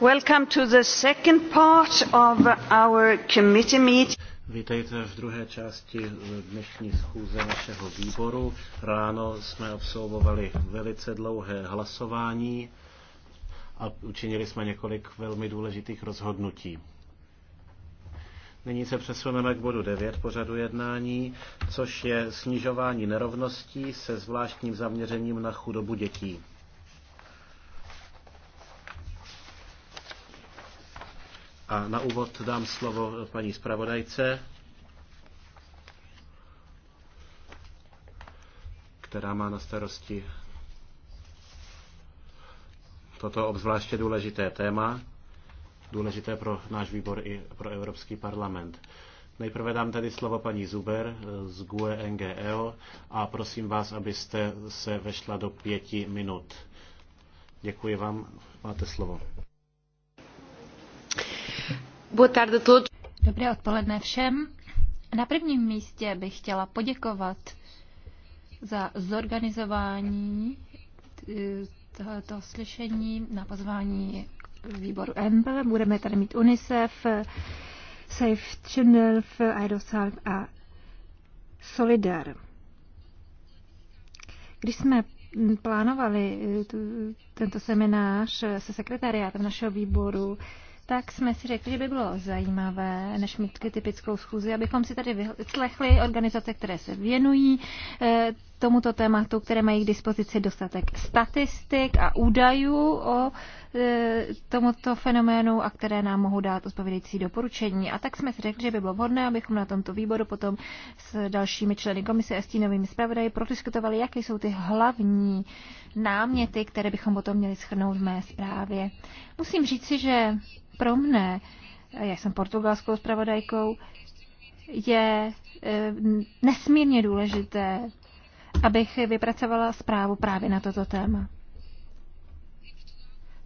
Welcome to the second part of our committee meeting. Vítejte v druhé části dnešní schůze našeho výboru. Ráno jsme absolvovali velice dlouhé hlasování a učinili jsme několik velmi důležitých rozhodnutí. Nyní se přesuneme k bodu 9 pořadu jednání, což je snižování nerovností se zvláštním zaměřením na chudobu dětí. A na úvod dám slovo paní zpravodajce, která má na starosti toto obzvláště důležité téma, důležité pro náš výbor i pro Evropský parlament. Nejprve dám tedy slovo paní Zuber z GUE NGL a prosím vás, abyste se vešla do pěti minut. Děkuji vám, máte slovo. Boa tarde a todos. Dobré odpoledne všem. Na prvním místě bych chtěla poděkovat za zorganizování eh, tohoto slyšení na pozvání výboru ENBA. Budeme tady mít UNICEF, Safe Channel, Aerosal a Solidar. Když jsme plánovali eh, tento seminář se sekretariátem našeho výboru, tak jsme si řekli, že by bylo zajímavé, než mít typickou schůzi, abychom si tady vyslechli organizace, které se věnují eh, tomuto tématu, které mají k dispozici dostatek statistik a údajů o e, tomuto fenoménu a které nám mohou dát odpovědějící doporučení. A tak jsme si řekli, že by bylo vhodné, abychom na tomto výboru potom s dalšími členy komise a stínovými zpravodaji prodiskutovali, jaké jsou ty hlavní náměty, které bychom potom měli schrnout v mé zprávě. Musím říci, že pro mne, já jsem portugalskou zpravodajkou, je e, nesmírně důležité abych vypracovala zprávu právě na toto téma.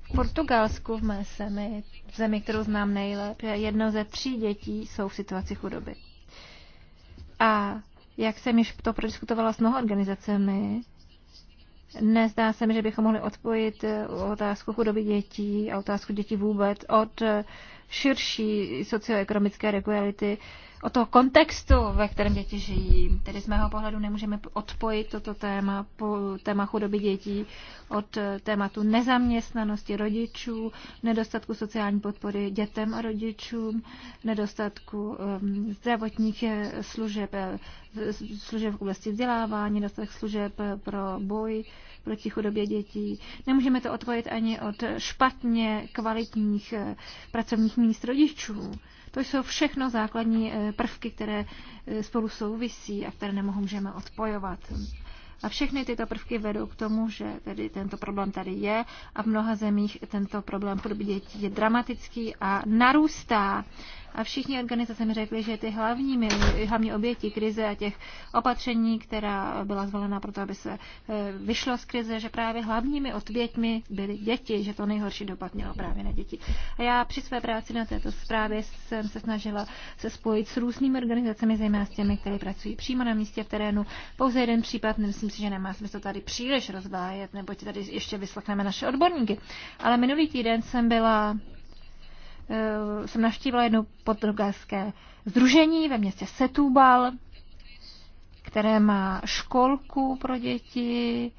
V Portugalsku, v mé semi, v zemi, kterou znám nejlépe, jedno ze tří dětí jsou v situaci chudoby. A jak jsem již to prodiskutovala s mnoha organizacemi, nezdá se mi, že bychom mohli odpojit otázku chudoby dětí a otázku dětí vůbec od širší socioekonomické regulity, od toho kontextu, ve kterém děti žijí. Tedy z mého pohledu nemůžeme odpojit toto téma, téma chudoby dětí od eh, tématu nezaměstnanosti rodičů, nedostatku sociální podpory dětem a rodičům, nedostatku ehm, zdravotních eh, služeb, eh, služeb v oblasti vzdělávání, nedostatek služeb pro boj proti chudobě dětí. Nemůžeme to odpojit ani od špatně kvalitních pracovních míst rodičů. To jsou všechno základní eh, prvky, které eh, spolu souvisí a které nemohou můžeme odpojovat. A všechny tyto prvky vedou k tomu, že tedy tento problém tady je a v mnoha zemích tento problém pro dětí je dramatický a narůstá. A všichni organizace mi řekly, že ty hlavní, hlavní oběti krize a těch opatření, která byla zvolena to, aby se e, vyšlo z krize, že právě hlavními odběťmi byly děti, že to nejhorší dopad mělo právě na děti. A já při své práci na této zprávě jsem se snažila se spojit s různými organizacemi, zejména s těmi, které pracují přímo na místě v terénu. Pouze jeden případ, myslím si, že nemá smysl tady příliš rozvájet, neboť tady ještě vyslechneme naše odborníky. Ale minulý týden jsem byla Eh, jsem navštívila jedno portugalské združení ve městě Setúbal, které má školku pro děti,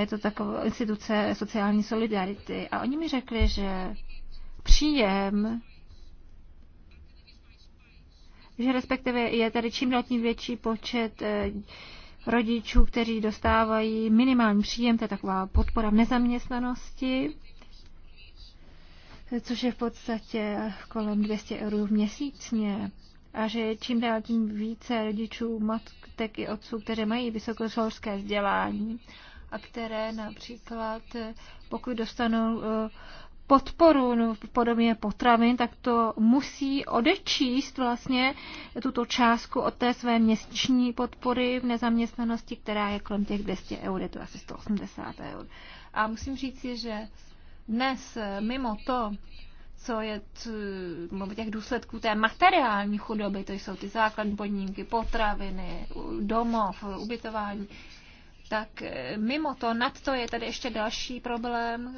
je to taková instituce sociální solidarity. A oni mi řekli, že příjem, že respektive je tady čím dál tím větší počet eh, rodičů, kteří dostávají minimální příjem, to je taková podpora v nezaměstnanosti což je v podstatě kolem 200 eurů měsíčně a že čím dál tím více rodičů, matek i otců, které mají vysokoškolské vzdělání a které například, pokud dostanou eh, podporu no, v podobě potravin, tak to musí odečíst vlastně tuto částku od té své měsíční podpory v nezaměstnanosti, která je kolem těch 200 eur, je to asi 180 eur. A musím říct si, že dnes eh, mimo to, co je t, těch důsledků té materiální chudoby, to jsou ty základní podmínky, potraviny, domov, ubytování, tak eh, mimo to, nad to je tady ještě další problém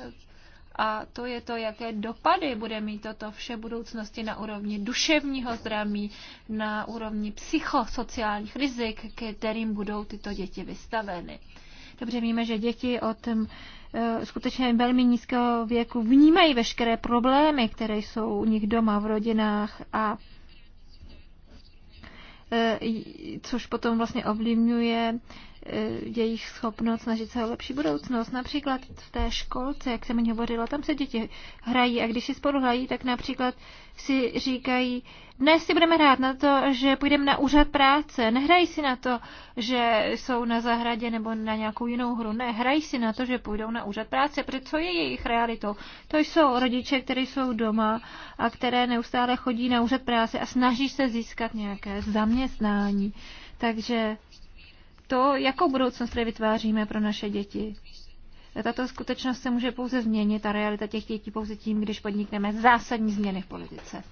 a to je to, jaké dopady bude mít toto vše budoucnosti na úrovni duševního zdraví, na úrovni psychosociálních rizik, kterým budou tyto děti vystaveny. Dobře víme, že děti od Eh, skutečně velmi nízkého věku vnímají veškeré problémy, které jsou u nich doma v rodinách a eh, což potom vlastně ovlivňuje Eh, jejich schopnost snažit se o lepší budoucnost. Například v té školce, jak jsem mi hovorila, tam se děti hrají a když si spolu hrají, tak například si říkají, dnes si budeme hrát na to, že půjdeme na úřad práce. Nehrají si na to, že jsou na zahradě nebo na nějakou jinou hru. Ne, hrají si na to, že půjdou na úřad práce. Protože co je jejich realitou? To jsou rodiče, kteří jsou doma a které neustále chodí na úřad práce a snaží se získat nějaké zaměstnání. Takže to, jakou budoucnost tady vytváříme pro naše děti. Tato skutečnost se může pouze změnit a realita těch dětí pouze tím, když podnikneme zásadní změny v politice.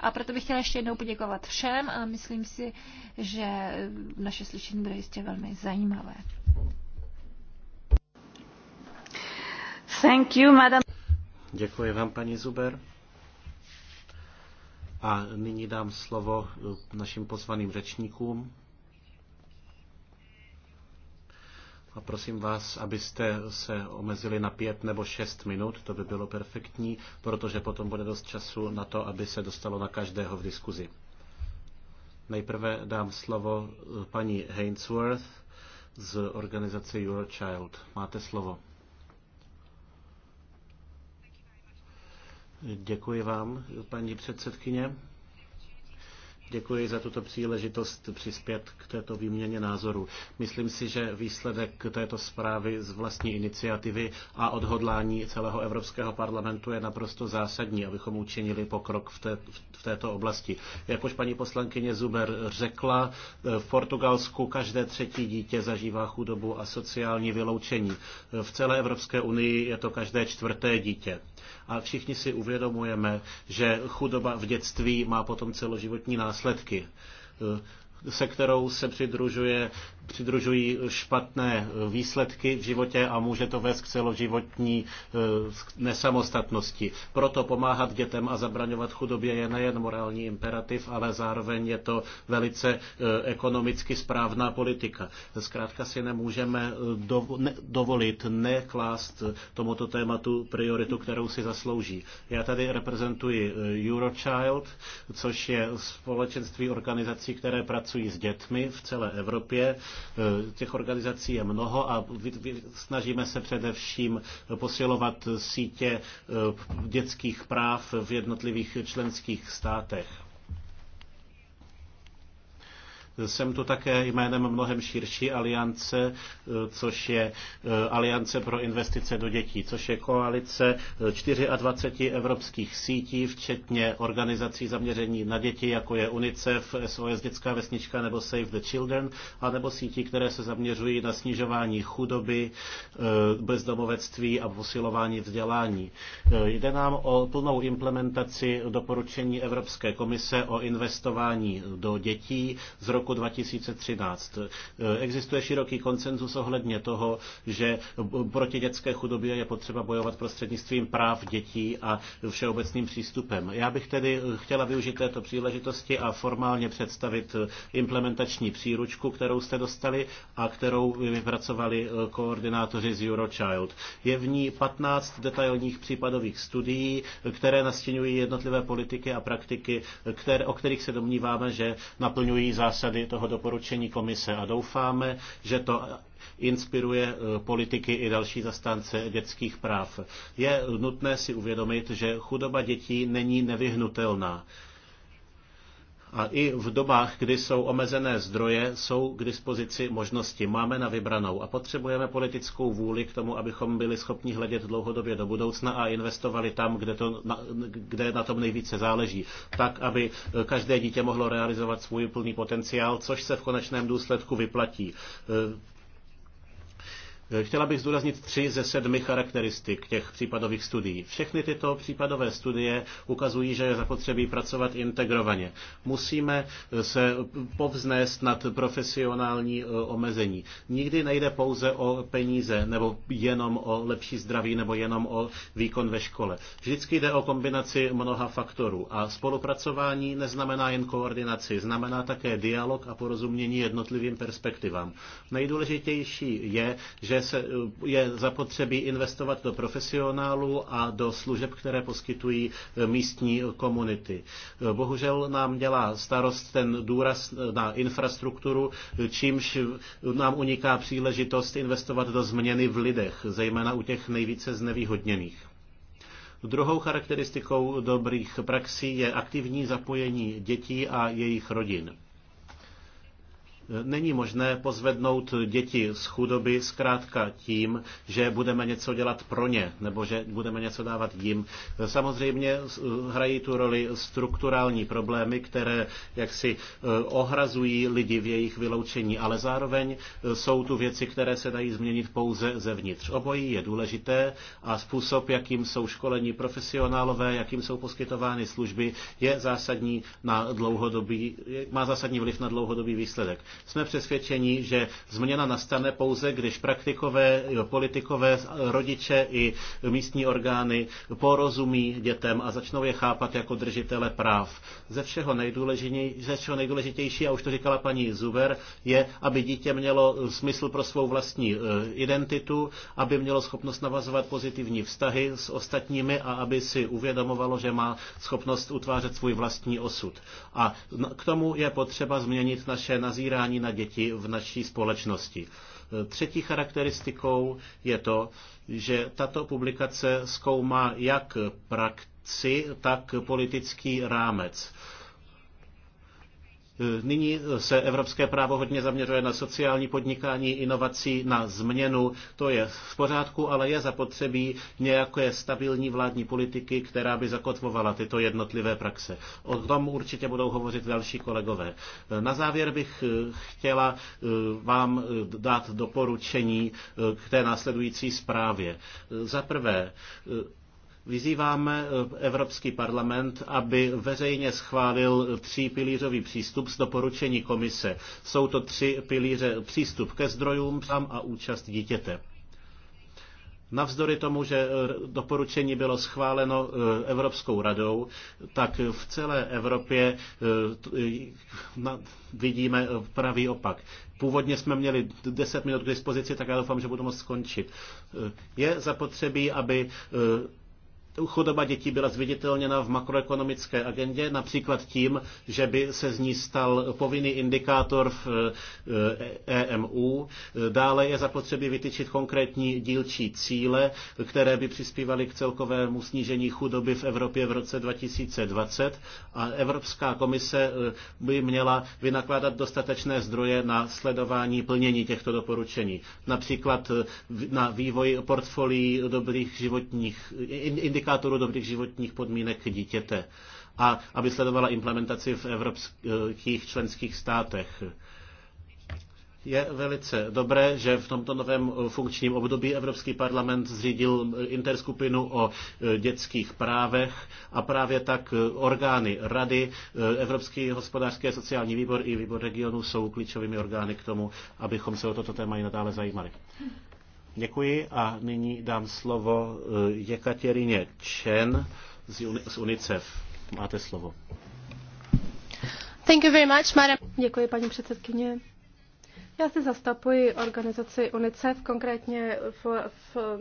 A proto bych chtěla ještě jednou poděkovat všem a myslím si, že naše slyšení bude jistě velmi zajímavé. Thank you, madam. Děkuji vám, paní Zuber. A nyní dám slovo našim pozvaným řečníkům. A prosím vás, abyste se omezili na pět nebo šest minut, to by bylo perfektní, protože potom bude dost času na to, aby se dostalo na každého v diskuzi. Nejprve dám slovo eh, paní Hainsworth z organizace Child. Máte slovo. Děkuji vám, paní předsedkyně. Děkuji za tuto příležitost přispět k této výměně názorů. Myslím si, že výsledek této zprávy z vlastní iniciativy a odhodlání celého Evropského parlamentu je naprosto zásadní, abychom učinili pokrok v, té, v této oblasti. Jak už paní poslankyně Zuber řekla, v Portugalsku každé třetí dítě zažívá chudobu a sociální vyloučení. V celé Evropské unii je to každé čtvrté dítě. A všichni si uvědomujeme, že chudoba v dětství má potom celoživotní následky se kterou se přidružuje přidružují špatné výsledky v životě a může to vést k celoživotní eh, nesamostatnosti. Proto pomáhat dětem a zabraňovat chudobě je nejen morální imperativ, ale zároveň je to velice eh, ekonomicky správná politika. Zkrátka si nemůžeme eh, dovolit neklást tomuto tématu prioritu, kterou si zaslouží. Já tady reprezentuji Eurochild, což je společenství organizací, které pracují s dětmi v celé Evropě Eh, těch organizací je mnoho a snažíme se především posilovat sítě eh, dětských práv v jednotlivých členských státech. Jsem tu také jménem mnohem širší aliance, eh, což je eh, Aliance pro investice do dětí, což je koalice 24 eh, evropských sítí, včetně organizací zaměření na děti, jako je UNICEF, SOS Dětská vesnička nebo Save the Children, a nebo sítí, které se zaměřují na snižování chudoby, bezdomovectví a posilování vzdělání. Jde nám o plnou implementaci doporučení Evropské komise o investování do dětí z roku roku 2013. Existuje široký konsenzus ohledně toho, že proti dětské chudobě je potřeba bojovat prostřednictvím práv dětí a všeobecným přístupem. Já bych tedy chtěla využít této příležitosti a formálně představit implementační příručku, kterou jste dostali a kterou vypracovali koordinátoři z Eurochild. Je v ní 15 detailních případových studií, které nastěňují jednotlivé politiky a praktiky, které, o kterých se domníváme, že naplňují zásady tedy toho doporučení komise a doufáme, že to inspiruje eh, politiky i další zastánce dětských práv. Je nutné si uvědomit, že chudoba dětí není nevyhnutelná a i v dobách, kdy jsou omezené zdroje, jsou k dispozici možnosti. Máme na vybranou a potřebujeme politickou vůli k tomu, abychom byli schopni hledět dlouhodobě do budoucna a investovali tam, kde, to, na, kde na tom nejvíce záleží. Tak, aby každé dítě mohlo realizovat svůj plný potenciál, což se v konečném důsledku vyplatí. Eh, chtěla bych zdůraznit tři ze sedmi charakteristik těch případových studií. Všechny tyto případové studie ukazují, že je zapotřebí pracovat integrovaně. Musíme eh, se povznést nad profesionální eh, omezení. Nikdy nejde pouze o peníze, nebo jenom o lepší zdraví, nebo jenom o výkon ve škole. Vždycky jde o kombinaci mnoha faktorů. A spolupracování neznamená jen koordinaci, znamená také dialog a porozumění jednotlivým perspektivám. Nejdůležitější je, že že se eh, je zapotřebí investovat do profesionálů a do služeb, které poskytují eh, místní komunity. Eh, bohužel nám dělá starost ten důraz na infrastrukturu, čímž nám uniká příležitost investovat do změny v lidech, zejména u těch nejvíce znevýhodněných. Druhou charakteristikou dobrých praxí je aktivní zapojení dětí a jejich rodin. Není možné pozvednout děti z chudoby zkrátka tím, že budeme něco dělat pro ně, nebo že budeme něco dávat jim. Samozřejmě hrají tu roli strukturální problémy, které jaksi eh, ohrazují lidi v jejich vyloučení, ale zároveň eh, jsou tu věci, které se dají změnit pouze zevnitř. Obojí je důležité a způsob, jakým jsou školení profesionálové, jakým jsou poskytovány služby, je zásadní na dlouhodobý, má zásadní vliv na dlouhodobý výsledek. Jsme přesvědčeni, že změna nastane pouze, když praktikové, politikové, rodiče i místní orgány porozumí dětem a začnou je chápat jako držitele práv. Ze všeho, nejdůležitější, ze všeho nejdůležitější, a už to říkala paní Zuber, je, aby dítě mělo smysl pro svou vlastní e, identitu, aby mělo schopnost navazovat pozitivní vztahy s ostatními a aby si uvědomovalo, že má schopnost utvářet svůj vlastní osud. A k tomu je potřeba změnit naše nazírání jednání na děti v naší společnosti. Třetí charakteristikou je to, že tato publikace zkoumá jak prakticky, praxi, tak politický rámec. Nyní se evropské právo hodně zaměřuje na sociální podnikání, inovací, na změnu. To je v pořádku, ale je zapotřebí nějaké stabilní vládní politiky, která by zakotvovala tyto jednotlivé praxe. O tom určitě budou hovořit další kolegové. Na závěr bych eh, chtěla eh, vám eh, dát doporučení k té následující zprávě. Za prvé, Vyzýváme eh, Evropský parlament, aby veřejně schválil třípilířový přístup z doporučení komise. Jsou to tři pilíře přístup ke zdrojům a účast dítěte. Navzdory tomu, že eh, doporučení bylo schváleno eh, Evropskou radou, tak v celé Evropě vidíme pravý opak. Původně jsme měli 10 minut k dispozici, tak já doufám, že budu moct skončit. Je zapotřebí, aby chudoba dětí byla zviditelněna v makroekonomické agendě, například tím, že by se z ní stal povinný indikátor v EMU. Eh, e Dále je zapotřebí vytyčit konkrétní dílčí cíle, které by přispívaly k celkovému snížení chudoby v Evropě v roce 2020 a Evropská komise eh, by měla vynakládat dostatečné zdroje na sledování plnění těchto doporučení. Například eh, na vývoj portfolií dobrých životních indikátorů indikátorů dobrých životních podmínek dítěte a aby sledovala implementaci v evropských členských státech. Je velice dobré, že v tomto novém funkčním období Evropský parlament zřídil interskupinu o dětských právech a právě tak orgány Rady, Evropský hospodářský a sociální výbor i výbor regionu jsou klíčovými orgány k tomu, abychom se o toto téma i nadále zajímali. Děkuji a nyní dám slovo eh, Jekatěrině Čen z UNICEF. Máte slovo. Thank you very much, madam. Děkuji, paní předsedkyně. Já se zastapuji organizaci UNICEF, konkrétně v, v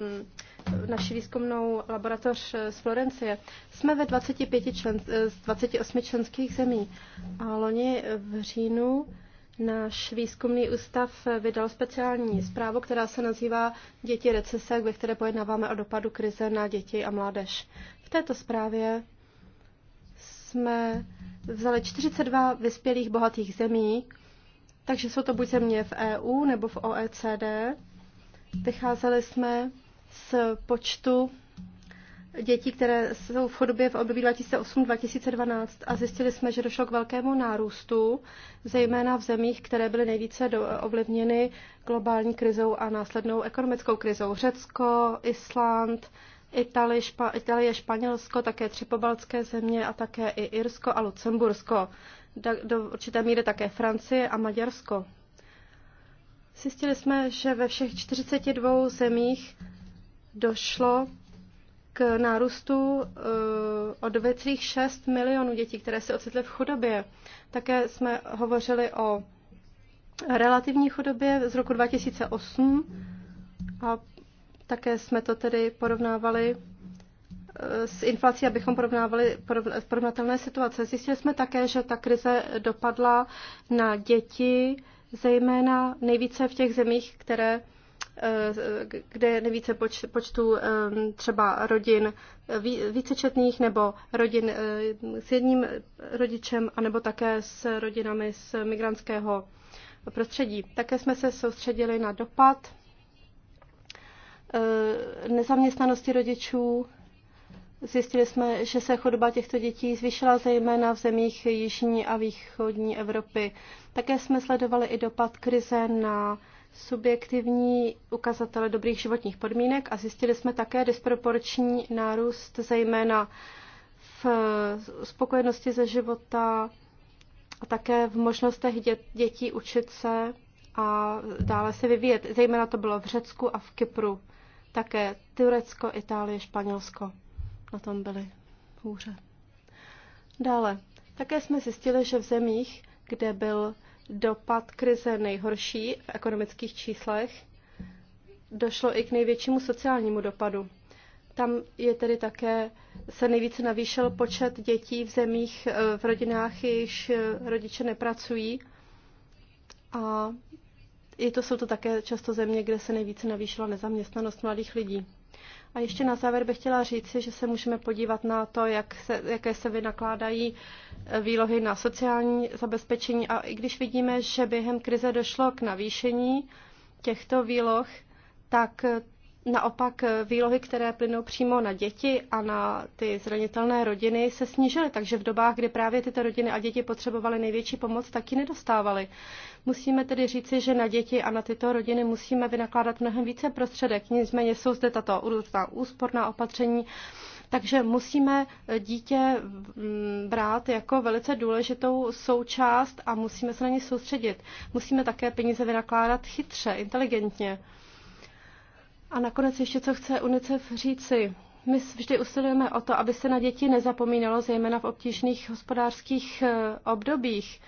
naší výzkumnou laboratoř z Florencie. Jsme ve 25 člen, z 28 členských zemí a loni v říjnu Náš výzkumný ústav vydal speciální zprávu, která se nazývá Děti recese, ve které pojednáváme o dopadu krize na děti a mládež. V této zprávě jsme vzali 42 vyspělých bohatých zemí, takže jsou to buď země v EU nebo v OECD. Vycházeli jsme z počtu dětí, které jsou v chudobě v období 2008-2012 a zjistili jsme, že došlo k velkému nárůstu, zejména v zemích, které byly nejvíce ovlivněny globální krizou a následnou ekonomickou krizou. Řecko, Island, Itali, Špa, Itálie, Španělsko, také tři pobaltské země a také i Irsko a Lucembursko. Do určité míry také Francie a Maďarsko. Zjistili jsme, že ve všech 42 zemích došlo k nárůstu eh, o 2,6 milionů dětí, které se ocitly v chudobě. Také jsme hovořili o relativní chudobě z roku 2008 a také jsme to tedy porovnávali eh, s inflací, abychom porovnávali porovnatelné situace. Zjistili jsme také, že ta krize dopadla na děti, zejména nejvíce v těch zemích, které Eh, kde je nejvíce poč, počtu eh, třeba rodin vícečetných nebo rodin eh, s jedním rodičem, anebo také s rodinami z migrantského prostředí. Také jsme se soustředili na dopad nezaměstnanosti rodičů. Zjistili jsme, že se chodba těchto dětí zvýšila zejména v zemích jižní a východní Evropy. Také jsme sledovali i dopad krize na subjektivní ukazatele dobrých životních podmínek a zjistili jsme také disproporční nárůst zejména v spokojenosti ze života a také v možnostech dět, dětí učit se a dále se vyvíjet. Zejména to bylo v Řecku a v Kypru. Také Turecko, Itálie, Španělsko. Na tom byly hůře. Dále, také jsme zjistili, že v zemích, kde byl dopad krize nejhorší v ekonomických číslech, došlo i k největšímu sociálnímu dopadu. Tam je tedy také, se nejvíce navýšil počet dětí v zemích, eh, v rodinách, jejichž eh, rodiče nepracují. A je to, jsou to také často země, kde se nejvíce navýšila nezaměstnanost mladých lidí. A ještě na závěr bych chtěla říci, že se můžeme podívat na to, jak se, jaké se vynakládají eh, výlohy na sociální zabezpečení. A i když vidíme, že během krize došlo k navýšení těchto výloh, tak eh, Naopak eh, výlohy, které plynou přímo na děti a na ty zranitelné rodiny, se snížily, takže v dobách, kdy právě tyto rodiny a děti potřebovaly největší pomoc, taky nedostávaly. Musíme tedy říci, že na děti a na tyto rodiny musíme vynakládat mnohem více prostředek, nicméně jsou zde tato určitá úsporná opatření, takže musíme eh, dítě mm, brát jako velice důležitou součást a musíme se na ně soustředit. Musíme také peníze vynakládat chytře, inteligentně. A nakonec ještě, co chce UNICEF říci. My vždy usilujeme o to, aby se na děti nezapomínalo, zejména v obtížných hospodářských eh, obdobích.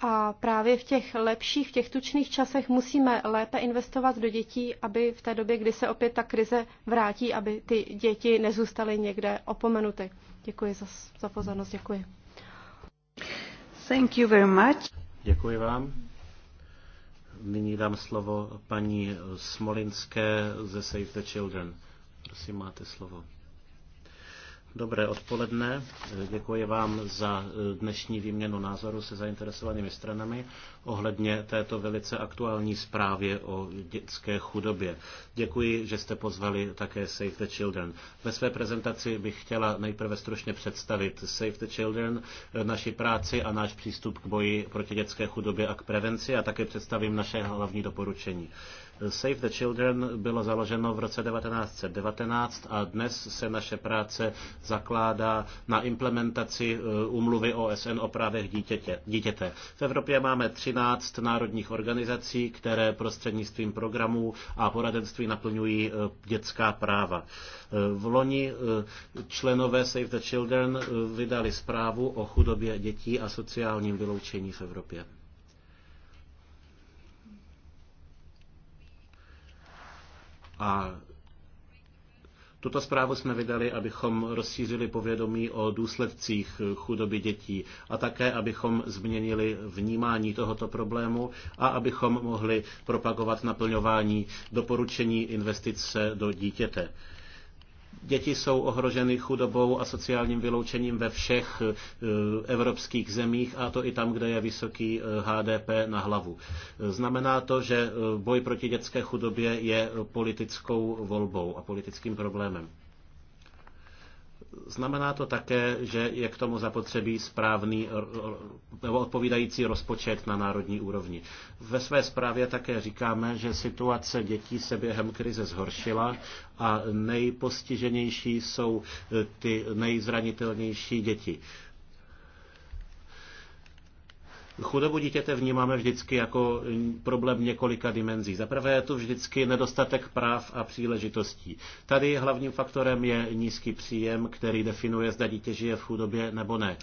A právě v těch lepších, v těch tučných časech musíme lépe investovat do dětí, aby v té době, kdy se opět ta krize vrátí, aby ty děti nezůstaly někde opomenuty. Děkuji za, za pozornost, děkuji. Thank you very much. Děkuji vám. Nyní dám slovo paní Smolinské ze Save the Children. Prosím, máte slovo. Dobré odpoledne. Děkuji vám za eh, dnešní výměnu názoru se zainteresovanými stranami ohledně této velice aktuální zprávě o dětské chudobě. Děkuji, že jste pozvali také Save the Children. Ve své prezentaci bych chtěla nejprve stručně představit Save the Children, eh, naši práci a náš přístup k boji proti dětské chudobě a k prevenci a také představím naše hlavní doporučení. Save the Children bylo založeno v roce 1919 a dnes se naše práce zakládá na implementaci umluvy e, OSN o právech dítěte. dítěte. V Evropě máme 13 národních organizací, které prostřednictvím programů a poradenství naplňují e, dětská práva. E, v loni členové Save the Children vydali zprávu o chudobě dětí a sociálním vyloučení v Evropě. A tuto zprávu jsme vydali, abychom rozšířili povědomí o důsledcích chudoby dětí a také, abychom změnili vnímání tohoto problému a abychom mohli propagovat naplňování doporučení investice do dítěte. Děti jsou ohroženy chudobou a sociálním vyloučením ve všech eh, evropských zemích a to i tam, kde je vysoký HDP eh, na hlavu. Eh, znamená to, že boj proti dětské chudobě je politickou volbou a politickým problémem znamená to také, že je k tomu zapotřebí správný nebo odpovídající rozpočet na národní úrovni. Ve své zprávě také říkáme, že situace dětí se během krize zhoršila a nejpostiženější jsou eh, ty nejzranitelnější děti. Chudobu dítěte vnímáme vždycky jako problém několika dimenzí. Za prvé je tu vždycky nedostatek práv a příležitostí. Tady hlavním faktorem je nízký příjem, který definuje, zda dítě žije v chudobě nebo ne.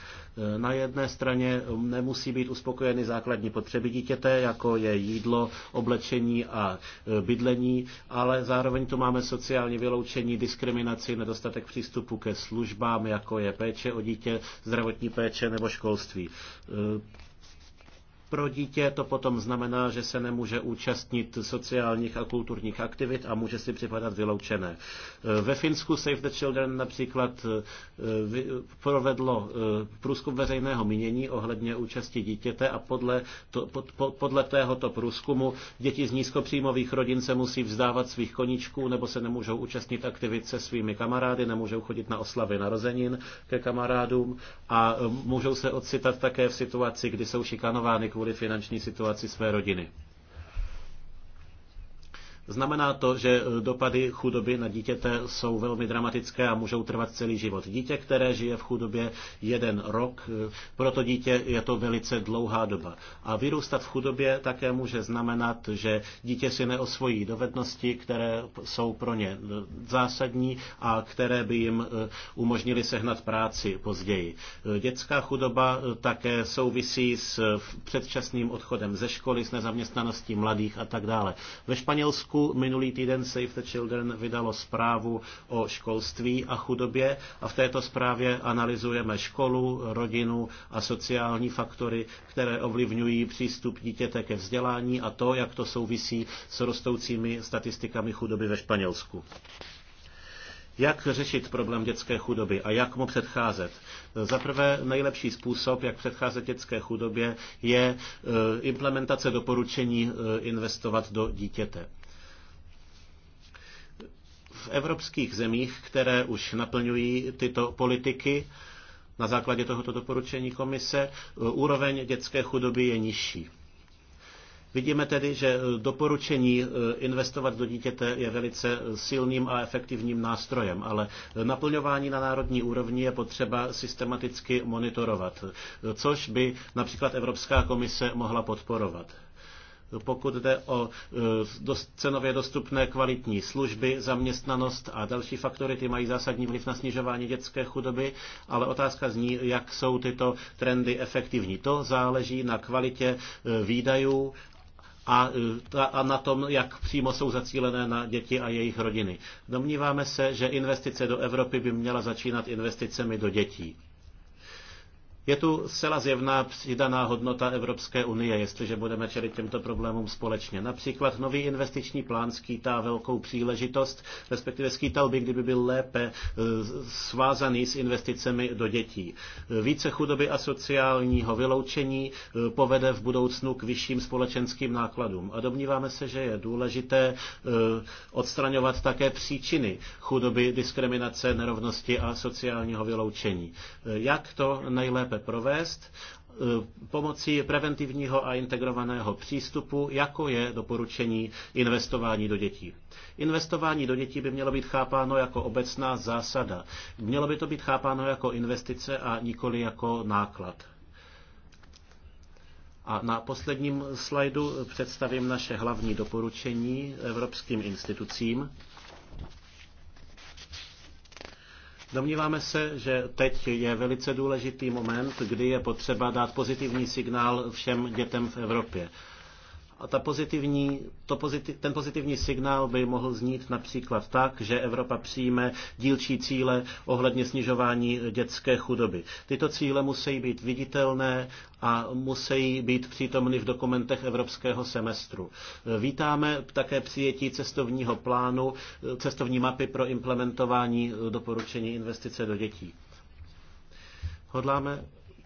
Na jedné straně nemusí být uspokojeny základní potřeby dítěte, jako je jídlo, oblečení a bydlení, ale zároveň tu máme sociální vyloučení, diskriminaci, nedostatek přístupu ke službám, jako je péče o dítě, zdravotní péče nebo školství pro dítě, to potom znamená, že se nemůže účastnit sociálních a kulturních aktivit a může si připadat vyloučené. Ve Finsku Save the Children například eh, provedlo eh, průzkum veřejného mínění ohledně účasti dítěte a podle, to, pod, podle tohoto průzkumu děti z nízkopříjmových rodin se musí vzdávat svých koníčků nebo se nemůžou účastnit aktivit se svými kamarády, nemůžou chodit na oslavy narozenin ke kamarádům a eh, můžou se ocitat také v situaci, kdy jsou šikanovány kvůli kvůli finanční situaci své rodiny. Znamená to, že e, dopady chudoby na dítěte jsou velmi dramatické a můžou trvat celý život. Dítě, které žije v chudobě jeden rok, e, proto dítě je to velice dlouhá doba. A vyrůstat v chudobě také může znamenat, že dítě si neosvojí dovednosti, které jsou pro ně e, zásadní a které by jim umožnili sehnat práci později. Dětská chudoba také souvisí s předčasným odchodem ze školy, s nezaměstnaností mladých a tak dále. Ve Španělsku Německu minulý týden Save the Children vydalo zprávu o školství a chudobě a v této zprávě analyzujeme školu, rodinu a sociální faktory, které ovlivňují přístup dítěte ke vzdělání a to, jak to souvisí s rostoucími statistikami chudoby ve Španělsku. Jak řešit problém dětské chudoby a jak mu předcházet? Za prvé nejlepší způsob, jak předcházet dětské chudobě, je e, implementace doporučení e, investovat do dítěte v evropských zemích, které už naplňují tyto politiky, na základě tohoto doporučení komise, úroveň dětské chudoby je nižší. Vidíme tedy, že doporučení eh, investovat do dítěte je velice silným a efektivním nástrojem, ale naplňování na národní úrovni je potřeba systematicky monitorovat, což by například Evropská komise mohla podporovat pokud jde o e, cenově dostupné kvalitní služby, zaměstnanost a další faktory, ty mají zásadní vliv na snižování dětské chudoby, ale otázka zní, jak jsou tyto trendy efektivní. To záleží na kvalitě e, výdajů a, e, a na tom, jak přímo jsou zacílené na děti a jejich rodiny. Domníváme se, že investice do Evropy by měla začínat investicemi do dětí. Je tu zcela zjevná přidaná hodnota Evropské unie, jestliže budeme čelit těmto problémům společně. Například nový investiční plán skýtá velkou příležitost, respektive skýtal by, kdyby byl lépe eh, svázaný s investicemi do dětí. Více chudoby a sociálního vyloučení eh, povede v budoucnu k vyšším společenským nákladům. A domníváme se, že je důležité eh, odstraňovat také příčiny chudoby, diskriminace, nerovnosti a sociálního vyloučení. Jak to nejlépe lépe provést e, pomocí preventivního a integrovaného přístupu, jako je doporučení investování do dětí. Investování do dětí by mělo být chápáno jako obecná zásada. Mělo by to být chápáno jako investice a nikoli jako náklad. A na posledním slajdu představím naše hlavní doporučení evropským institucím. Domníváme se, že teď je velice důležitý moment, kdy je potřeba dát pozitivní signál všem dětem v Evropě. A ta pozitivní, to pozitiv, ten pozitivní signál by mohl znít například tak, že Evropa přijme dílčí cíle ohledně snižování dětské chudoby. Tyto cíle musí být viditelné a musí být přítomny v dokumentech evropského semestru. Vítáme také přijetí cestovního plánu, cestovní mapy pro implementování doporučení investice do dětí. Hodláme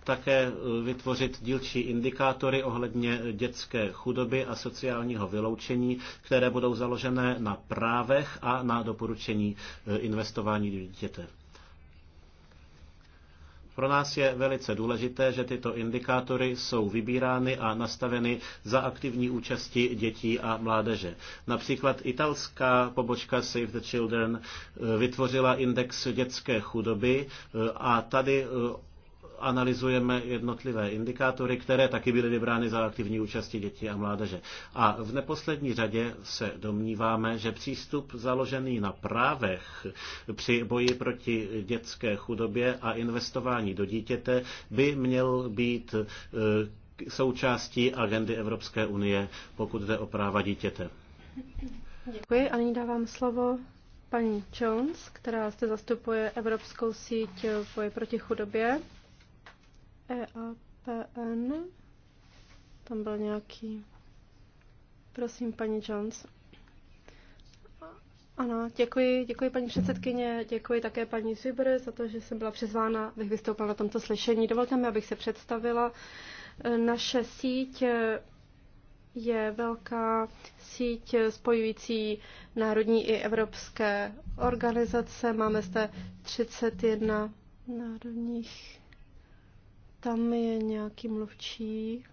také eh, vytvořit dílčí indikátory ohledně dětské chudoby a sociálního vyloučení, které budou založené na právech a na doporučení eh, investování dítěte. Pro nás je velice důležité, že tyto indikátory jsou vybírány a nastaveny za aktivní účasti dětí a mládeže. Například italská pobočka Save the Children eh, vytvořila index dětské chudoby a tady analyzujeme jednotlivé indikátory, které taky byly vybrány za aktivní účasti dětí a mládeže. A v neposlední řadě se domníváme, že přístup založený na právech při boji proti dětské chudobě a investování do dítěte by měl být e, součástí agendy Evropské unie, pokud jde o práva dítěte. Děkuji a nyní dávám slovo paní Jones, která zde zastupuje Evropskou síť boje proti chudobě. EAPN. Tam byl nějaký... Prosím, paní Jones. Ano, děkuji, děkuji paní předsedkyně, děkuji také paní Zibr za to, že jsem byla přizvána, abych vystoupila na tomto slyšení. Dovolte mi, abych se představila. E, naše síť je velká síť spojující národní i evropské organizace. Máme zde 31 národních tam je nějaký mluvčí.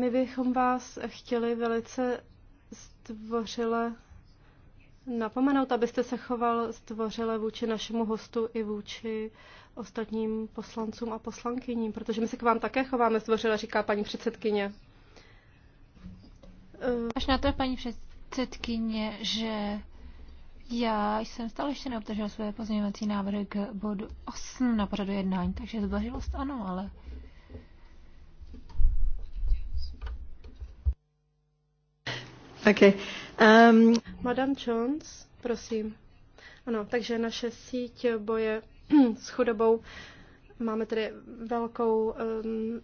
My bychom vás chtěli velice zdvořile napomenout, abyste se choval zdvořile vůči našemu hostu i vůči ostatním poslancům a poslankyním, protože my se k vám také chováme zdvořile, říká paní předsedkyně. Až na to, paní předsedkyně, že já jsem stále ještě neobdržel své pozměňovací návrhy k bodu 8 na pořadu jednání, takže zbařilost ano, ale... Okay. Um... Madame Jones, prosím. Ano, takže naše síť boje s chudobou Máme tedy velkou, ehm,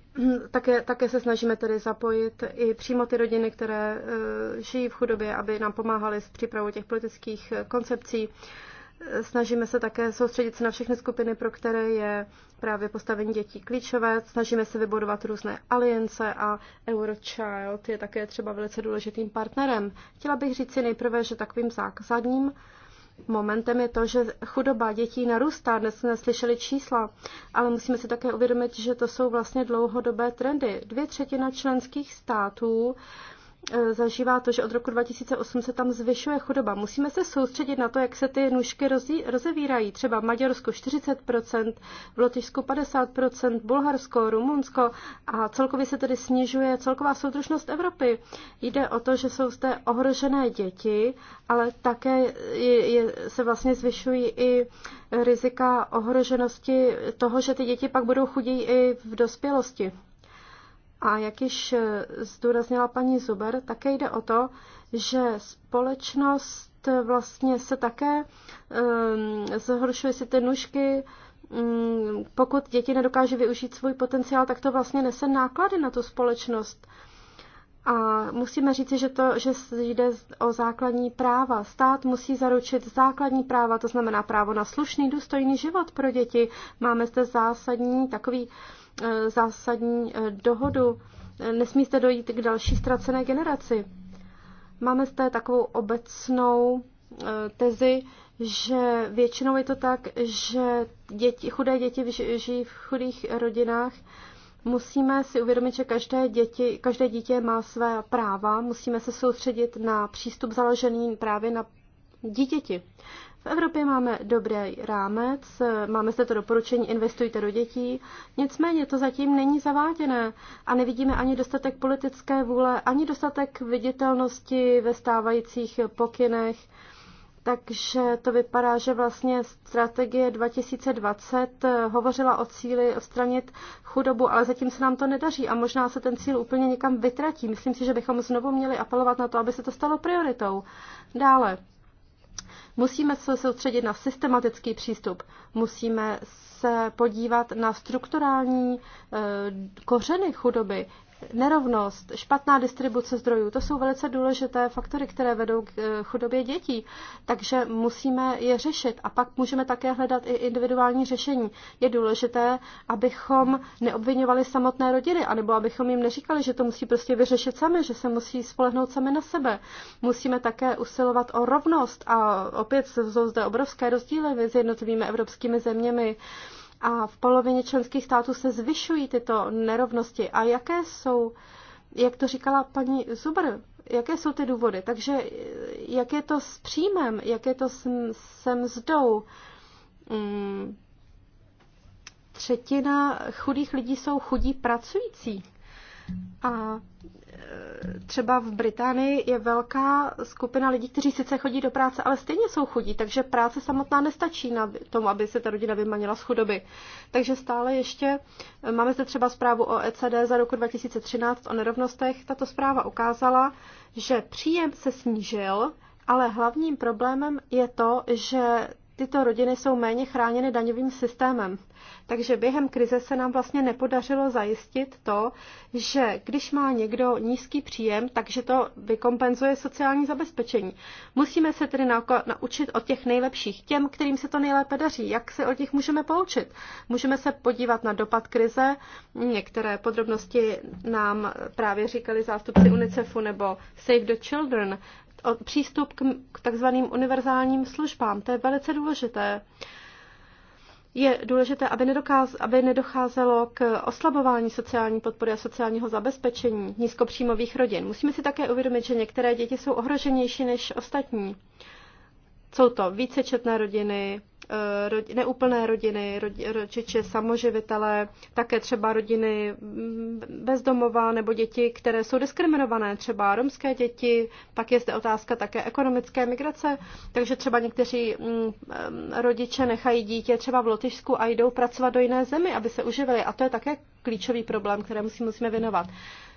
také, také se snažíme tedy zapojit i přímo ty rodiny, které eh, žijí v chudobě, aby nám pomáhali s přípravou těch politických eh, koncepcí. Eh, snažíme se také soustředit se na všechny skupiny, pro které je právě postavení dětí klíčové. Snažíme se vybudovat různé aliance a Eurochild je také třeba velice důležitým partnerem. Chtěla bych říct si nejprve, že takovým základním momentem je to, že chudoba dětí narůstá. Dnes jsme slyšeli čísla, ale musíme si také uvědomit, že to jsou vlastně dlouhodobé trendy. Dvě třetina členských států uh, Eh, zažívá to, že od roku 2008 se tam zvyšuje chudoba. Musíme se soustředit na to, jak se ty nůžky rozevírají. Třeba v Maďarsku 40%, v Lotyšsku 50%, Bulharsko, Rumunsko a celkově se tedy snižuje celková soudržnost Evropy. Jde o to, že jsou zde ohrožené děti, ale také je, je, se vlastně zvyšují i rizika ohroženosti toho, že ty děti pak budou chudí i v dospělosti. A jak již eh, zdůraznila paní Zuber, také jde o to, že společnost eh, vlastně se také um, zhoršuje si ty nůžky, um, pokud děti nedokáže využít svůj potenciál, tak to vlastně nese náklady na tu společnost. A musíme říci, že, to, že jde o základní práva. Stát musí zaručit základní práva, to znamená právo na slušný, důstojný život pro děti. Máme zde zásadní takový uh, Eh, zásadní eh, dohodu. Eh, nesmí dojít k další ztracené generaci. Máme zde takovou obecnou tezi, že většinou je to tak, že děti, chudé děti žijí v chudých rodinách. Musíme si uvědomit, že každé, děti, každé dítě má své práva. Musíme se soustředit na přístup založený právě na dítěti. V Evropě máme dobrý rámec, máme zde to doporučení investujte do dětí, nicméně to zatím není zaváděné a nevidíme ani dostatek politické vůle, ani dostatek viditelnosti ve stávajících pokynech. Takže to vypadá, že vlastně strategie 2020 hovořila o cíli odstranit chudobu, ale zatím se nám to nedaří a možná se ten cíl úplně někam vytratí. Myslím si, že bychom znovu měli apelovat na to, aby se to stalo prioritou. Dále, Musíme se soustředit na systematický přístup, musíme se podívat na strukturální eh, kořeny chudoby, nerovnost, špatná distribuce zdrojů, to jsou velice důležité faktory, které vedou k eh, chudobě dětí, takže musíme je řešit a pak můžeme také hledat i individuální řešení. Je důležité, abychom neobvinovali samotné rodiny, anebo abychom jim neříkali, že to musí prostě vyřešit sami, že se musí spolehnout sami na sebe. Musíme také usilovat o rovnost a opět jsou zde obrovské rozdíly mezi jednotlivými evropskými zeměmi a v polovině členských států se zvyšují tyto nerovnosti. A jaké jsou, jak to říkala paní Zubr, jaké jsou ty důvody? Takže jak je to s příjmem, jak je to s, se mzdou? Mm. Třetina chudých lidí jsou chudí pracující. A třeba v Británii je velká skupina lidí, kteří sice chodí do práce, ale stejně jsou chudí, takže práce samotná nestačí na tomu, aby se ta rodina vymanila z chudoby. Takže stále ještě eh, máme zde třeba zprávu o ECD za roku 2013 o nerovnostech. Tato zpráva ukázala, že příjem se snížil, ale hlavním problémem je to, že tyto rodiny jsou méně chráněny daňovým systémem. Takže během krize se nám vlastně nepodařilo zajistit to, že když má někdo nízký příjem, takže to vykompenzuje sociální zabezpečení. Musíme se tedy naučit od těch nejlepších, těm, kterým se to nejlépe daří, jak se od nich můžeme poučit. Můžeme se podívat na dopad krize, některé podrobnosti nám právě říkali zástupci UNICEFu nebo Save the Children, přístup k takzvaným univerzálním službám. To je velice důležité. Je důležité, aby, nedokáz, aby nedocházelo k oslabování sociální podpory a sociálního zabezpečení nízkopříjmových rodin. Musíme si také uvědomit, že některé děti jsou ohroženější než ostatní. Jsou to vícečetné rodiny, Eh, rodi, neúplné rodiny, rodiče samoživitelé, také třeba rodiny mm, bezdomová nebo děti, které jsou diskriminované, třeba romské děti, pak je zde otázka také ekonomické migrace, takže třeba někteří mm, eh, rodiče nechají dítě třeba v Lotyšsku a jdou pracovat do jiné zemi, aby se uživili a to je také klíčový problém, kterému si musíme věnovat.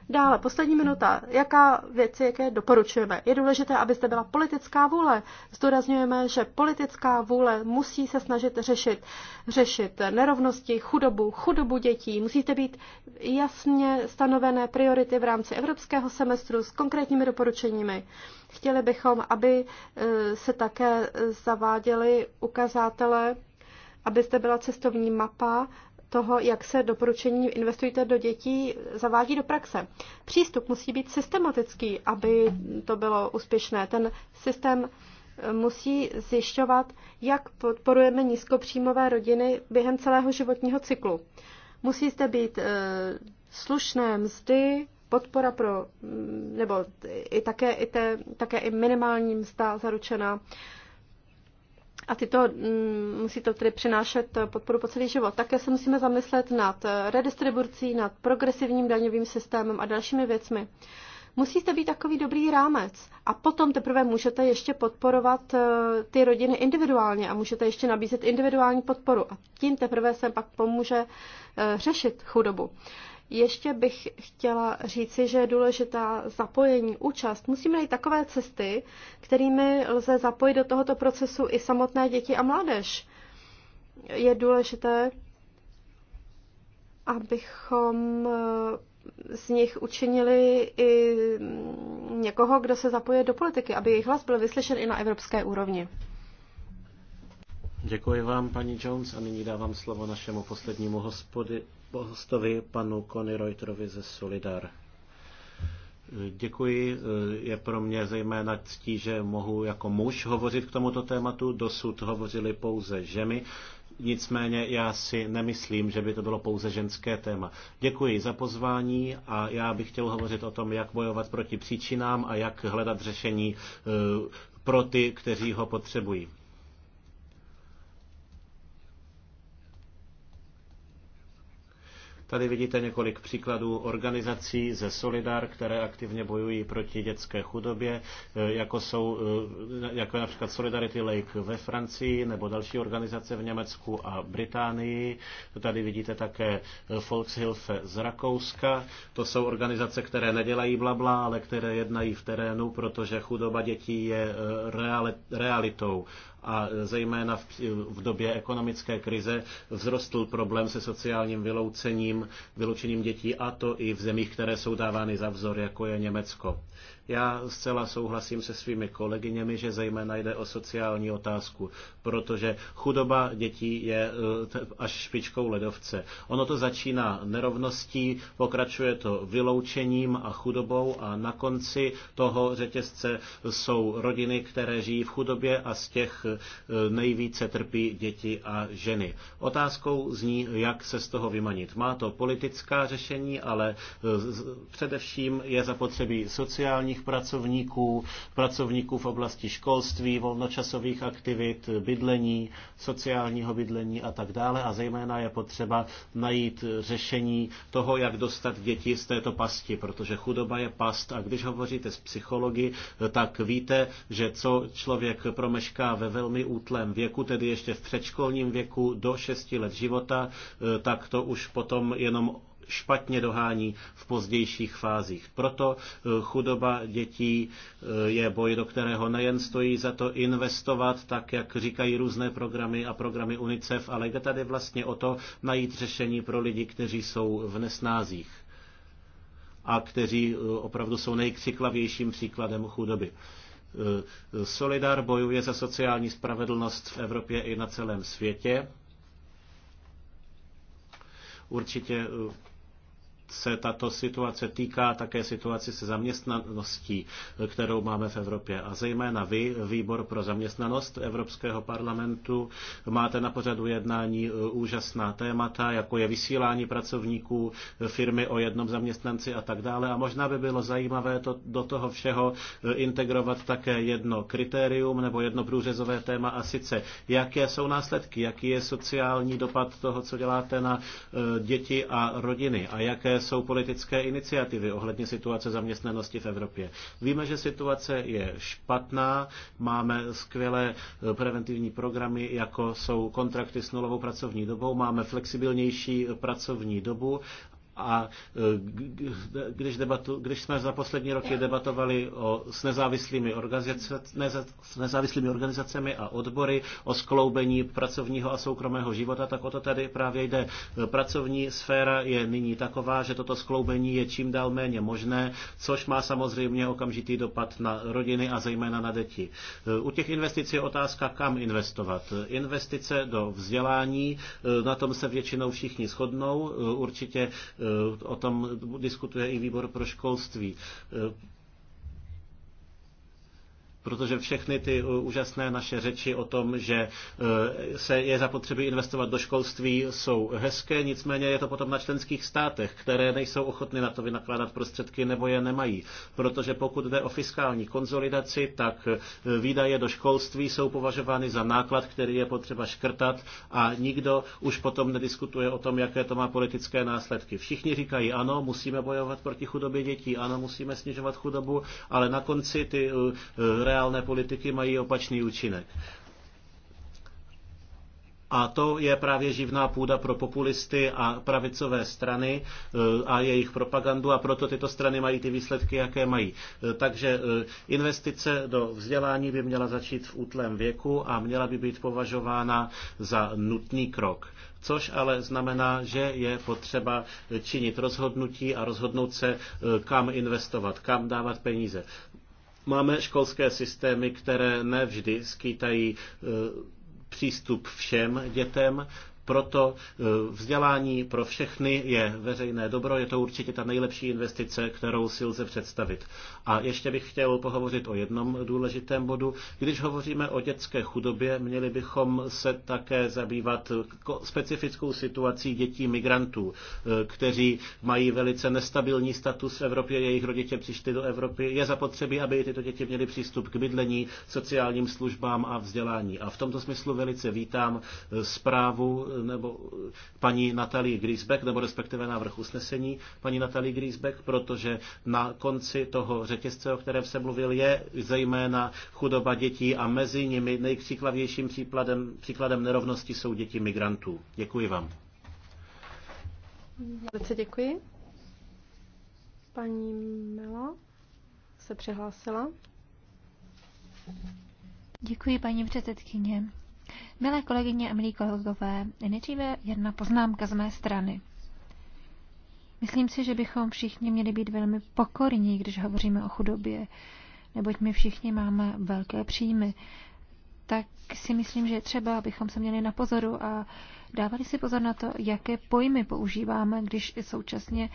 Dále, poslední minuta. Jaká věci, jaké doporučujeme? Je důležité, aby zde byla politická vůle. Zdůrazňujeme, že politická vůle musí se snažit řešit, řešit nerovnosti, chudobu, chudobu dětí. Musíte být jasně stanovené priority v rámci evropského semestru s konkrétními doporučeními. Chtěli bychom, aby e, se také zaváděly ukazatele, aby zde byla cestovní mapa toho, jak se doporučení investujte do dětí zavádí do praxe. Přístup musí být systematický, aby to bylo úspěšné. Ten systém eh, musí zjišťovat, jak podporujeme nízkopříjmové rodiny během celého životního cyklu. Musí zde být eh, slušné mzdy, podpora pro, mm, nebo i také, i te, také i minimální mzda zaručená a tyto, mm, musí to tedy přinášet podporu po celý život. Také se musíme zamyslet nad redistribucí, nad progresivním daňovým systémem a dalšími věcmi. Musíte být takový dobrý rámec a potom teprve můžete ještě podporovat eh, ty rodiny individuálně a můžete ještě nabízet individuální podporu a tím teprve se pak pomůže eh, řešit chudobu. Ještě bych chtěla říci, že je důležitá zapojení, účast. Musíme najít takové cesty, kterými lze zapojit do tohoto procesu i samotné děti a mládež. Je důležité, abychom eh, z nich učinili i mm, někoho, kdo se zapoje do politiky, aby jejich hlas byl vyslyšen i na evropské úrovni. Děkuji vám, paní Jones, a nyní dávám slovo našemu poslednímu hospody, hostovi panu Conny Reuterovi ze Solidar. Děkuji. Je pro mě zejména ctí, že mohu jako muž hovořit k tomuto tématu. Dosud hovořili pouze ženy. Nicméně já si nemyslím, že by to bylo pouze ženské téma. Děkuji za pozvání a já bych chtěl hovořit o tom, jak bojovat proti příčinám a jak hledat řešení eh, pro ty, kteří ho potřebují. Tady vidíte několik příkladů organizací ze Solidar, které aktivně bojují proti dětské chudobě, e, jako jsou e, jako například Solidarity Lake ve Francii nebo další organizace v Německu a Británii. Tady vidíte také e, Volkshilfe z Rakouska. To jsou organizace, které nedělají blabla, ale které jednají v terénu, protože chudoba dětí je realitou a zejména v, v době ekonomické krize vzrostl problém se sociálním vyloucením vyloučením, dětí, a to i v zemích, které jsou dávány za vzor, jako je Německo. Já zcela souhlasím se svými kolegyněmi, že zejména jde o sociální otázku, protože chudoba dětí je eh, až špičkou ledovce. Ono to začíná nerovností, pokračuje to vyloučením a chudobou a na konci toho řetězce jsou rodiny, které žijí v chudobě a z těch eh, nejvíce trpí děti a ženy. Otázkou zní, jak se z toho vymanit. Má to politická řešení, ale eh, především je zapotřebí sociální sociálních pracovníků, pracovníků v oblasti školství, volnočasových aktivit, bydlení, sociálního bydlení a tak dále. A zejména je potřeba najít řešení toho, jak dostat děti z této pasti, protože chudoba je past. A když hovoříte s psychologi, tak víte, že co člověk promešká ve velmi útlém věku, tedy ještě v předškolním věku do 6 let života, tak to už potom jenom špatně dohání v pozdějších fázích. Proto eh, chudoba dětí eh, je boj, do kterého nejen stojí za to investovat, tak jak říkají různé programy a programy UNICEF, ale jde tady vlastně o to najít řešení pro lidi, kteří jsou v nesnázích a kteří eh, opravdu jsou nejkřiklavějším příkladem chudoby. Solidar bojuje za sociální spravedlnost v Evropě i na celém světě. Určitě se tato situace týká také situaci se zaměstnaností, kterou máme v Evropě. A zejména vy, Výbor pro zaměstnanost Evropského parlamentu, máte na pořadu jednání e, úžasná témata, jako je vysílání pracovníků, e, firmy o jednom zaměstnanci a tak dále. A možná by bylo zajímavé to, do toho všeho e, integrovat také jedno kritérium nebo jedno průřezové téma a sice, jaké jsou následky, jaký je sociální dopad toho, co děláte na děti a rodiny a jaké jsou politické iniciativy ohledně situace zaměstnanosti v Evropě. Víme, že situace je špatná, máme skvělé eh, preventivní programy, jako jsou kontrakty s nulovou pracovní dobou, máme flexibilnější eh, pracovní dobu a e, když, debatu, když jsme za poslední roky debatovali o, s, nezávislými neza, s nezávislými organizacemi a odbory o skloubení pracovního a soukromého života, tak o to tady právě jde. Pracovní sféra je nyní taková, že toto skloubení je čím dál méně možné, což má samozřejmě okamžitý dopad na rodiny a zejména na děti. E, u těch investic je otázka, kam investovat. Investice do vzdělání, e, na tom se většinou všichni shodnou. Určitě Eh, o tom diskutuje i výbor pro školství. Eh, protože všechny ty eh, úžasné naše řeči o tom, že eh, se je zapotřebí investovat do školství, jsou hezké, nicméně je to potom na členských státech, které nejsou ochotny na to vynakládat prostředky nebo je nemají. Protože pokud jde o fiskální konzolidaci, tak eh, výdaje do školství jsou považovány za náklad, který je potřeba škrtat a nikdo už potom nediskutuje o tom, jaké to má politické následky. Všichni říkají, ano, musíme bojovat proti chudobě dětí, ano, musíme snižovat chudobu, ale na konci ty Reálné politiky mají opačný účinek. A to je právě živná půda pro populisty a pravicové strany eh, a jejich propagandu a proto tyto strany mají ty výsledky, jaké mají. Eh, takže eh, investice do vzdělání by měla začít v útlém věku a měla by být považována za nutný krok což ale znamená, že je potřeba činit rozhodnutí a rozhodnout se, kam investovat, kam dávat peníze. Máme školské systémy, které nevždy skýtají eh, přístup všem dětem proto e, vzdělání pro všechny je veřejné dobro, je to určitě ta nejlepší investice, kterou si lze představit. A ještě bych chtěl pohovořit o jednom důležitém bodu. Když hovoříme o dětské chudobě, měli bychom se také zabývat specifickou situací dětí migrantů, e, kteří mají velice nestabilní status v Evropě, jejich rodiče přišli do Evropy. Je zapotřebí, aby tyto děti měly přístup k bydlení, sociálním službám a vzdělání. A v tomto smyslu velice vítám e, zprávu nebo eh, paní Natalie Griesbeck, nebo respektive návrh usnesení paní Natalie Griesbeck, protože na konci toho řetězce, o kterém jsem mluvil, je zejména chudoba dětí a mezi nimi nejkřiklavějším příkladem, příkladem nerovnosti jsou děti migrantů. Děkuji vám. Velice děkuji. Paní Mela se přihlásila. Děkuji, paní předsedkyně. Milé kolegyně a milí kolegové, nejdříve jedna poznámka z mé strany. Myslím si, že bychom všichni měli být velmi pokorní, když hovoříme o chudobě, neboť my všichni máme velké příjmy. Tak si myslím, že třeba, abychom se měli na pozoru a dávali si pozor na to, jaké pojmy používáme, když současně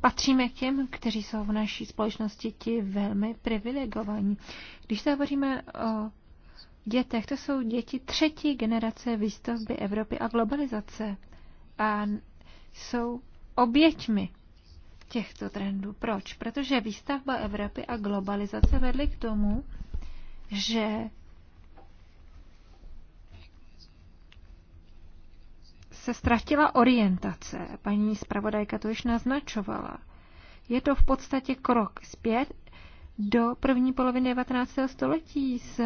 patříme k těm, kteří jsou v naší společnosti ti velmi privilegovaní. Když se hovoříme o dětech. To jsou děti třetí generace výstavby Evropy a globalizace. A jsou oběťmi těchto trendů. Proč? Protože výstavba Evropy a globalizace vedly k tomu, že se ztratila orientace. Paní zpravodajka to již naznačovala. Je to v podstatě krok zpět do první poloviny 19. století s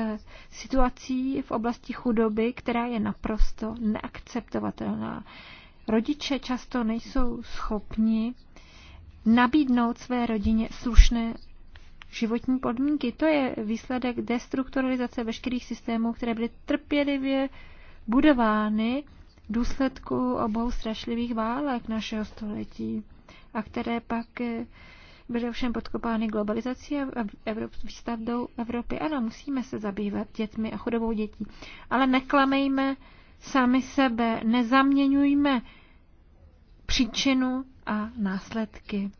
situací v oblasti chudoby, která je naprosto neakceptovatelná. Rodiče často nejsou schopni nabídnout své rodině slušné životní podmínky. To je výsledek destrukturalizace veškerých systémů, které byly trpělivě budovány v důsledku obou strašlivých válek našeho století a které pak byly ovšem podkopány globalizací a Evrop, výstavdou Evropy. Ano, musíme se zabývat dětmi a chudobou dětí, ale neklamejme sami sebe, nezaměňujme příčinu a následky.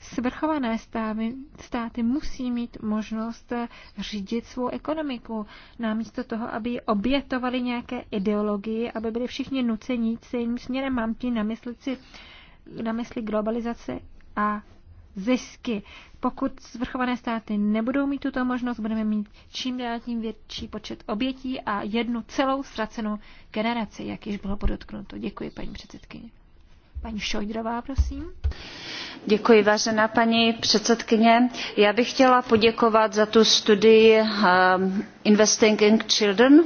Svrchované státy, státy musí mít možnost řídit svou ekonomiku, namísto toho, aby obětovali nějaké ideologii, aby byli všichni nuceni jít směrem. Mám tím na mysli, na mysli a zisky. Pokud svrchované státy nebudou mít tuto možnost, budeme mít čím dál tím větší počet obětí a jednu celou ztracenou generaci, jak již bylo podotknuto. Děkuji, paní předsedkyně. Paní Šojdrová, prosím. Děkuji, vážená paní předsedkyně. Já bych chtěla poděkovat za tu studii um, Investing in Children,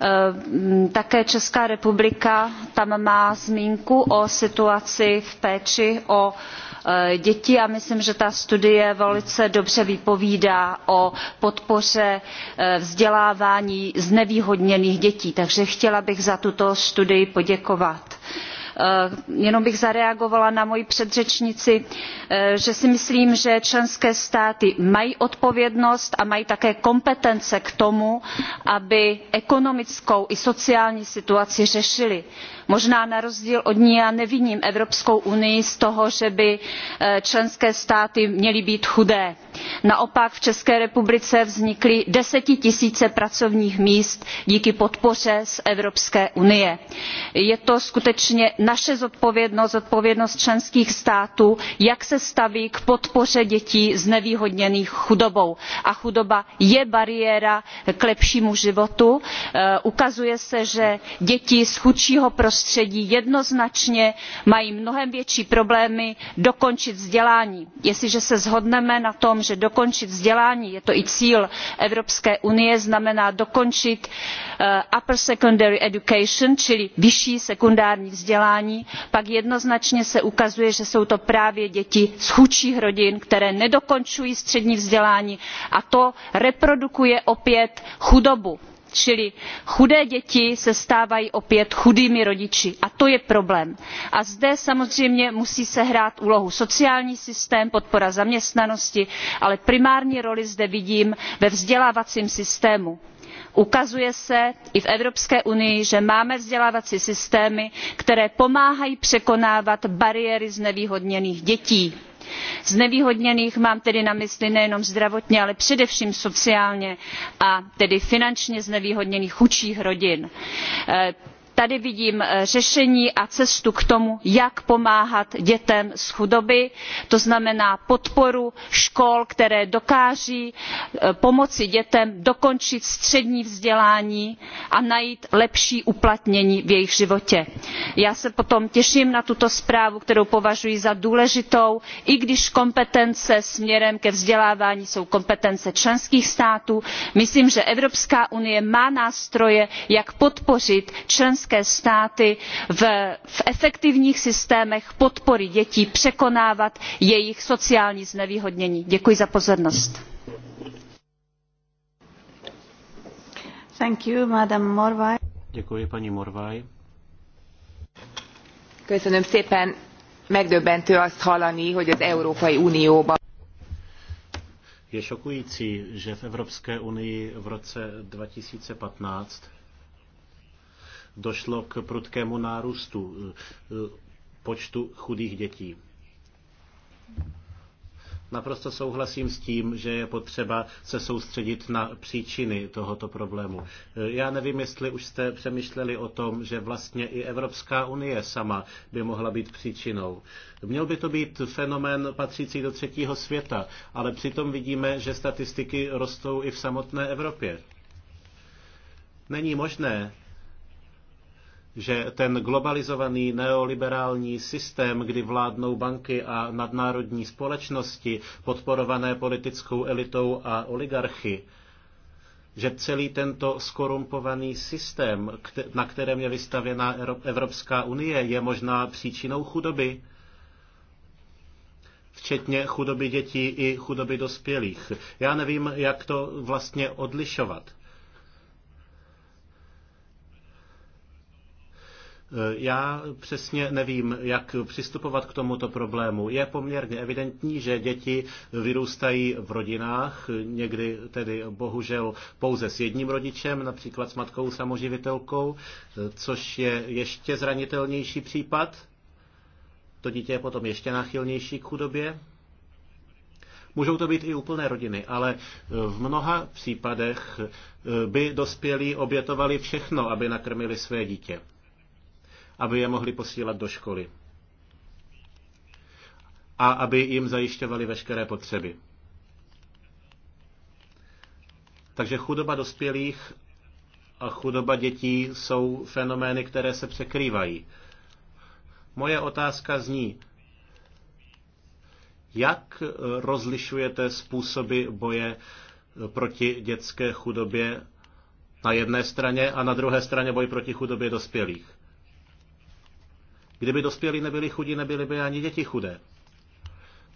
eh, také česká republika tam má zmínku o situaci v péči o Eh, dětí a myslím že ta studie velice dobře vypovídá o podpoře eh, vzdělávání znevýhodněných dětí takže chtěla bych za tuto studii poděkovat eh, jenom bych zareagovala na moji předřečnici že si myslím že členské státy mají odpovědnost a mají také kompetence k tomu aby ekonomickou i sociální situaci řešily možná na rozdíl od ní já neviním evropskou unii z toho že by eh, členské státy měly být chudé. naopak v české republice vznikly desetitisíce pracovních míst díky podpoře z evropské unie. je to skutečně naše zodpovědnost zodpovědnost členských států jak se staví k podpoře dětí znevýhodněných chudobou. a chudoba je bariéra k lepšímu životu eh, ukazuje se že děti z chudšího prostředí prostředí jednoznačně mají mnohem větší problémy dokončit vzdělání. jestliže se shodneme na tom že dokončit vzdělání je to i cíl evropské unie znamená dokončit eh, upper secondary education čili vyšší sekundární vzdělání pak jednoznačně se ukazuje že jsou to právě děti z chudších rodin které nedokončují střední vzdělání a to reprodukuje opět chudobu čili chudé děti se stávají opět chudými rodiči a to je problém. a zde samozřejmě musí sehrát úlohu sociální systém podpora zaměstnanosti ale primární roli zde vidím ve vzdělávacím systému ukazuje se i v evropské unii že máme vzdělávací systémy které pomáhají překonávat bariéry znevýhodněných dětí znevýhodněných mám tedy na mysli nejenom zdravotně ale především sociálně a tedy finančně znevýhodněných chudších rodin. Eh, tady vidím eh, řešení a cestu k tomu jak pomáhat dětem z chudoby to znamená podporu škol které dokáží eh, pomoci dětem dokončit střední vzdělání a najít lepší uplatnění v jejich životě. já se potom těším na tuto zprávu kterou považuji za důležitou i když kompetence směrem ke vzdělávání jsou kompetence členských států myslím že evropská unie má nástroje jak podpořit členské členské státy v, efektivních systémech podpory dětí překonávat jejich sociální znevýhodnění. děkuji za pozornost. Thank You, Morvai. děkuji paní morvai. köszönöm szépen megdöbbentő azt hallani hogy az európai unióban. Je šokující, že v Evropské unii v roce 2015 došlo k prudkému nárůstu e, počtu chudých dětí. Naprosto souhlasím s tím, že je potřeba se soustředit na příčiny tohoto problému. E, já nevím, jestli už jste přemýšleli o tom, že vlastně i Evropská unie sama by mohla být příčinou. Měl by to být fenomén patřící do třetího světa, ale přitom vidíme, že statistiky rostou i v samotné Evropě. Není možné, že ten globalizovaný neoliberální systém, kdy vládnou banky a nadnárodní společnosti podporované politickou elitou a oligarchy, že celý tento skorumpovaný systém, na kterém je vystavěna Evropská unie, je možná příčinou chudoby, včetně chudoby dětí i chudoby dospělých. Já nevím, jak to vlastně odlišovat. Eh, já přesně nevím, jak přistupovat k tomuto problému. Je poměrně evidentní, že děti vyrůstají v rodinách, někdy tedy bohužel pouze s jedním rodičem, například s matkou samoživitelkou, eh, což je ještě zranitelnější případ. To dítě je potom ještě náchylnější k chudobě. Můžou to být i úplné rodiny, ale eh, v mnoha případech by dospělí obětovali všechno, aby nakrmili své dítě aby je mohli posílat do školy a aby jim zajišťovali veškeré potřeby. Takže chudoba dospělých a chudoba dětí jsou fenomény, které se překrývají. Moje otázka zní, jak rozlišujete způsoby boje proti dětské chudobě na jedné straně a na druhé straně boj proti chudobě dospělých? Kdyby dospělí nebyli chudí, nebyly by ani děti chudé.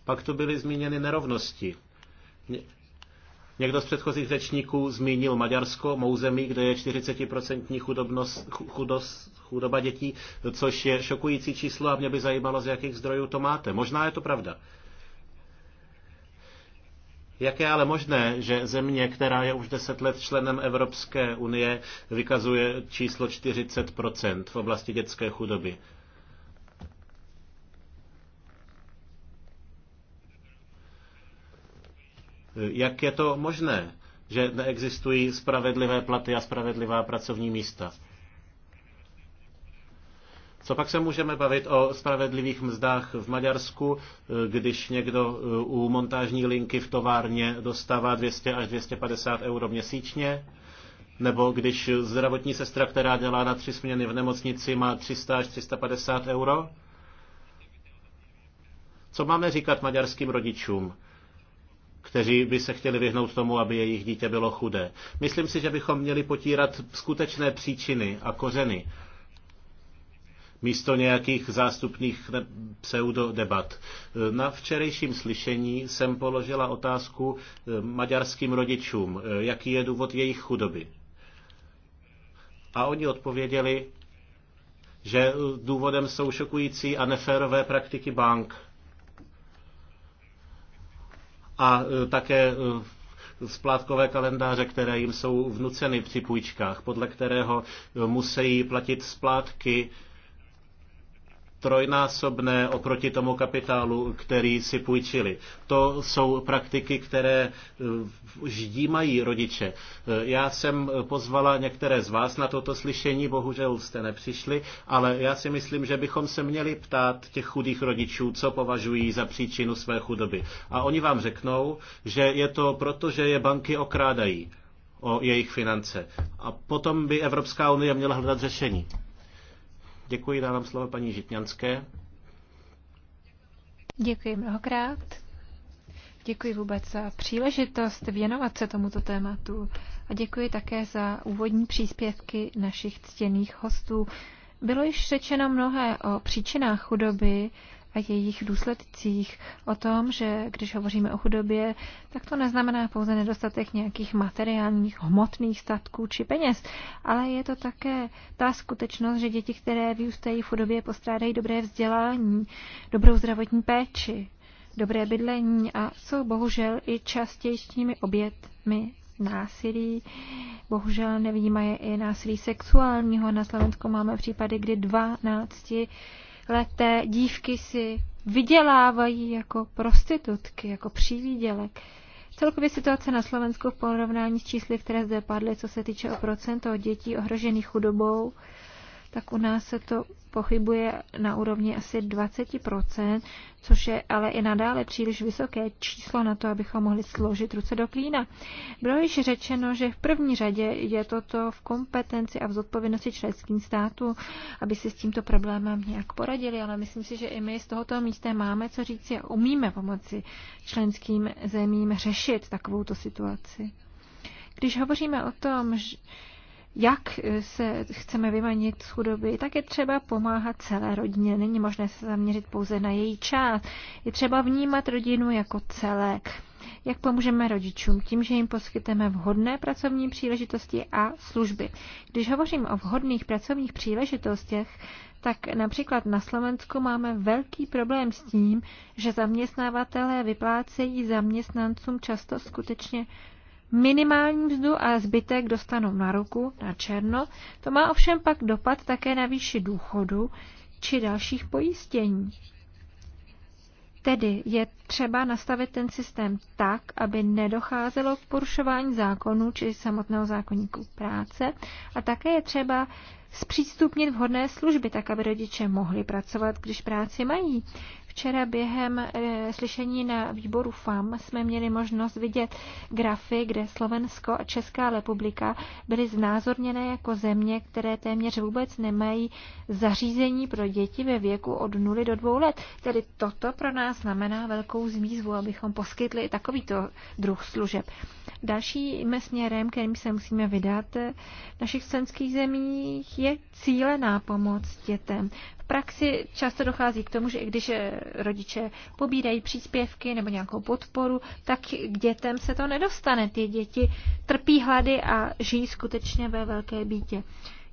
Pak tu byly zmíněny nerovnosti. Někdo z předchozích řečníků zmínil Maďarsko, mou zemí, kde je 40% chudobnost, chudos, chudoba dětí, což je šokující číslo a mě by zajímalo, z jakých zdrojů to máte. Možná je to pravda. Jak je ale možné, že země, která je už deset let členem Evropské unie, vykazuje číslo 40% v oblasti dětské chudoby? Jak je to možné, že neexistují spravedlivé platy a spravedlivá pracovní místa? Co pak se můžeme bavit o spravedlivých mzdách v Maďarsku, když někdo eh, u montážní linky v továrně dostává 200 až 250 euro měsíčně? Nebo když zdravotní sestra, která dělá na tři směny v nemocnici, má 300 až 350 euro? Co máme říkat maďarským rodičům? kteří by se chtěli vyhnout tomu, aby jejich dítě bylo chudé. Myslím si, že bychom měli potírat skutečné příčiny a kořeny místo nějakých zástupných pseudodebat. Na včerejším slyšení jsem položila otázku eh, maďarským rodičům, eh, jaký je důvod jejich chudoby. A oni odpověděli, že eh, důvodem jsou šokující a neférové praktiky bank – a e, také e, splátkové kalendáře, které jim jsou vnuceny při půjčkách, podle kterého e, musí platit splátky trojnásobné oproti tomu kapitálu, který si půjčili. To jsou praktiky, které eh, ždímají rodiče. Eh, já jsem pozvala některé z vás na toto slyšení, bohužel jste nepřišli, ale já si myslím, že bychom se měli ptát těch chudých rodičů, co považují za příčinu své chudoby. A oni vám řeknou, že je to proto, že je banky okrádají o jejich finance. A potom by Evropská unie měla hledat řešení. Děkuji, dávám slovo paní Žitňanské. Děkuji mnohokrát. Děkuji vůbec za příležitost věnovat se tomuto tématu a děkuji také za úvodní příspěvky našich ctěných hostů. Bylo již řečeno mnohé o příčinách chudoby a jejich důsledcích, o tom, že když hovoříme o chudobě, tak to neznamená pouze nedostatek nějakých materiálních, hmotných statků či peněz, ale je to také ta skutečnost, že děti, které vyústají v chudobě, postrádají dobré vzdělání, dobrou zdravotní péči, dobré bydlení a jsou bohužel i častějšími obětmi násilí. Bohužel nevnímají i násilí sexuálního. Na Slovensku máme případy, kdy 12 leté dívky si vydělávají jako prostitutky, jako přívídělek. Celkově situace na Slovensku v porovnání s čísly, které zde padly, co se týče o procento dětí ohrožených chudobou, tak u nás se to pochybuje na úrovni asi 20%, což je ale i nadále příliš vysoké číslo na to, abychom mohli složit ruce do klína. Bylo již řečeno, že v první řadě je toto v kompetenci a v zodpovědnosti členským států, aby si s tímto problémem nějak poradili, ale myslím si, že i my z tohoto místa máme co říct a umíme pomoci členským zemím řešit takovouto situaci. Když hovoříme o tom, že jak se chceme vymanit z chudoby, tak je třeba pomáhat celé rodině. Není možné se zaměřit pouze na její část. Je třeba vnímat rodinu jako celek. Jak pomůžeme rodičům? Tím, že jim poskytneme vhodné pracovní příležitosti a služby. Když hovořím o vhodných pracovních příležitostech, tak například na Slovensku máme velký problém s tím, že zaměstnavatelé vyplácejí zaměstnancům často skutečně minimální mzdu a zbytek dostanou na ruku, na černo. To má ovšem pak dopad také na výši důchodu či dalších pojištění. Tedy je třeba nastavit ten systém tak, aby nedocházelo k porušování zákonů či samotného zákonníku práce a také je třeba zpřístupnit vhodné služby, tak aby rodiče mohli pracovat, když práci mají. Včera během e, slyšení na výboru FAM jsme měli možnost vidět grafy, kde Slovensko a Česká republika byly znázorněné jako země, které téměř vůbec nemají zařízení pro děti ve věku od 0 do 2 let. Tedy toto pro nás znamená velkou zmízvu, abychom poskytli takovýto druh služeb. Dalším směrem, kterým se musíme vydat eh, v našich členských zemích, je cílená pomoc dětem. V praxi často dochází k tomu, že i když eh, rodiče pobírají příspěvky nebo nějakou podporu, tak k dětem se to nedostane. Ty děti trpí hlady a žijí skutečně ve velké bítě.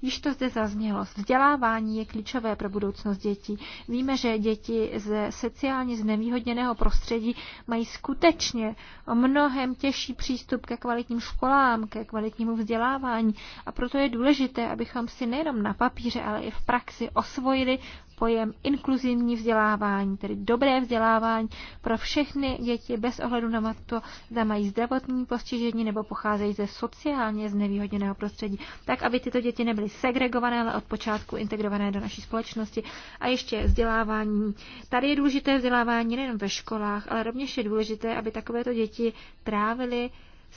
Již to zde zaznělo. Vzdělávání je klíčové pro budoucnost dětí. Víme, že děti ze sociálně znevýhodněného prostředí mají skutečně mnohem těžší přístup ke kvalitním školám, ke kvalitnímu vzdělávání a proto je důležité, abychom si nejenom na papíře, ale i v praxi osvojili pojem inkluzivní vzdělávání, tedy dobré vzdělávání pro všechny děti bez ohledu na to, zda mají zdravotní postižení nebo pocházejí ze sociálně znevýhodněného prostředí, tak aby tyto děti nebyly segregované, ale od počátku integrované do naší společnosti. A ještě vzdělávání. Tady je důležité vzdělávání nejen ve školách, ale rovněž je důležité, aby takovéto děti trávily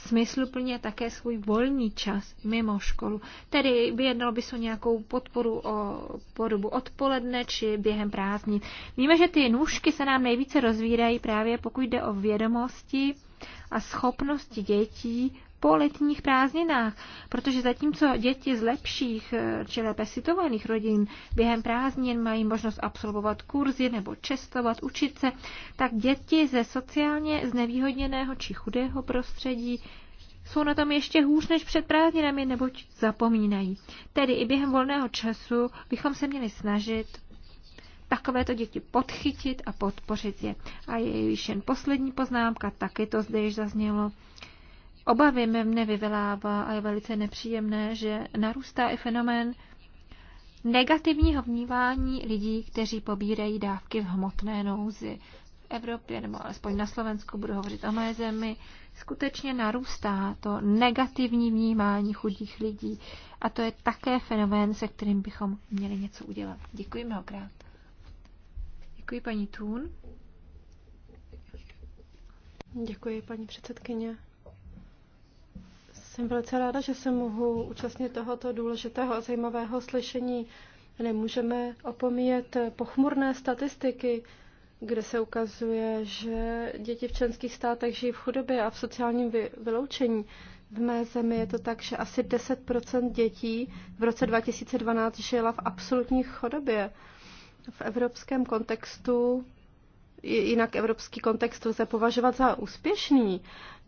smysluplně také svůj volný čas mimo školu. Tedy vyjednalo by se nějakou podporu o podobu odpoledne či během prázdnin. Víme, že ty nůžky se nám nejvíce rozvírají právě pokud jde o vědomosti a schopnosti dětí po letních prázdninách, protože zatímco děti z lepších eh, či lépe situovaných rodin během prázdnin mají možnost absolvovat kurzy nebo čestovat, učit se, tak děti ze sociálně znevýhodněného či chudého prostředí jsou na tom ještě hůř než před prázdninami, neboť zapomínají. Tedy i během volného času bychom se měli snažit takovéto děti podchytit a podpořit je. A je již jen poslední poznámka, taky to zde již zaznělo obavy mne vyvelává a je velice nepříjemné, že narůstá i fenomén negativního vnívání lidí, kteří pobírají dávky v hmotné nouzi. V Evropě, nebo alespoň na Slovensku, budu hovořit o mé zemi, skutečně narůstá to negativní vnímání chudých lidí. A to je také fenomén, se kterým bychom měli něco udělat. Děkuji mnohokrát. Děkuji paní Tún. Děkuji paní předsedkyně. Jsem velice ráda, že se mohu účastnit tohoto důležitého a zajímavého slyšení. Nemůžeme opomíjet pochmurné statistiky, kde se ukazuje, že děti v členských státech žijí v chudobě a v sociálním vyloučení. V mé zemi je to tak, že asi 10 dětí v roce 2012 žila v absolutní chudobě. V evropském kontextu, jinak evropský kontext lze považovat za úspěšný,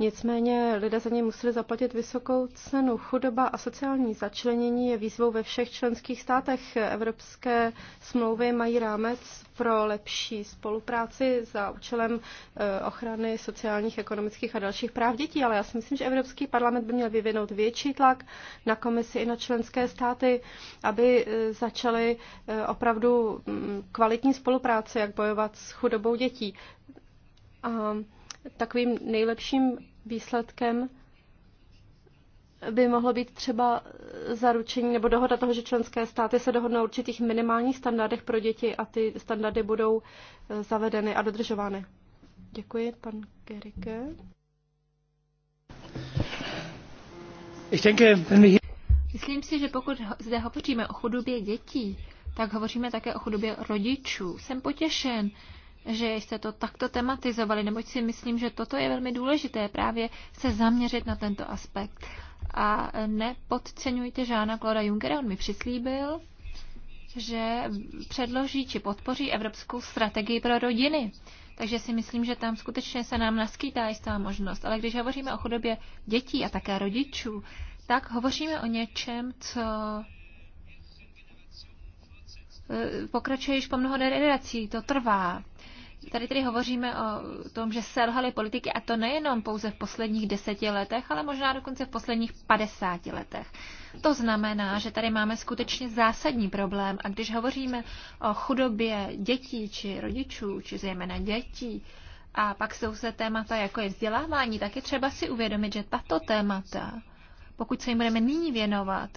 Nicméně lidé za ně museli zaplatit vysokou cenu. Chudoba a sociální začlenění je výzvou ve všech členských státech. Evropské smlouvy mají rámec pro lepší spolupráci za účelem eh, ochrany sociálních, ekonomických a dalších práv dětí, ale já si myslím, že Evropský parlament by měl vyvinout větší tlak na komisi i na členské státy, aby eh, začaly eh, opravdu mm, kvalitní spolupráci, jak bojovat s chudobou dětí. A takovým nejlepším výsledkem by mohlo být třeba zaručení nebo dohoda toho, že členské státy se dohodnou určitých minimálních standardech pro děti a ty standardy budou eh, zavedeny a dodržovány. Děkuji, pan Gerike. Myslím si, že pokud zde hovoříme o chudobě dětí, tak hovoříme také o chudobě rodičů. Jsem potěšen, že jste to takto tematizovali, neboť si myslím, že toto je velmi důležité, právě se zaměřit na tento aspekt. A nepodceňujte Žána Klora Junckera, on mi přislíbil, že předloží či podpoří evropskou strategii pro rodiny. Takže si myslím, že tam skutečně se nám naskýtá jistá možnost. Ale když hovoříme o chudobě dětí a také rodičů, tak hovoříme o něčem, co eh, pokračuje již po mnoho generací, to trvá. Tady tedy hovoříme o tom, že selhaly politiky, a to nejenom pouze v posledních deseti letech, ale možná dokonce v posledních padesáti letech. To znamená, že tady máme skutečně zásadní problém a když hovoříme o chudobě dětí či rodičů, či zejména dětí, a pak jsou se témata, jako je vzdělávání, tak je třeba si uvědomit, že tato témata pokud se jim budeme nyní věnovat,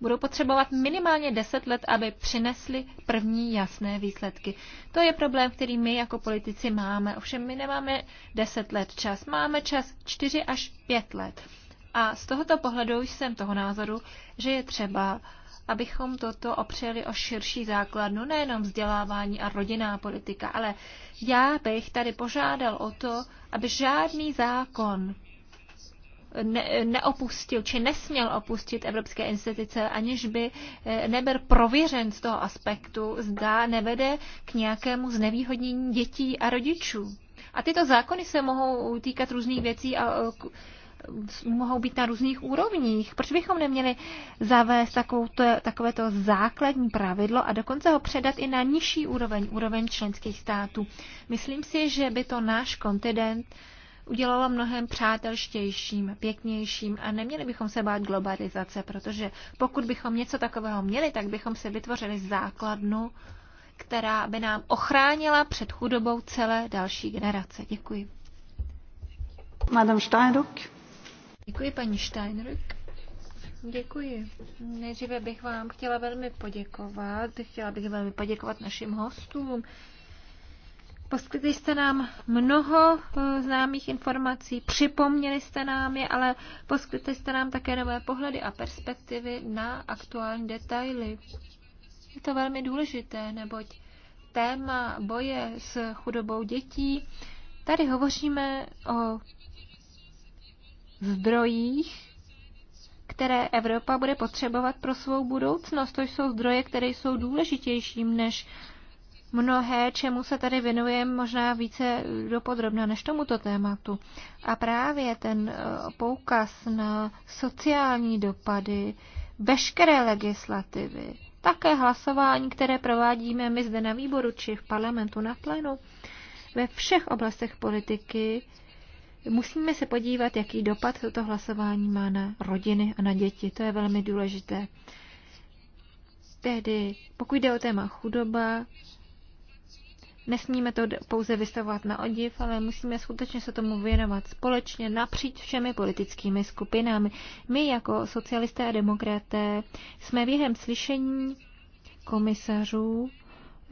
budou potřebovat minimálně 10 let, aby přinesli první jasné výsledky. To je problém, který my jako politici máme. Ovšem my nemáme 10 let čas, máme čas 4 až 5 let. A z tohoto pohledu jsem toho názoru, že je třeba, abychom toto opřeli o širší základnu, nejenom vzdělávání a rodinná politika, ale já bych tady požádal o to, aby žádný zákon ne, neopustil či nesměl opustit evropské instituce, aniž by eh, nebyl prověřen z toho aspektu, zda nevede k nějakému znevýhodnění dětí a rodičů. A tyto zákony se mohou týkat různých věcí a eh, mohou být na různých úrovních. Proč bychom neměli zavést takovouto, takovéto základní pravidlo a dokonce ho předat i na nižší úroveň, úroveň členských států? Myslím si, že by to náš kontinent udělala mnohem přátelštějším, pěknějším a neměli bychom se bát globalizace, protože pokud bychom něco takového měli, tak bychom se vytvořili základnu, která by nám ochránila před chudobou celé další generace. Děkuji. Madame Steinruck. Děkuji, paní Steinruck. Děkuji. Nejdříve bych vám chtěla velmi poděkovat. Chtěla bych velmi poděkovat našim hostům. Poskytli jste nám mnoho eh, známých informací, připomněli jste nám je, ale poskytli jste nám také nové pohledy a perspektivy na aktuální detaily. Je to velmi důležité, neboť téma boje s chudobou dětí. Tady hovoříme o zdrojích, které Evropa bude potřebovat pro svou budoucnost. To jsou zdroje, které jsou důležitější než mnohé, čemu se tady věnujeme možná více dopodrobna než tomuto tématu. A právě ten e, poukaz na sociální dopady veškeré legislativy, také hlasování, které provádíme my zde na výboru či v parlamentu na plénu, ve všech oblastech politiky musíme se podívat, jaký dopad toto hlasování má na rodiny a na děti. To je velmi důležité. Tedy, pokud jde o téma chudoba, Nesmíme to pouze vystavovat na odiv, ale musíme skutečně se tomu věnovat společně napříč všemi politickými skupinami. My jako socialisté a demokraté jsme během slyšení komisařů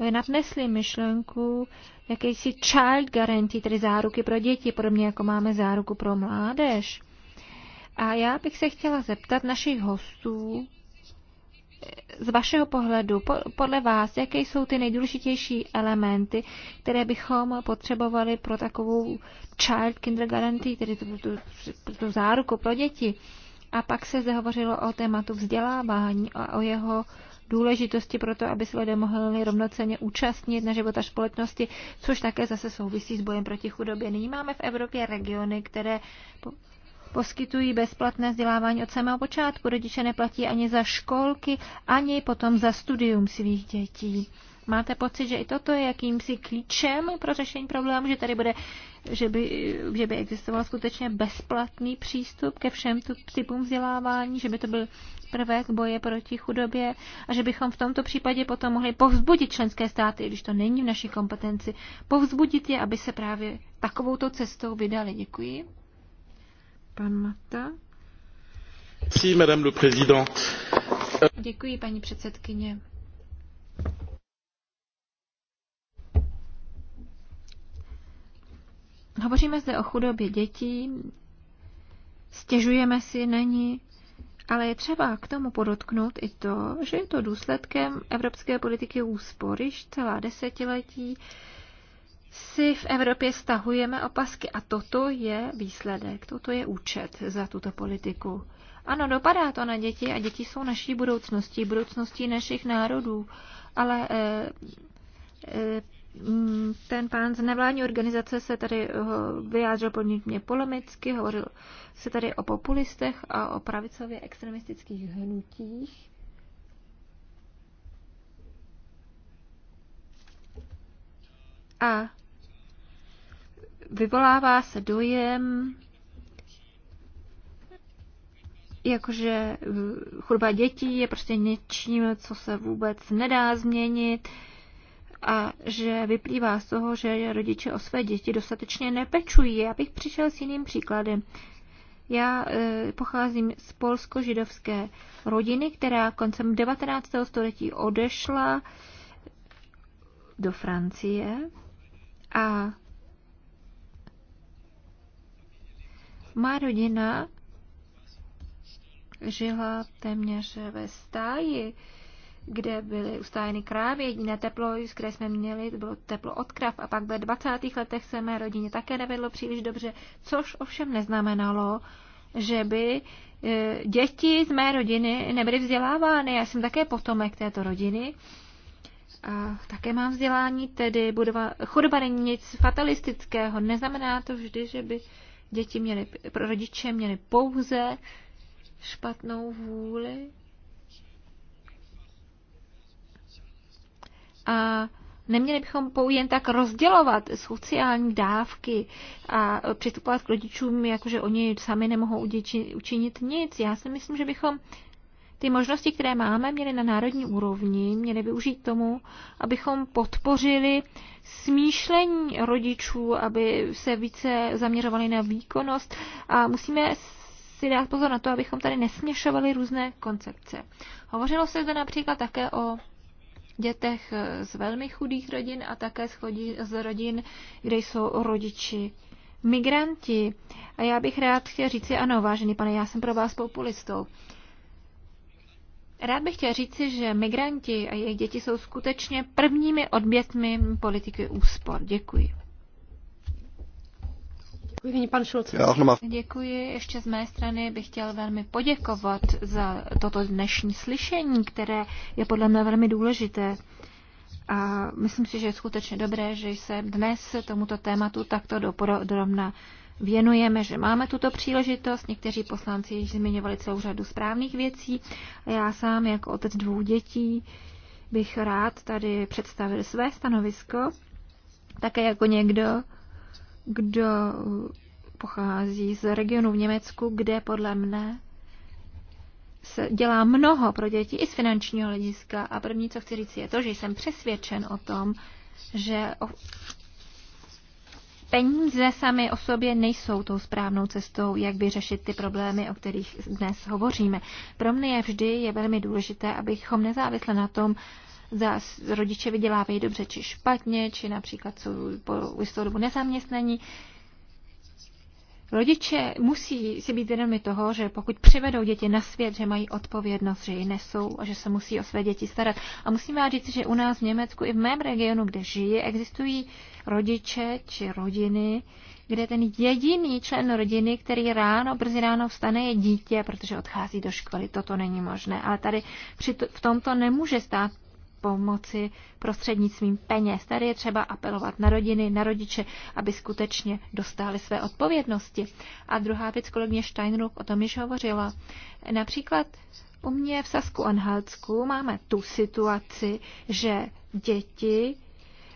eh, nadnesli myšlenku jakýsi child guarantee, tedy záruky pro děti, podobně jako máme záruku pro mládež. A já bych se chtěla zeptat našich hostů, z vašeho pohledu, podle vás, jaké jsou ty nejdůležitější elementy, které bychom potřebovali pro takovou child kindergarten, tedy tu, tu, tu, tu záruku pro děti. A pak se zde hovořilo o tématu vzdělávání a o jeho důležitosti pro to, aby se lidé mohli rovnocenně účastnit na života společnosti, což také zase souvisí s bojem proti chudobě. Nyní máme v Evropě regiony, které poskytují bezplatné vzdělávání od samého počátku. Rodiče neplatí ani za školky, ani potom za studium svých dětí. Máte pocit, že i toto je jakýmsi klíčem pro řešení problému, že tady bude, že by, že by existoval skutečně bezplatný přístup ke všem typům vzdělávání, že by to byl prvek boje proti chudobě a že bychom v tomto případě potom mohli povzbudit členské státy, když to není v naší kompetenci, povzbudit je, aby se právě takovouto cestou vydali. Děkuji. Děkuji, paní předsedkyně. Hovoříme zde o chudobě dětí, stěžujeme si na ní, ale je třeba k tomu podotknout i to, že je to důsledkem evropské politiky úspory celá desetiletí, si v Evropě stahujeme opasky a toto je výsledek, toto je účet za tuto politiku. Ano, dopadá to na děti a děti jsou naší budoucností, budoucností našich národů, ale e, e, ten pán z nevládní organizace se tady vyjádřil podnikně polemicky, hovořil se tady o populistech a o pravicově extremistických hnutích. A vyvolává se dojem, jakože eh, chudba dětí je prostě něčím, co se vůbec nedá změnit a že vyplývá z toho, že rodiče o své děti dostatečně nepečují. Já bych přišel s jiným příkladem. Já e, pocházím z polsko-židovské rodiny, která koncem 19. století odešla do Francie a Má rodina žila téměř ve stáji, kde byly ustájeny krávy. Jediné teplo, které jsme měli, to bylo teplo od krav. A pak ve 20. letech se mé rodině také nevedlo příliš dobře, což ovšem neznamenalo, že by e, děti z mé rodiny nebyly vzdělávány. Já jsem také potomek této rodiny. A také mám vzdělání, tedy budova, chudoba není nic fatalistického. Neznamená to vždy, že by Děti měly, rodiče měli pouze špatnou vůli. A neměli bychom jen tak rozdělovat sociální dávky a přistupovat k rodičům, jakože oni sami nemohou uděči, učinit nic. Já si myslím, že bychom ty možnosti, které máme, měli na národní úrovni, měli využít tomu, abychom podpořili smýšlení rodičů, aby se více zaměřovali na výkonnost a musíme si dát pozor na to, abychom tady nesměšovali různé koncepce. Hovořilo se zde například také o dětech z velmi chudých rodin a také z rodin, kde jsou rodiči migranti. A já bych rád chtěl říci, ano, vážený pane, já jsem pro vás populistou. Rád bych chtěl říci, že migranti a jejich děti jsou skutečně prvními odbětmi politiky úspor. Děkuji. Děkuji, pan Děkuji. Ještě z mé strany bych chtěl velmi poděkovat za toto dnešní slyšení, které je podle mě velmi důležité. A myslím si, že je skutečně dobré, že jsem dnes tomuto tématu takto dorovna věnujeme, že máme tuto příležitost. Někteří poslanci již zmiňovali celou řadu správných věcí. Já sám jako otec dvou dětí bych rád tady představil své stanovisko, také jako někdo, kdo pochází z regionu v Německu, kde podle mne se dělá mnoho pro děti i z finančního hlediska. A první, co chci říct, je to, že jsem přesvědčen o tom, že peníze sami o sobě nejsou tou správnou cestou, jak vyřešit ty problémy, o kterých dnes hovoříme. Pro mě je vždy je velmi důležité, abychom nezávisle na tom, za rodiče vydělávají dobře či špatně, či například jsou po jistou dobu nezaměstnaní, Rodiče musí si být vědomi toho, že pokud přivedou děti na svět, že mají odpovědnost, že ji nesou a že se musí o své děti starat. A musím vám říct, že u nás v Německu i v mém regionu, kde žije, existují rodiče či rodiny, kde ten jediný člen rodiny, který ráno, brzy ráno vstane, je dítě, protože odchází do školy. Toto není možné. Ale tady při to, v tomto nemůže stát pomoci prostřednictvím peněz. Tady je třeba apelovat na rodiny, na rodiče, aby skutečně dostali své odpovědnosti. A druhá věc, kolegyně Steinruck o tom již hovořila. Například u mě v Sasku Anhaltsku máme tu situaci, že děti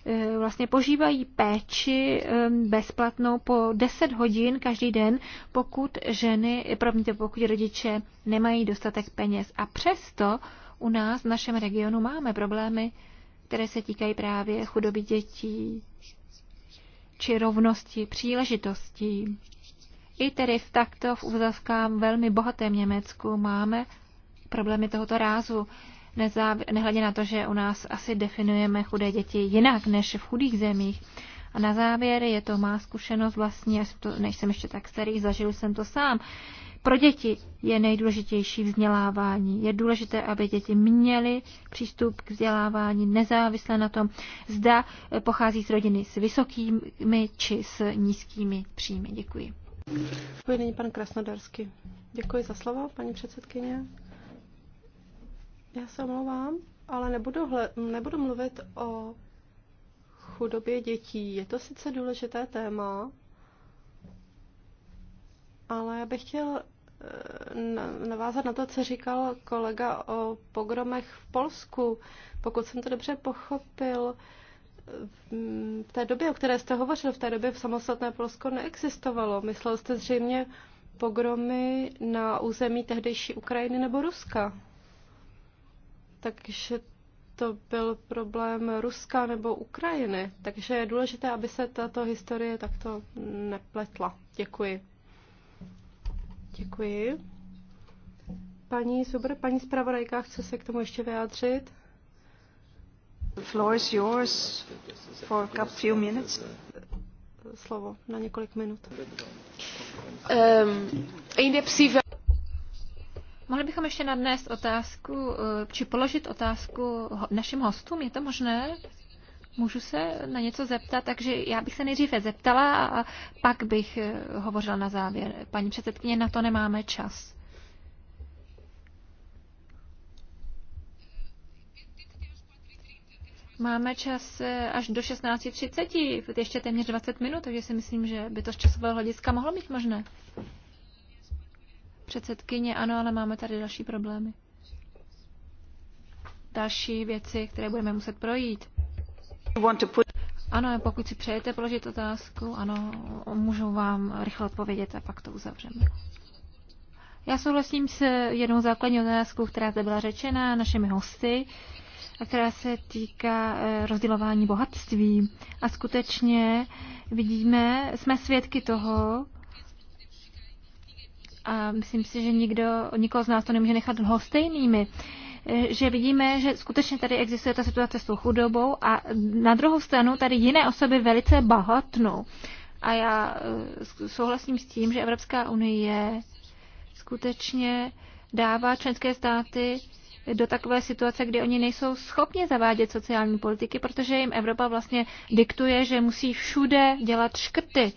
eh, vlastně požívají péči eh, bezplatnou po 10 hodin každý den, pokud ženy, promiňte, pokud rodiče nemají dostatek peněz. A přesto u nás v našem regionu máme problémy, které se týkají právě chudoby dětí či rovnosti příležitostí. I tedy v takto v úzavkám velmi bohatém Německu máme problémy tohoto rázu. Nezáv... Nehledě na to, že u nás asi definujeme chudé děti jinak než v chudých zemích. A na závěr je to má zkušenost vlastně, to, než jsem ještě tak starý, zažil jsem to sám. Pro děti je nejdůležitější vzdělávání. Je důležité, aby děti měly přístup k vzdělávání nezávisle na tom, zda pochází z rodiny s vysokými či s nízkými příjmy. Děkuji. Děkuji, nyní pan Krasnodarský. Děkuji za slovo, paní předsedkyně. Já se omlouvám, ale nebudu, hle, nebudu mluvit o chudobě dětí. Je to sice důležité téma, ale já bych chtěl navázat na to, co říkal kolega o pogromech v Polsku. Pokud jsem to dobře pochopil, v té době, o které jste hovořil, v té době v samostatné Polsko neexistovalo. Myslel jste zřejmě pogromy na území tehdejší Ukrajiny nebo Ruska. Takže to byl problém Ruska nebo Ukrajiny. Takže je důležité, aby se tato historie takto nepletla. Děkuji. Děkuji. Paní super. paní zpravodajka, chce se k tomu ještě vyjádřit? The floor is yours for a few minutes. Slovo na několik minut. Um, Mohli bychom ještě nadnést otázku, eh, či položit otázku našim hostům, je to možné? Můžu se na něco zeptat, takže já bych se nejdříve zeptala a pak bych eh, hovořila na závěr. Paní předsedkyně, na to nemáme čas. Máme čas eh, až do 16.30, ještě téměř 20 minut, takže si myslím, že by to z časového hlediska mohlo být možné. Předsedkyně, ano, ale máme tady další problémy. Další věci, které budeme muset projít. Ano, pokud si přejete položit otázku, ano, můžu vám rychle odpovědět a pak to uzavřeme. Já souhlasím s jednou základní otázkou, která zde byla řečena našimi hosty a která se týká eh, rozdělování bohatství. A skutečně vidíme, jsme svědky toho, a myslím si, že nikdo, nikoho z nás to nemůže nechat lhostejnými. stejnými že vidíme, že skutečně tady existuje ta situace s tou chudobou a na druhou stranu tady jiné osoby velice bahatnou. A já eh, souhlasím s tím, že Evropská unie skutečně dává členské státy do takové situace, kdy oni nejsou schopni zavádět sociální politiky, protože jim Evropa vlastně diktuje, že musí všude dělat škrty.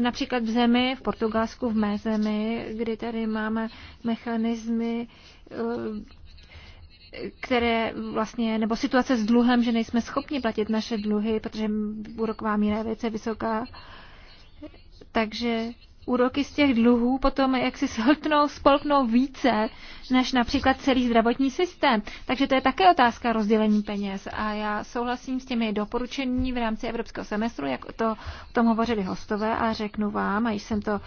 Například v zemi, v Portugalsku, v mé zemi, kdy tady máme mechanismy eh, které vlastně, nebo situace s dluhem, že nejsme schopni platit naše dluhy, protože úroková míra je velice vysoká. Takže úroky z těch dluhů potom jak si shltnou, spolknou více než například celý zdravotní systém. Takže to je také otázka rozdělení peněz. A já souhlasím s těmi doporučení v rámci Evropského semestru, jak to, o tom hovořili hostové, a řeknu vám, a již jsem to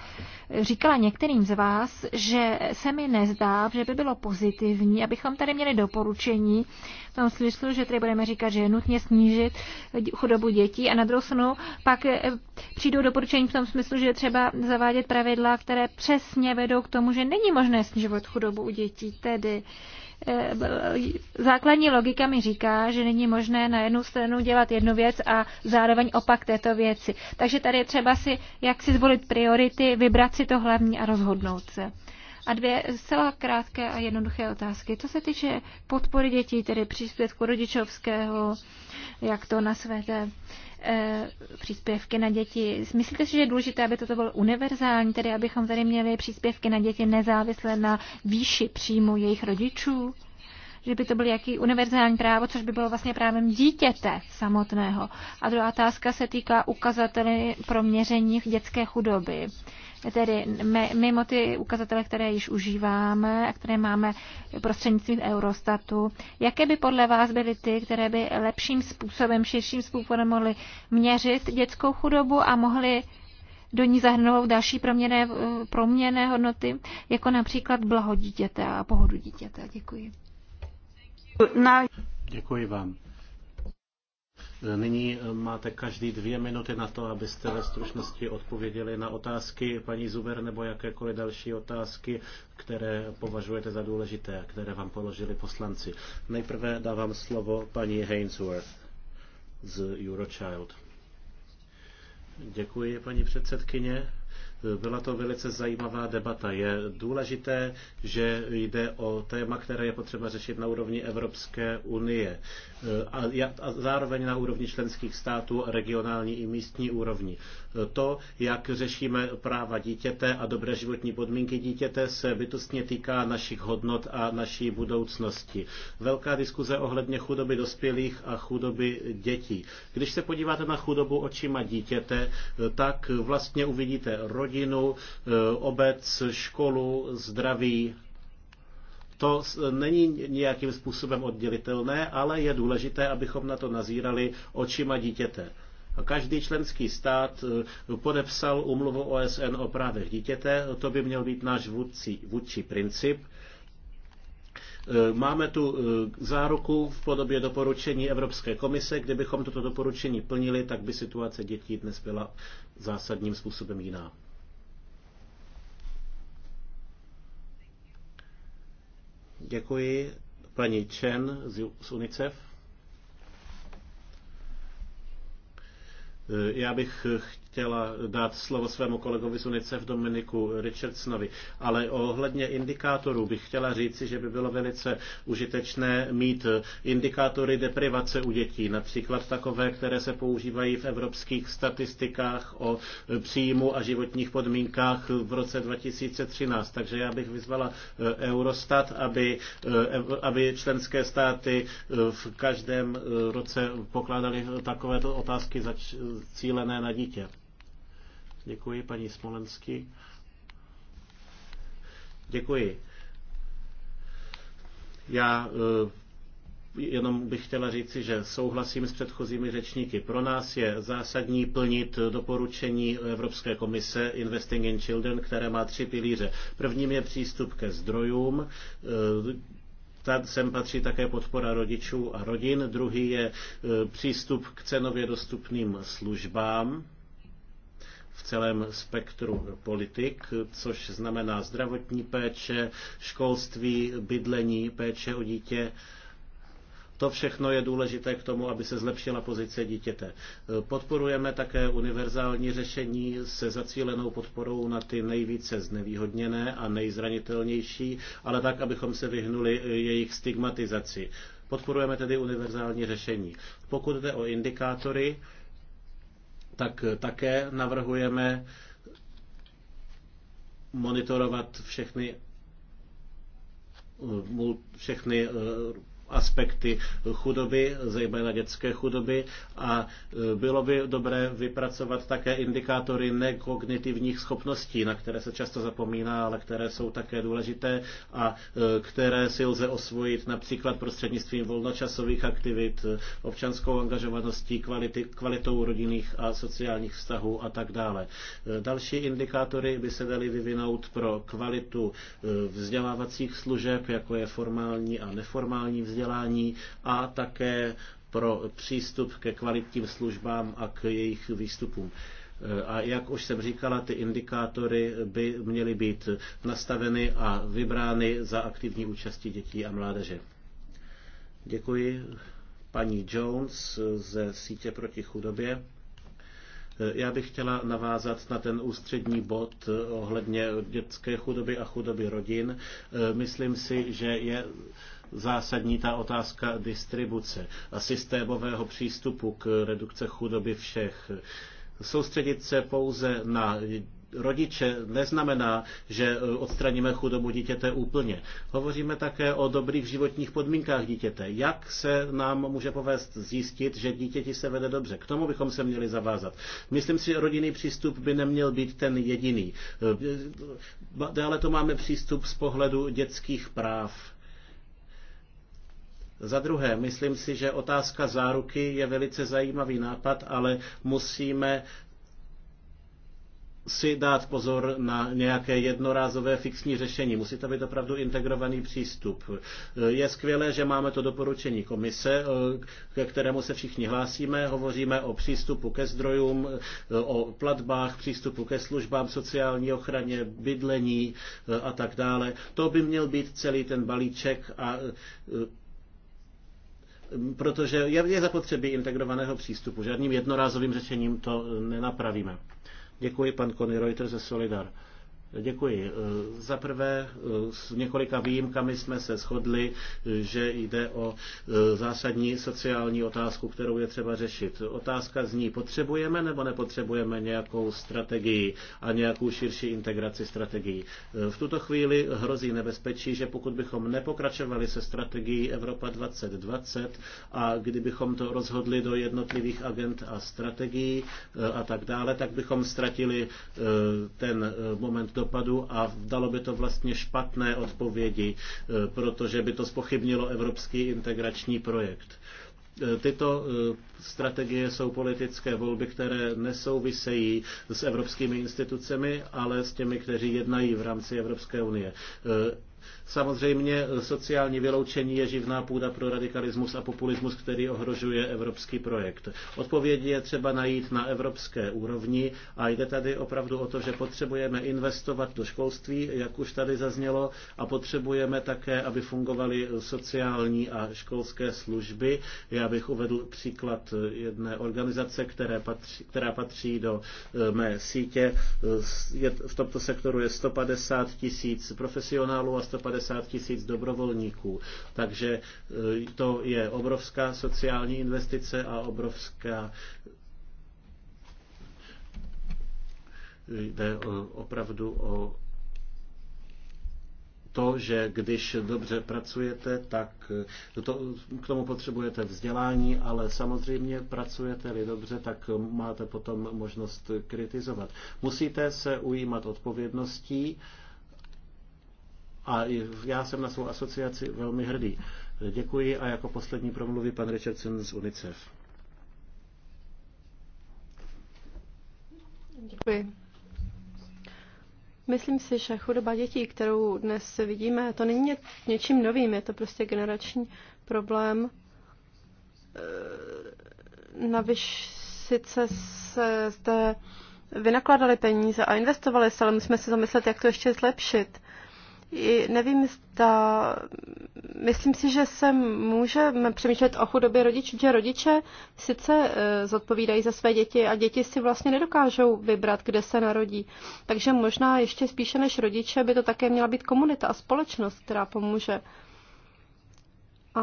říkala některým z vás, že se mi nezdá, že by bylo pozitivní, abychom tady měli doporučení v tom smyslu, že tady budeme říkat, že je nutně snížit chudobu dětí a na druhou stranu pak eh, přijdou doporučení v tom smyslu, že třeba zavádět zavádět pravidla, které přesně vedou k tomu, že není možné snižovat chudobu u dětí. Tedy eh, základní logika mi říká, že není možné na jednu stranu dělat jednu věc a zároveň opak této věci. Takže tady je třeba si, jak si zvolit priority, vybrat si to hlavní a rozhodnout se. A dvě zcela krátké a jednoduché otázky. Co se týče podpory dětí, tedy příspěvku rodičovského, jak to nasvete, e, eh, příspěvky na děti. Myslíte si, že je důležité, aby toto bylo univerzální, tedy abychom tady měli příspěvky na děti nezávisle na výši příjmu jejich rodičů? že by to byl jaký univerzální právo, což by bylo vlastně právem dítěte samotného. A druhá otázka se týká ukazatelů pro měření dětské chudoby. Tedy mimo ty ukazatele, které již užíváme a které máme prostřednictvím Eurostatu, jaké by podle vás byly ty, které by lepším způsobem, širším způsobem mohly měřit dětskou chudobu a mohly do ní zahrnout další proměné, proměné hodnoty, jako například blaho dítěte a pohodu dítěte. Děkuji. Děkuji vám. Nyní eh, máte každý dvě minuty na to, abyste ve stručnosti odpověděli na otázky paní Zuber nebo jakékoliv další otázky, které považujete za důležité a které vám položili poslanci. Nejprve dávám slovo paní Hainsworth z Eurochild. Děkuji, paní předsedkyně. Byla to velice zajímavá debata. Je důležité, že jde o téma, které je potřeba řešit na úrovni Evropské unie a zároveň na úrovni členských států, regionální i místní úrovni. To, jak řešíme práva dítěte a dobré životní podmínky dítěte, se bytostně týká našich hodnot a naší budoucnosti. Velká diskuze ohledně chudoby dospělých a chudoby dětí. Když se podíváte na chudobu očima dítěte, tak vlastně uvidíte rodinu, eh, obec, školu, zdraví, to není nějakým způsobem oddělitelné, ale je důležité, abychom na to nazírali očima dítěte. Každý členský stát eh, podepsal umluvu OSN o právech dítěte, to by měl být náš vůdčí vůdčí princip. Eh, máme tu eh, záruku v podobě doporučení Evropské komise. Kdybychom toto doporučení plnili, tak by situace dětí dnes byla zásadním způsobem jiná. Děkuji paní Chen z UNICEF. Eh, já bych eh, chtěla dát slovo svému kolegovi z UNICEF Dominiku Richardsonovi, ale ohledně indikátorů bych chtěla říci, že by bylo velice užitečné mít indikátory deprivace u dětí, například takové, které se používají v evropských statistikách o příjmu a životních podmínkách v roce 2013. Takže já bych vyzvala eh, Eurostat, aby, eh, aby členské státy eh, v každém roce pokládali takovéto otázky cílené na dítě. Děkuji, paní Smolensky. Děkuji. Já eh, jenom bych chtěla říci, že souhlasím s předchozími řečníky. Pro nás je zásadní plnit doporučení Evropské komise Investing in Children, které má tři pilíře. Prvním je přístup ke zdrojům, eh, sem patří také podpora rodičů a rodin. Druhý je eh, přístup k cenově dostupným službám v celém spektru politik, což znamená zdravotní péče, školství, bydlení, péče o dítě. To všechno je důležité k tomu, aby se zlepšila pozice dítěte. Podporujeme také univerzální řešení se zacílenou podporou na ty nejvíce znevýhodněné a nejzranitelnější, ale tak, abychom se vyhnuli jejich stigmatizaci. Podporujeme tedy univerzální řešení. Pokud jde o indikátory, tak také navrhujeme monitorovat všechny eh, všechny eh, aspekty chudoby, zejména dětské chudoby a e, bylo by dobré vypracovat také indikátory nekognitivních schopností, na které se často zapomíná, ale které jsou také důležité a e, které si lze osvojit například prostřednictvím volnočasových aktivit, občanskou angažovaností, kvality, kvalitou rodinných a sociálních vztahů a tak dále. E, další indikátory by se daly vyvinout pro kvalitu vzdělávacích služeb, jako je formální a neformální vzdělávání, vzdělání a také pro přístup ke kvalitním službám a k jejich výstupům. E, a jak už jsem říkala, ty indikátory by měly být nastaveny a vybrány za aktivní účasti dětí a mládeže. Děkuji paní Jones ze sítě proti chudobě. E, já bych chtěla navázat na ten ústřední bod ohledně dětské chudoby a chudoby rodin. E, myslím si, že je zásadní ta otázka distribuce a systémového přístupu k redukce chudoby všech. Soustředit se pouze na rodiče neznamená, že odstraníme chudobu dítěte úplně. Hovoříme také o dobrých životních podmínkách dítěte. Jak se nám může povést zjistit, že dítěti se vede dobře? K tomu bychom se měli zavázat. Myslím si, rodinný přístup by neměl být ten jediný. Dále to máme přístup z pohledu dětských práv za druhé, myslím si, že otázka záruky je velice zajímavý nápad, ale musíme si dát pozor na nějaké jednorázové fixní řešení. Musí to být opravdu integrovaný přístup. Je skvělé, že máme to doporučení komise, ke kterému se všichni hlásíme. Hovoříme o přístupu ke zdrojům, o platbách, přístupu ke službám, sociální ochraně, bydlení a tak dále. To by měl být celý ten balíček a protože je zapotřebí integrovaného přístupu. Žádným jednorázovým řešením to nenapravíme. Děkuji pan kony, Reuter ze Solidar. Děkuji. Eh, za prvé eh, s několika výjimkami jsme se shodli, eh, že jde o zásadní sociální otázku, kterou je třeba řešit. Otázka zní, potřebujeme nebo nepotřebujeme nějakou strategii a nějakou širší integraci strategií. V tuto chvíli hrozí nebezpečí, že pokud bychom nepokračovali se strategií Evropa 2020 a kdybychom to rozhodli do jednotlivých agent a strategií a tak dále, tak bychom ztratili ten moment listopadu a dalo by to vlastně špatné odpovědi, eh, protože by to spochybnilo evropský integrační projekt. Eh, tyto eh, strategie jsou politické volby, které nesouvisejí s evropskými institucemi, ale s těmi, kteří jednají v rámci Evropské unie Samozřejmě eh, sociální vyloučení je živná půda pro radikalismus a populismus, který ohrožuje evropský projekt. Odpovědi je třeba najít na evropské úrovni a jde tady opravdu o to, že potřebujeme investovat do školství, jak už tady zaznělo, a potřebujeme také, aby fungovaly eh, sociální a školské služby. Já bych uvedl příklad eh, jedné organizace, které patří, která patří do mé sítě. V tomto sektoru je 150 tisíc profesionálů a 150 150 tisíc dobrovolníků. Takže eh, to je obrovská sociální investice a obrovská eh, jde eh, opravdu o to, že když dobře pracujete, tak to, k tomu potřebujete vzdělání, ale samozřejmě pracujete-li dobře, tak máte potom možnost kritizovat. Musíte se ujímat odpovědností a já jsem na svou asociaci velmi hrdý. Děkuji a jako poslední promluví pan Richardson z UNICEF. Děkuji. Myslím si, že chudoba dětí, kterou dnes vidíme, to není něčím novým, je to prostě generační problém. Eh, Navíc sice se zde vynakládali peníze a investovali se, ale musíme se zamyslet, jak to ještě zlepšit nevím, zda, myslím si, že se můžeme přemýšlet o chudobě rodičů, že rodiče sice e, zodpovídají za své děti a děti si vlastně nedokážou vybrat, kde se narodí. Takže možná ještě spíše než rodiče by to také měla být komunita a společnost, která pomůže. A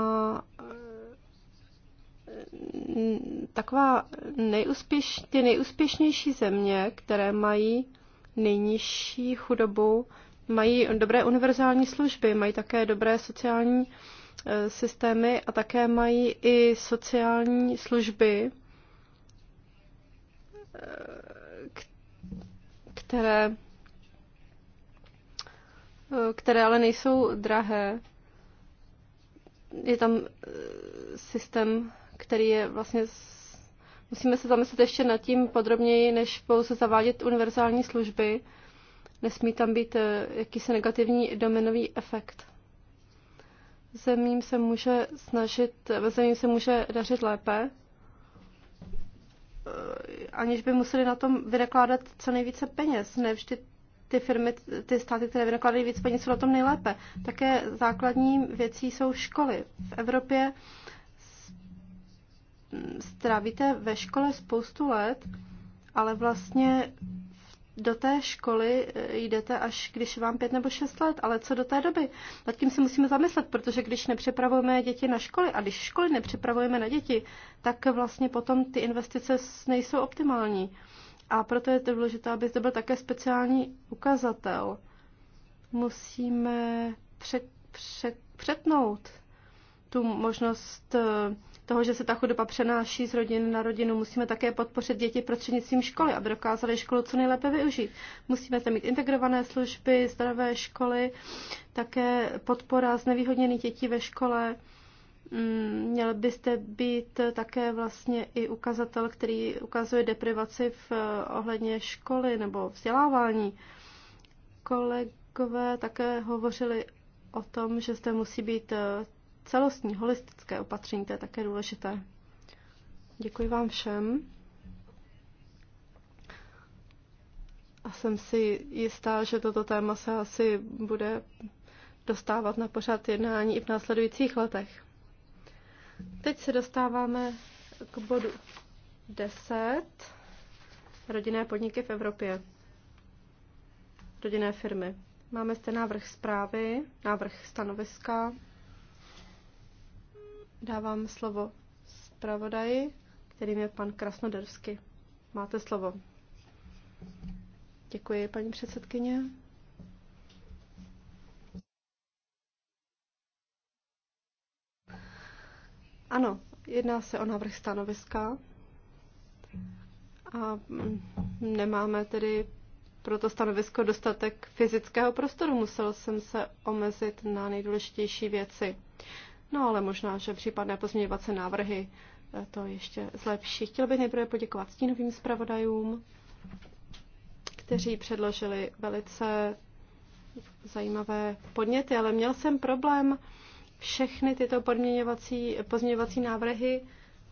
e, taková nejúspěš, ty nejúspěšnější země, které mají nejnižší chudobu, mají dobré univerzální služby, mají také dobré sociální e, systémy a také mají i sociální služby, e, které, e, které ale nejsou drahé. Je tam systém, který je vlastně. Musíme se zamyslet ještě nad tím podrobněji, než pouze zavádět univerzální služby. Nesmí tam být eh, jakýsi negativní domenový efekt. Zemím se může snažit, eh, zemím se může dařit lépe, eh, aniž by museli na tom vynakládat co nejvíce peněz. Ne vždy ty firmy, ty státy, které vynakládají víc peněz, jsou na tom nejlépe. Také základní věcí jsou školy. V Evropě strávíte ve škole spoustu let, ale vlastně do té školy eh, jdete až když vám pět nebo šest let, ale co do té doby? Nad tím si musíme zamyslet, protože když nepřipravujeme děti na školy a když školy nepřipravujeme na děti, tak vlastně potom ty investice nejsou optimální. A proto je to důležité, aby to byl také speciální ukazatel. Musíme před, před, přetnout tu možnost eh, toho, že se ta chudoba přenáší z rodiny na rodinu. Musíme také podpořit děti prostřednictvím školy, aby dokázali školu co nejlépe využít. Musíme tam mít integrované služby, zdravé školy, také podpora znevýhodněných dětí ve škole. Mm, měl byste být také vlastně i ukazatel, který ukazuje deprivaci v eh, ohledně školy nebo vzdělávání. Kolegové také hovořili o tom, že zde musí být eh, celostní, holistické opatření, to je také důležité. Děkuji vám všem. A jsem si jistá, že toto téma se asi bude dostávat na pořád jednání i v následujících letech. Teď se dostáváme k bodu 10. Rodinné podniky v Evropě. Rodinné firmy. Máme zde návrh zprávy, návrh stanoviska. Dávám slovo zpravodaji, kterým je pan Krasnodarsky. Máte slovo. Děkuji, paní předsedkyně. Ano, jedná se o návrh stanoviska a nemáme tedy pro to stanovisko dostatek fyzického prostoru. Musel jsem se omezit na nejdůležitější věci. No ale možná, že případné pozměňovací návrhy eh, to ještě zlepší. Chtěl bych nejprve poděkovat stínovým zpravodajům, kteří předložili velice zajímavé podněty, ale měl jsem problém všechny tyto podměňovací, pozměňovací návrhy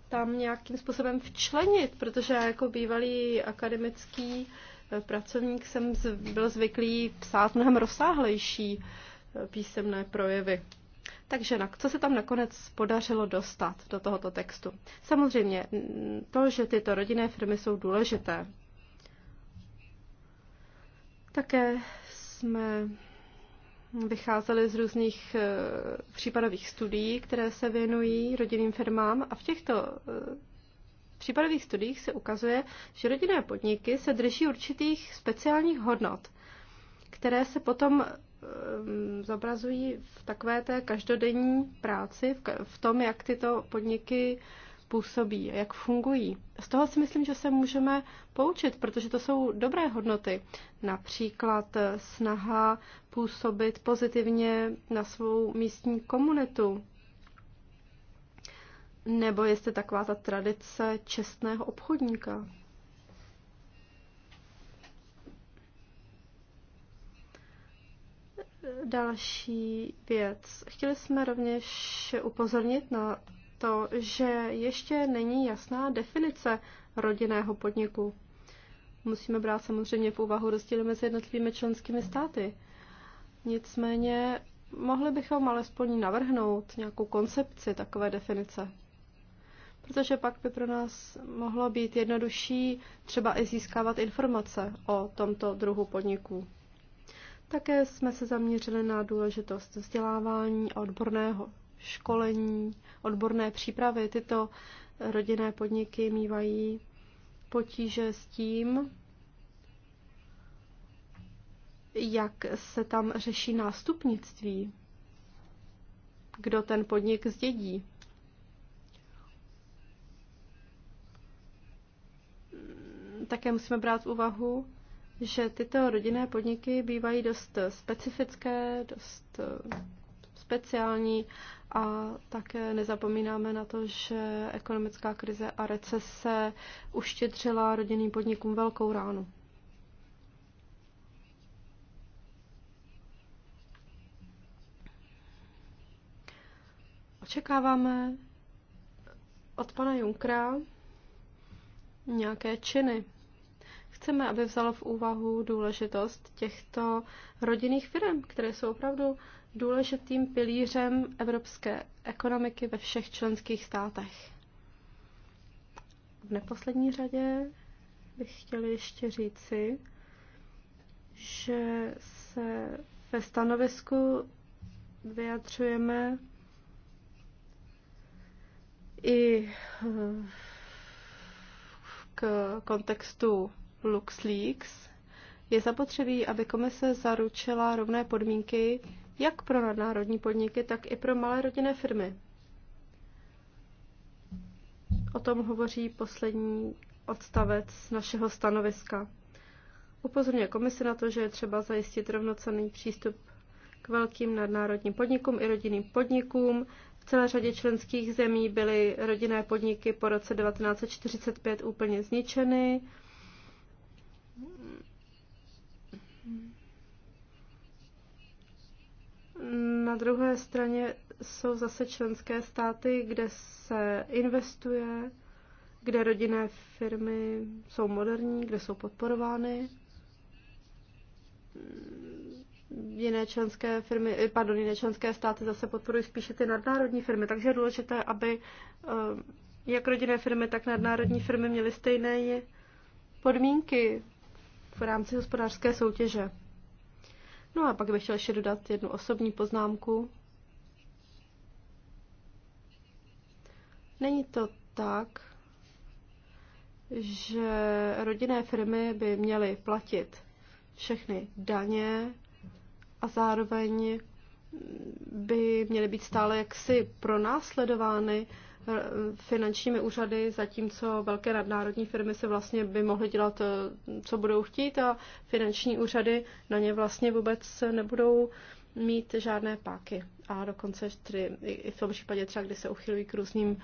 tam nějakým způsobem včlenit, protože já jako bývalý akademický eh, pracovník jsem byl zvyklý psát mnohem rozsáhlejší eh, písemné projevy. Takže na, co se tam nakonec podařilo dostat do tohoto textu? Samozřejmě to, že tyto rodinné firmy jsou důležité. Také jsme vycházeli z různých e, případových studií, které se věnují rodinným firmám a v těchto e, případových studiích se ukazuje, že rodinné podniky se drží určitých speciálních hodnot, které se potom Ehm, zobrazují v takové té každodenní práci, v tom, jak tyto podniky působí, jak fungují. Z toho si myslím, že se můžeme poučit, protože to jsou dobré hodnoty. Například snaha působit pozitivně na svou místní komunitu, nebo jestli taková ta tradice čestného obchodníka. další věc. Chtěli jsme rovněž upozornit na to, že ještě není jasná definice rodinného podniku. Musíme brát samozřejmě v úvahu rozdíly mezi jednotlivými členskými státy. Nicméně mohli bychom alespoň navrhnout nějakou koncepci takové definice. Protože pak by pro nás mohlo být jednodušší třeba i získávat informace o tomto druhu podniků. Také jsme se zaměřili na důležitost vzdělávání a odborného školení, odborné přípravy. Tyto rodinné podniky mývají potíže s tím, jak se tam řeší nástupnictví, kdo ten podnik zdědí. Také musíme brát v úvahu, že tyto rodinné podniky bývají dost specifické, dost eh, speciální a také nezapomínáme na to, že ekonomická krize a recese uštědřila rodinným podnikům velkou ránu. Očekáváme od pana Junkra nějaké činy chceme, aby vzalo v úvahu důležitost těchto rodinných firm, které jsou opravdu důležitým pilířem evropské ekonomiky ve všech členských státech. V neposlední řadě bych chtěla ještě říci, že se ve stanovisku vyjadřujeme i eh, k kontextu LuxLeaks, je zapotřebí, aby komise zaručila rovné podmínky jak pro nadnárodní podniky, tak i pro malé rodinné firmy. O tom hovoří poslední odstavec našeho stanoviska. Upozorňuje komise na to, že je třeba zajistit rovnocenný přístup k velkým nadnárodním podnikům i rodinným podnikům. V celé řadě členských zemí byly rodinné podniky po roce 1945 úplně zničeny. Na druhé straně jsou zase členské státy, kde se investuje, kde rodinné firmy jsou moderní, kde jsou podporovány. Jiné členské firmy, eh, pardon, jiné členské státy zase podporují spíše ty nadnárodní firmy, takže je důležité, aby eh, jak rodinné firmy, tak nadnárodní firmy měly stejné podmínky v rámci hospodářské soutěže. No a pak bych chtěl ještě dodat jednu osobní poznámku. Není to tak, že rodinné firmy by měly platit všechny daně a zároveň by měly být stále jaksi pronásledovány finančními úřady, zatímco velké nadnárodní firmy se vlastně by mohly dělat, eh, co budou chtít a finanční úřady na ně vlastně vůbec nebudou mít žádné páky. A dokonce tři, i v tom případě třeba, kdy se uchylují k různým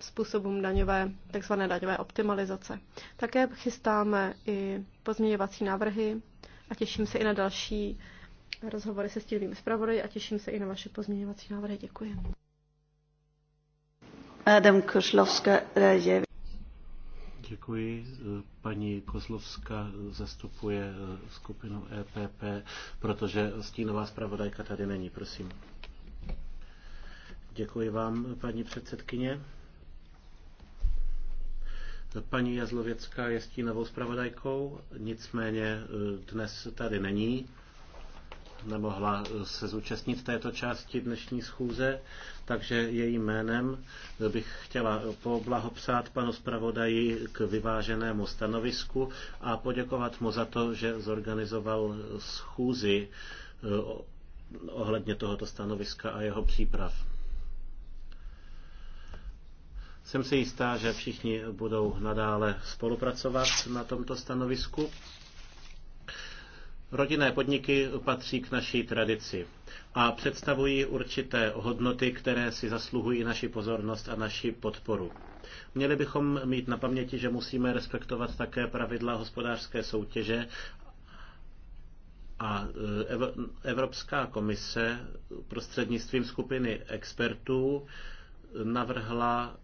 způsobům daňové, takzvané daňové optimalizace. Také chystáme i pozměňovací návrhy a těším se i na další rozhovory se stílnými zpravodaji a těším se i na vaše pozměňovací návrhy. Děkuji. Eh, Děkuji. Eh, paní Kozlovská zastupuje eh, skupinu EPP, protože stínová zpravodajka tady není, prosím. Děkuji vám, paní předsedkyně. Paní Jazlověcká je stínovou zpravodajkou, nicméně dnes tady není nemohla eh, se zúčastnit této části dnešní schůze, takže jejím jménem bych chtěla poblahopřát panu zpravodaji k vyváženému stanovisku a poděkovat mu za to, že zorganizoval schůzi eh, ohledně tohoto stanoviska a jeho příprav. Jsem si jistá, že všichni budou nadále spolupracovat na tomto stanovisku. Rodinné podniky patří k naší tradici a představují určité hodnoty, které si zasluhují naši pozornost a naši podporu. Měli bychom mít na paměti, že musíme respektovat také pravidla hospodářské soutěže a eh, Evropská komise prostřednictvím skupiny expertů navrhla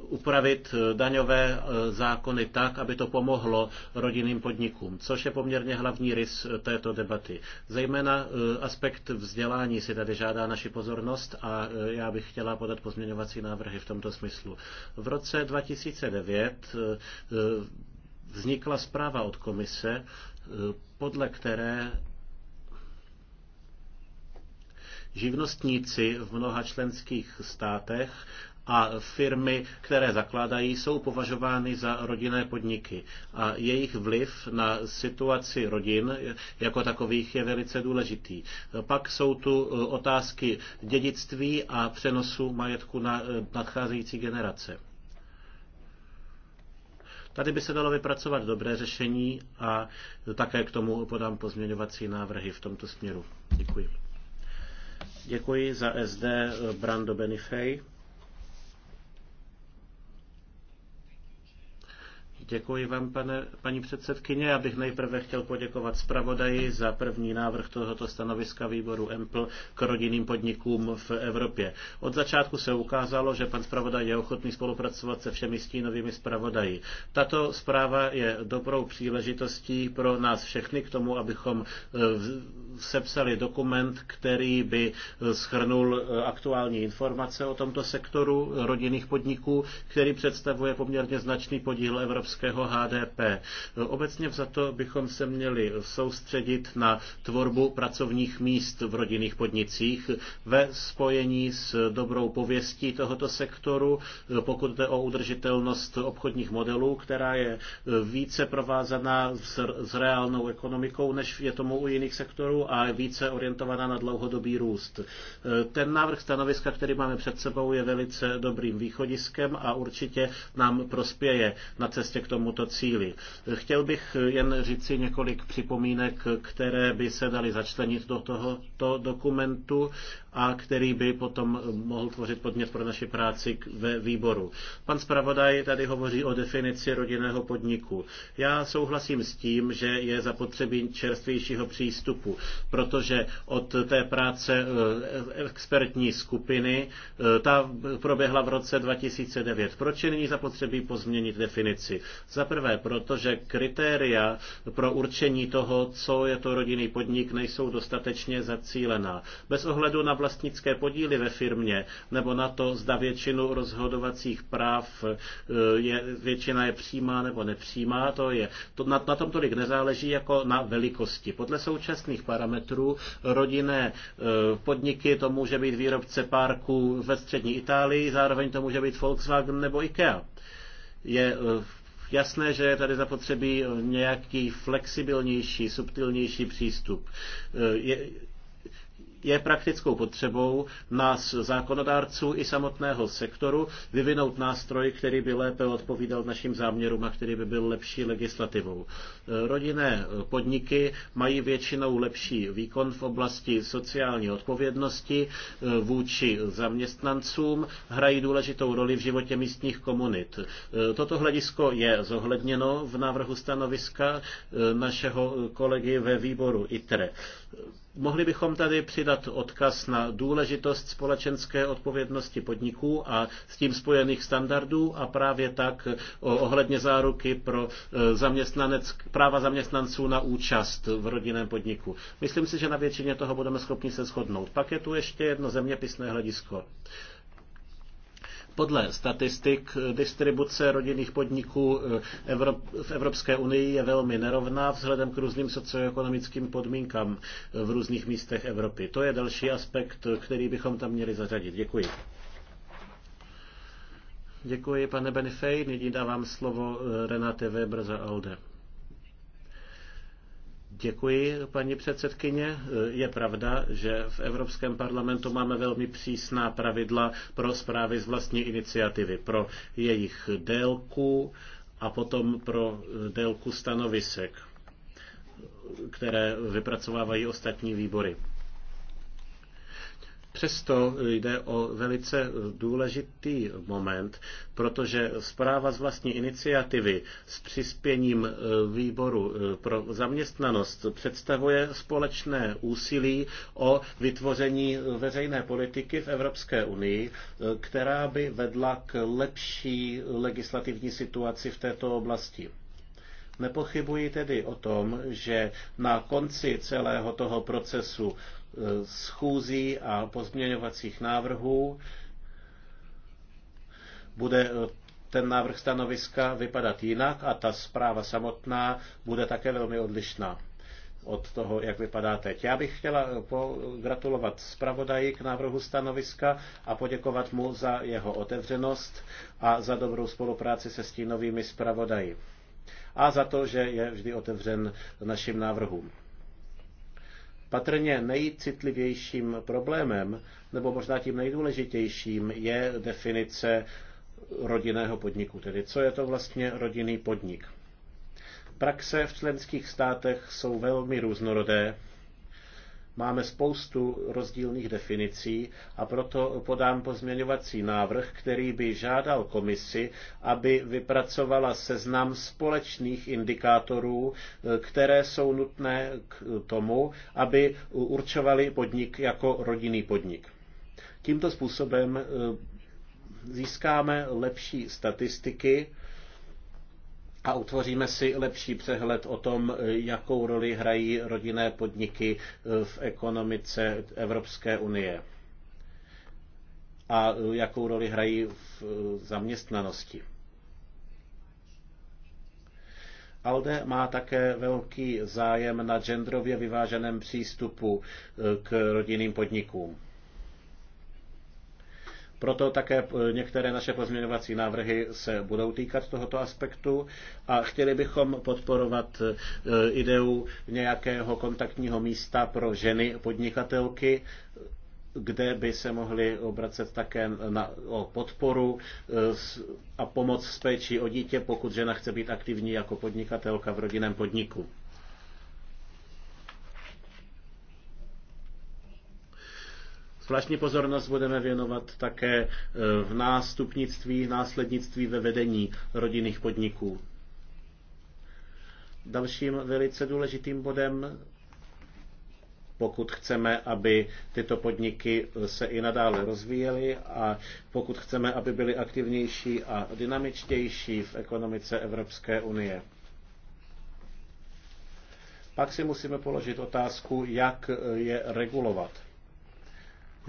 upravit eh, daňové eh, zákony tak, aby to pomohlo rodinným podnikům, což je poměrně hlavní rys eh, této debaty. Zejména aspekt vzdělání si tady žádá naši pozornost a já bych chtěla podat pozměňovací návrhy v tomto smyslu. V roce 2009 vznikla zpráva od komise, podle které živnostníci v mnoha členských státech a firmy, které zakládají, jsou považovány za rodinné podniky. A jejich vliv na situaci rodin jako takových je velice důležitý. Pak jsou tu eh, otázky dědictví a přenosu majetku na eh, nadcházející generace. Tady by se dalo vypracovat dobré řešení a také k tomu podám pozměňovací návrhy v tomto směru. Děkuji. Děkuji za SD eh, Brando Benifej. Děkuji vám, pane, paní předsedkyně. Já bych nejprve chtěl poděkovat zpravodaji za první návrh tohoto stanoviska výboru EMPL k rodinným podnikům v Evropě. Od začátku se ukázalo, že pan zpravodaj je ochotný spolupracovat se všemi stínovými zpravodaji. Tato zpráva je dobrou příležitostí pro nás všechny k tomu, abychom eh, sepsali dokument, který by eh, schrnul eh, aktuální informace o tomto sektoru rodinných podniků, který představuje poměrně značný podíl evropské evropského HDP. Obecně vzato bychom se měli soustředit na tvorbu pracovních míst v rodinných podnicích ve spojení s dobrou pověstí tohoto sektoru, pokud jde o udržitelnost obchodních modelů, která je více provázaná s, reálnou ekonomikou, než je tomu u jiných sektorů a více orientovaná na dlouhodobý růst. Ten návrh stanoviska, který máme před sebou, je velice dobrým východiskem a určitě nám prospěje na cestě k tomuto cíli. Chtěl bych jen říci několik připomínek, které by se daly začlenit do tohoto dokumentu a který by potom eh, mohl tvořit podnět pro naši práci ve výboru. Pan zpravodaj tady hovoří o definici rodinného podniku. Já souhlasím s tím, že je zapotřebí čerstvějšího přístupu, protože od té práce eh, expertní skupiny, eh, ta proběhla v roce 2009. Proč je nyní zapotřebí pozměnit definici? Za prvé, protože kritéria pro určení toho, co je to rodinný podnik, nejsou dostatečně zacílená. Bez ohledu na vlastnické podíly ve firmě, nebo na to, zda většinu rozhodovacích práv eh, je, většina je přímá nebo nepřímá, to je, to, na, na tom tolik nezáleží jako na velikosti. Podle současných parametrů rodinné eh, podniky to může být výrobce parků ve střední Itálii, zároveň to může být Volkswagen nebo IKEA. Je eh, jasné, že je tady zapotřebí nějaký flexibilnější, subtilnější přístup. Je, je praktickou potřebou nás zákonodárců i samotného sektoru vyvinout nástroj, který by lépe odpovídal našim záměrům a který by byl lepší legislativou. Rodinné podniky mají většinou lepší výkon v oblasti sociální odpovědnosti vůči zaměstnancům, hrají důležitou roli v životě místních komunit. Toto hledisko je zohledněno v návrhu stanoviska našeho kolegy ve výboru ITRE. Mohli bychom tady přidat odkaz na důležitost společenské odpovědnosti podniků a s tím spojených standardů a právě tak eh, ohledně záruky pro eh, zaměstnanec, práva zaměstnanců na účast v rodinném podniku. Myslím si, že na většině toho budeme schopni se shodnout. Pak je tu ještě jedno zeměpisné hledisko. Podle statistik eh, distribuce rodinných podniků eh, v Evropské unii je velmi nerovná vzhledem k různým socioekonomickým podmínkám eh, v různých místech Evropy. To je další aspekt, který bychom tam měli zařadit. Děkuji. Děkuji, pane Benifej. Nyní dávám slovo Renate Weber za Alde. Děkuji, paní předsedkyně. Je pravda, že v Evropském parlamentu máme velmi přísná pravidla pro zprávy z vlastní iniciativy, pro jejich délku a potom pro eh, délku stanovisek, které vypracovávají ostatní výbory. Přesto jde o velice důležitý moment, protože zpráva z vlastní iniciativy s přispěním eh, výboru eh, pro zaměstnanost představuje společné úsilí o vytvoření eh, veřejné politiky v Evropské unii, která by vedla k lepší legislativní situaci v této oblasti. Nepochybuji tedy o tom, že na konci celého toho procesu schůzí a pozměňovacích návrhů bude eh, ten návrh stanoviska vypadat jinak a ta zpráva samotná bude také velmi odlišná od toho, jak vypadá teď. Já bych chtěla eh, gratulovat zpravodaji k návrhu stanoviska a poděkovat mu za jeho otevřenost a za dobrou spolupráci se stínovými zpravodaji. A za to, že je vždy otevřen našim návrhům. Patrně nejcitlivějším problémem, nebo možná tím nejdůležitějším, je definice rodinného podniku, tedy co je to vlastně rodinný podnik. Praxe v členských státech jsou velmi různorodé Máme spoustu rozdílných definicí a proto podám pozměňovací návrh, který by žádal komisi, aby vypracovala seznam společných indikátorů, které jsou nutné k tomu, aby určovali podnik jako rodinný podnik. Tímto způsobem eh, získáme lepší statistiky a utvoříme si lepší přehled o tom, jakou roli hrají rodinné podniky v ekonomice Evropské unie a jakou roli hrají v zaměstnanosti. ALDE má také velký zájem na genderově vyváženém přístupu k rodinným podnikům. Proto také eh, některé naše pozměňovací návrhy se budou týkat tohoto aspektu a chtěli bychom podporovat eh, ideu nějakého kontaktního místa pro ženy podnikatelky, kde by se mohli obracet také na, o podporu eh, a pomoc s péčí o dítě, pokud žena chce být aktivní jako podnikatelka v rodinném podniku. Zvláštní pozornost budeme věnovat také e, v nástupnictví, následnictví ve vedení rodinných podniků. Dalším velice důležitým bodem pokud chceme, aby tyto podniky se i nadále rozvíjely a pokud chceme, aby byly aktivnější a dynamičtější v ekonomice Evropské unie. Pak si musíme položit otázku, jak je regulovat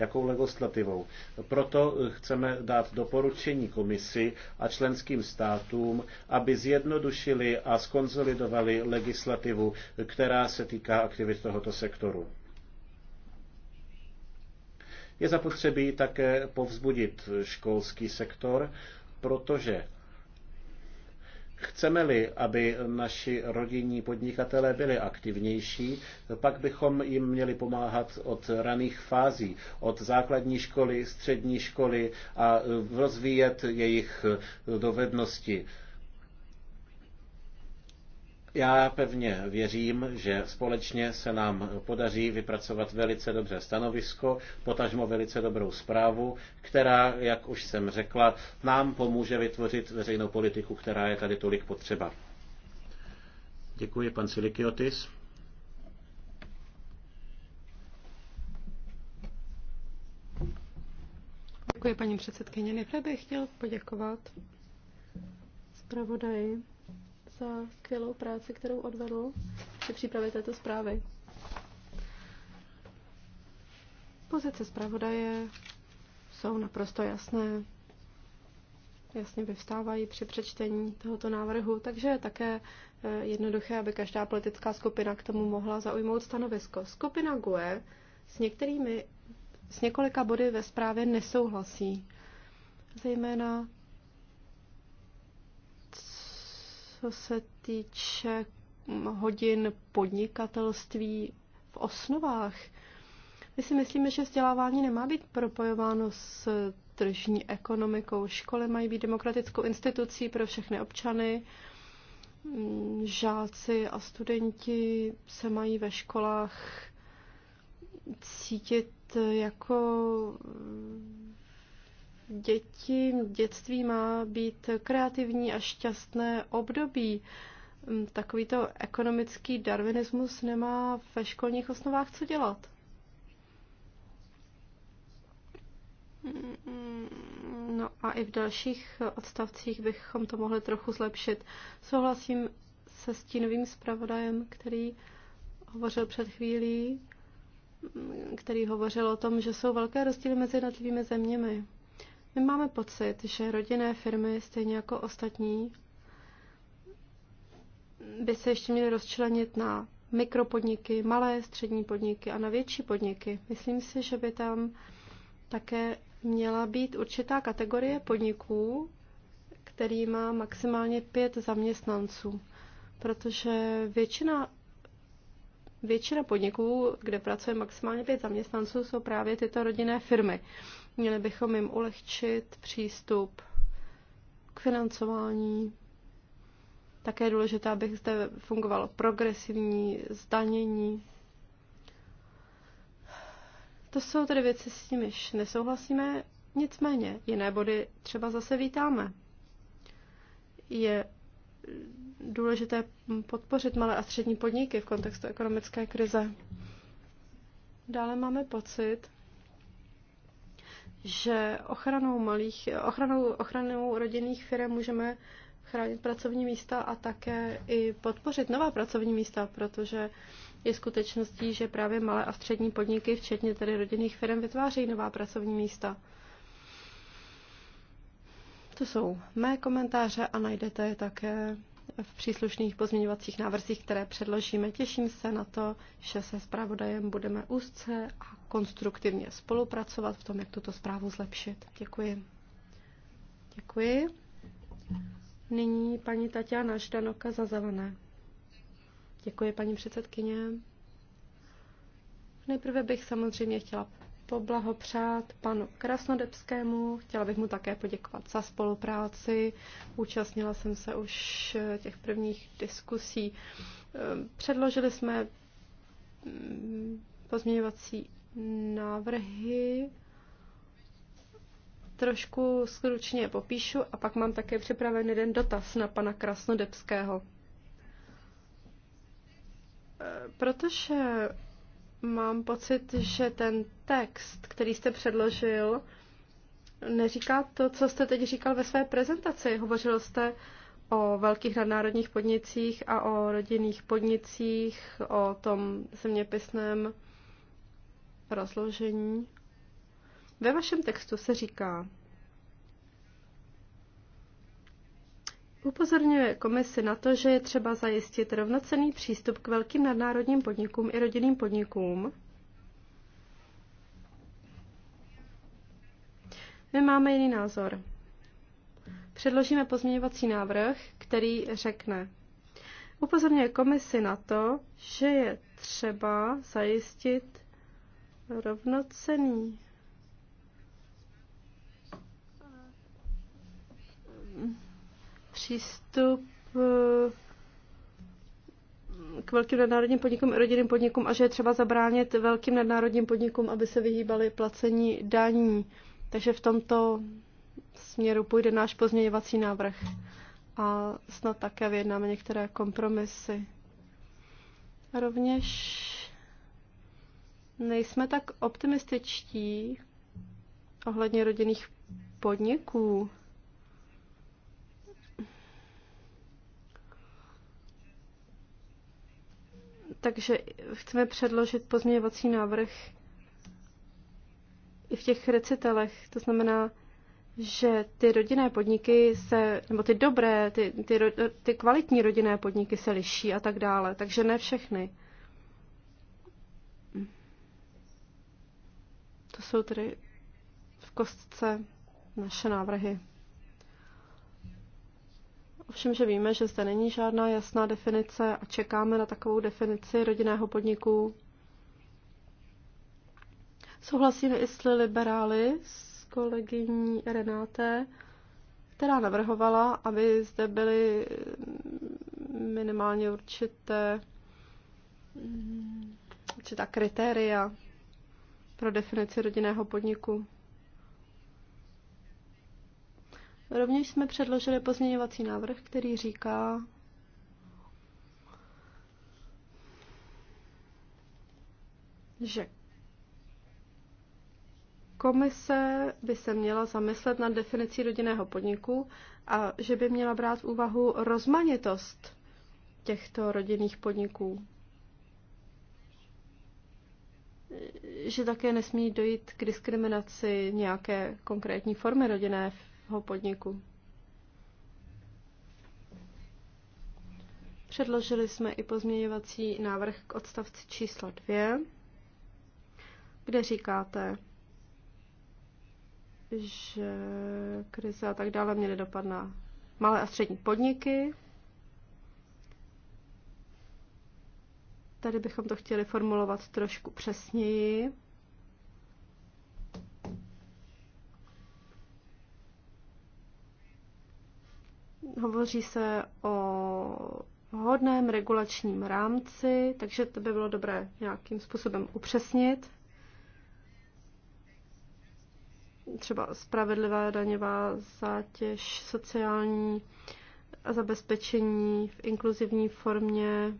jakou legislativou. Proto chceme dát doporučení komisi a členským státům, aby zjednodušili a skonzolidovali legislativu, která se týká aktivit tohoto sektoru. Je zapotřebí také povzbudit školský sektor, protože Chceme-li, aby naši rodinní podnikatelé byli aktivnější, pak bychom jim měli pomáhat od raných fází, od základní školy, střední školy a rozvíjet jejich dovednosti já pevně věřím, že společně se nám podaří vypracovat velice dobře stanovisko, potažmo velice dobrou zprávu, která, jak už jsem řekla, nám pomůže vytvořit veřejnou politiku, která je tady tolik potřeba. Děkuji, pan Silikiotis. Děkuji, paní předsedkyně. Nejprve bych chtěl poděkovat zpravodaji za skvělou práci, kterou odvedl při přípravě této zprávy. Pozice zpravodaje jsou naprosto jasné. Jasně vyvstávají při přečtení tohoto návrhu, takže je také eh, jednoduché, aby každá politická skupina k tomu mohla zaujmout stanovisko. Skupina GUE s některými, s několika body ve zprávě nesouhlasí. Zejména Co se týče hodin podnikatelství v osnovách, my si myslíme, že vzdělávání nemá být propojováno s tržní ekonomikou. Školy mají být demokratickou institucí pro všechny občany. Žáci a studenti se mají ve školách cítit jako děti, dětství má být kreativní a šťastné období. Mm, takovýto ekonomický darwinismus nemá ve školních osnovách co dělat. Mm, no a i v dalších odstavcích bychom to mohli trochu zlepšit. Souhlasím se stínovým zpravodajem, který hovořil před chvílí, mm, který hovořil o tom, že jsou velké rozdíly mezi jednotlivými zeměmi. My máme pocit, že rodinné firmy, stejně jako ostatní, by se ještě měly rozčlenit na mikropodniky, malé střední podniky a na větší podniky. Myslím si, že by tam také měla být určitá kategorie podniků, který má maximálně pět zaměstnanců, protože většina Většina podniků, kde pracuje maximálně pět zaměstnanců, jsou právě tyto rodinné firmy. Měli bychom jim ulehčit přístup k financování. Také je důležité, aby zde fungovalo progresivní zdanění. To jsou tedy věci, s nimiž nesouhlasíme, nicméně jiné body třeba zase vítáme. Je důležité podpořit malé a střední podniky v kontextu ekonomické krize. Dále máme pocit, že ochranou, malých, ochranou, ochranou rodinných firm můžeme chránit pracovní místa a také i podpořit nová pracovní místa, protože je skutečností, že právě malé a střední podniky, včetně tedy rodinných firm, vytvářejí nová pracovní místa. To jsou mé komentáře a najdete je také v příslušných pozměňovacích návrzích, které předložíme. Těším se na to, že se zpravodajem budeme úzce a konstruktivně spolupracovat v tom, jak tuto zprávu zlepšit. Děkuji. Děkuji. Nyní paní Tatiana Štanoka za zelené. Děkuji, paní předsedkyně. Nejprve bych samozřejmě chtěla poblahopřát panu Krasnodebskému. Chtěla bych mu také poděkovat za spolupráci. Účastnila jsem se už eh, těch prvních diskusí. Ehm, předložili jsme mm, pozměňovací návrhy. Trošku skručně popíšu a pak mám také připraven jeden dotaz na pana Krasnodebského. Ehm, protože Mám pocit, že ten text, který jste předložil, neříká to, co jste teď říkal ve své prezentaci. Hovořil jste o velkých nadnárodních podnicích a o rodinných podnicích, o tom zeměpisném rozložení. Ve vašem textu se říká, Upozorňuje komisi na to, že je třeba zajistit rovnocený přístup k velkým nadnárodním podnikům i rodinným podnikům. My máme jiný názor. Předložíme pozměňovací návrh, který řekne. Upozorňuje komisi na to, že je třeba zajistit rovnocený přístup eh, k velkým nadnárodním podnikům i rodinným podnikům a že je třeba zabránit velkým nadnárodním podnikům, aby se vyhýbali placení daní. Takže v tomto směru půjde náš pozměňovací návrh a snad také vyjednáme některé kompromisy. Rovněž nejsme tak optimističtí ohledně rodinných podniků. takže chceme předložit pozměňovací návrh i v těch recitelech. To znamená, že ty rodinné podniky se, nebo ty dobré, ty, ty, ty kvalitní rodinné podniky se liší a tak dále, takže ne všechny. To jsou tedy v kostce naše návrhy. Ovšem, že víme, že zde není žádná jasná definice a čekáme na takovou definici rodinného podniku. Souhlasíme i s liberály, s kolegyní Renáté, která navrhovala, aby zde byly minimálně určité, mm, určitá kritéria pro definici rodinného podniku. Rovněž jsme předložili pozměňovací návrh, který říká, že komise by se měla zamyslet nad definicí rodinného podniku a že by měla brát v úvahu rozmanitost těchto rodinných podniků. Že také nesmí dojít k diskriminaci nějaké konkrétní formy rodinné toho podniku. Předložili jsme i pozměňovací návrh k odstavci číslo 2, kde říkáte, že krize a tak dále měly dopad na malé a střední podniky. Tady bychom to chtěli formulovat trošku přesněji. Hovoří se o hodném regulačním rámci, takže to by bylo dobré nějakým způsobem upřesnit. Třeba spravedlivá daňová zátěž, sociální zabezpečení v inkluzivní formě.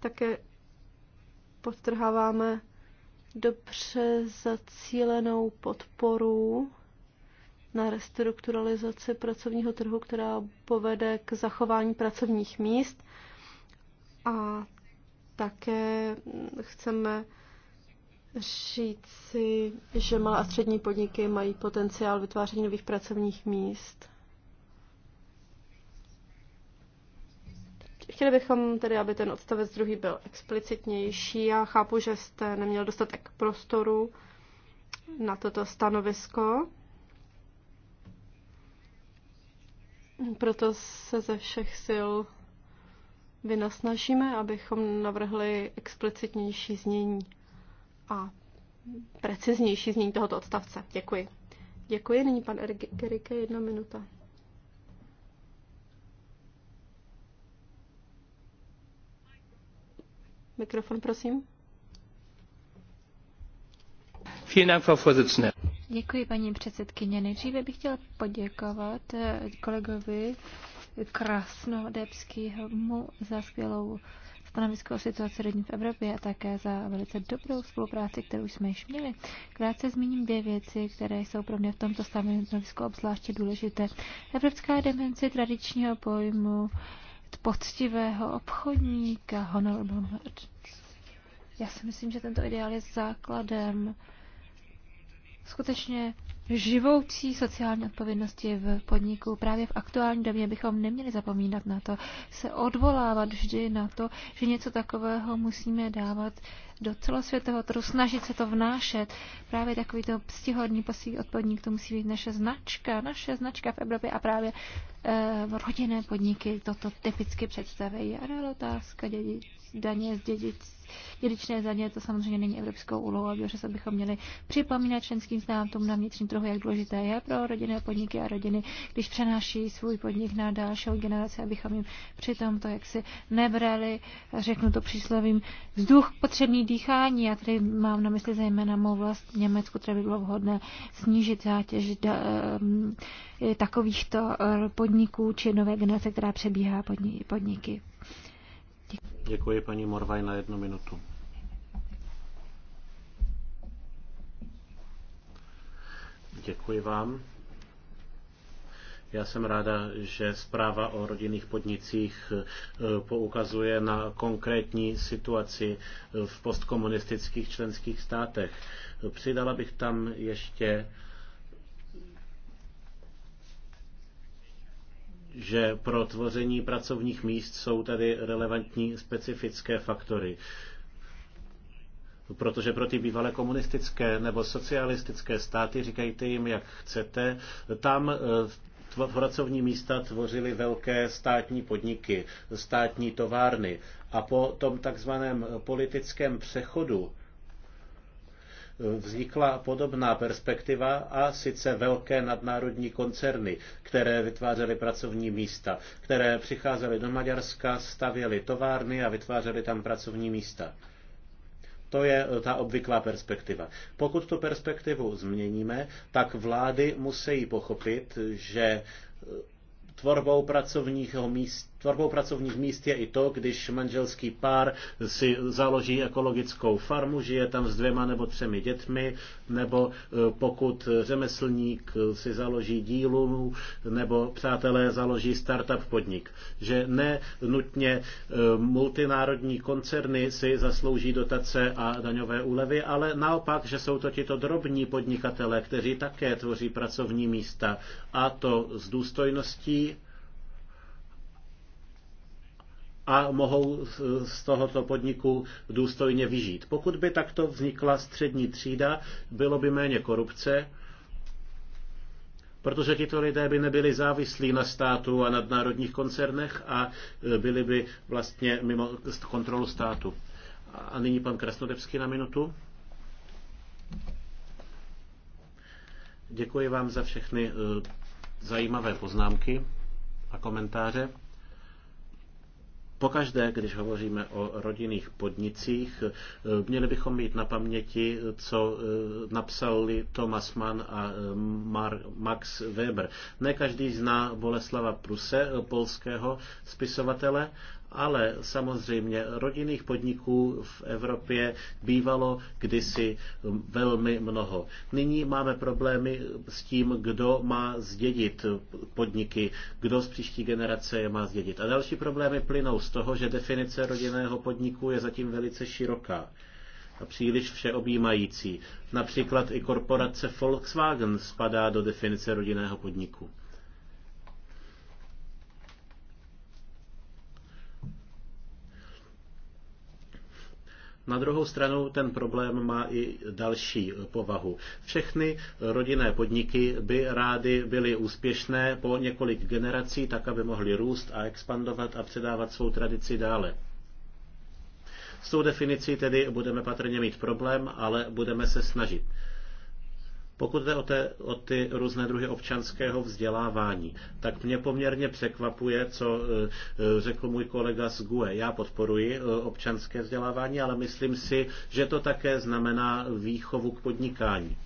Také podtrháváme dobře zacílenou podporu na restrukturalizaci pracovního trhu, která povede k zachování pracovních míst a také chceme říci, že malé a střední podniky mají potenciál vytváření nových pracovních míst. Chtěli bychom tedy, aby ten odstavec druhý byl explicitnější. Já chápu, že jste neměl dostatek prostoru na toto stanovisko. Proto se ze všech sil vynasnažíme, abychom navrhli explicitnější znění a preciznější znění tohoto odstavce. Děkuji. Děkuji. Nyní pan Gerike, jedna minuta. Mikrofon, prosím. Děkuji, paní předsedkyně. Nejdříve bych chtěla poděkovat kolegovi Krasnodebskýmu za skvělou stanovisko o situaci rodin v Evropě a také za velice dobrou spolupráci, kterou jsme již měli. Krátce zmíním dvě věci, které jsou pro mě v tomto stanovisku obzvláště důležité. Evropská demenci tradičního pojmu poctivého obchodníka, honorable Já si myslím, že tento ideál je základem skutečně živoucí sociální odpovědnosti v podniku. Právě v aktuální době bychom neměli zapomínat na to, se odvolávat vždy na to, že něco takového musíme dávat do celosvětového trhu, snažit se to vnášet. Právě to pstihodný posílí odpodník, to musí být naše značka, naše značka v Evropě a právě e, rodinné podniky toto typicky představují. A real otázka dědictví daně z dědic, dědičné daně, to samozřejmě není evropskou úlohou, a že se bychom měli připomínat členským státům na vnitřním trhu, jak důležité je pro rodinné podniky a rodiny, když přenáší svůj podnik na další generaci, abychom jim přitom to si nebrali, řeknu to příslovím, vzduch potřebný dýchání. Já tady mám na mysli zejména mou vlast Německu, které by bylo vhodné snížit zátěž da, eh, takovýchto eh, podniků či nové generace, která přebíhá podniky. Děkuji paní Morvaj na jednu minutu. Děkuji vám. Já jsem ráda, že zpráva o rodinných podnicích eh, poukazuje na konkrétní situaci eh, v postkomunistických členských státech. Přidala bych tam ještě že pro tvoření pracovních míst jsou tady relevantní specifické faktory. Protože pro ty bývalé komunistické nebo socialistické státy, říkejte jim, jak chcete, tam e, pracovní místa tvořily velké státní podniky, státní továrny. A po tom takzvaném politickém přechodu vznikla podobná perspektiva a sice velké nadnárodní koncerny, které vytvářely pracovní místa, které přicházely do Maďarska, stavěly továrny a vytvářely tam pracovní místa. To je eh, ta obvyklá perspektiva. Pokud tu perspektivu změníme, tak vlády musí pochopit, že eh, tvorbou pracovních míst Tvorbou pracovních míst je i to, když manželský pár si založí ekologickou farmu, žije tam s dvěma nebo třemi dětmi, nebo e, pokud řemeslník si založí dílu, nebo přátelé založí startup podnik. Že ne nutně e, multinárodní koncerny si zaslouží dotace a daňové úlevy, ale naopak, že jsou to tito drobní podnikatele, kteří také tvoří pracovní místa a to s důstojností a mohou z tohoto podniku důstojně vyžít. Pokud by takto vznikla střední třída, bylo by méně korupce, protože tito lidé by nebyli závislí na státu a nadnárodních koncernech a e, byli by vlastně mimo kontrolu státu. A nyní pan Krasnodebský na minutu. Děkuji vám za všechny e, zajímavé poznámky a komentáře. Pokaždé, když hovoříme o rodinných podnicích, eh, měli bychom mít na paměti, eh, co eh, napsali Thomas Mann a Max Weber. Ne každý zná Boleslava Pruse, polského spisovatele, ale samozřejmě rodinných podniků v Evropě bývalo kdysi velmi mnoho. Nyní máme problémy s tím, kdo má zdědit podniky, kdo z příští generace je má zdědit. A další problémy plynou z toho, že definice rodinného podniku je zatím velice široká a příliš všeobjímající. Například i korporace Volkswagen spadá do definice rodinného podniku. Na druhou stranu ten problém má i další povahu. Všechny rodinné podniky by rády byly úspěšné po několik generací, tak aby mohly růst a expandovat a předávat svou tradici dále. S tou definicí tedy budeme patrně mít problém, ale budeme se snažit. Pokud jde o, té, o ty různé druhy občanského vzdělávání, tak mě poměrně překvapuje, co e, e, řekl můj kolega z GUE. Já podporuji e, občanské vzdělávání, ale myslím si, že to také znamená výchovu k podnikání.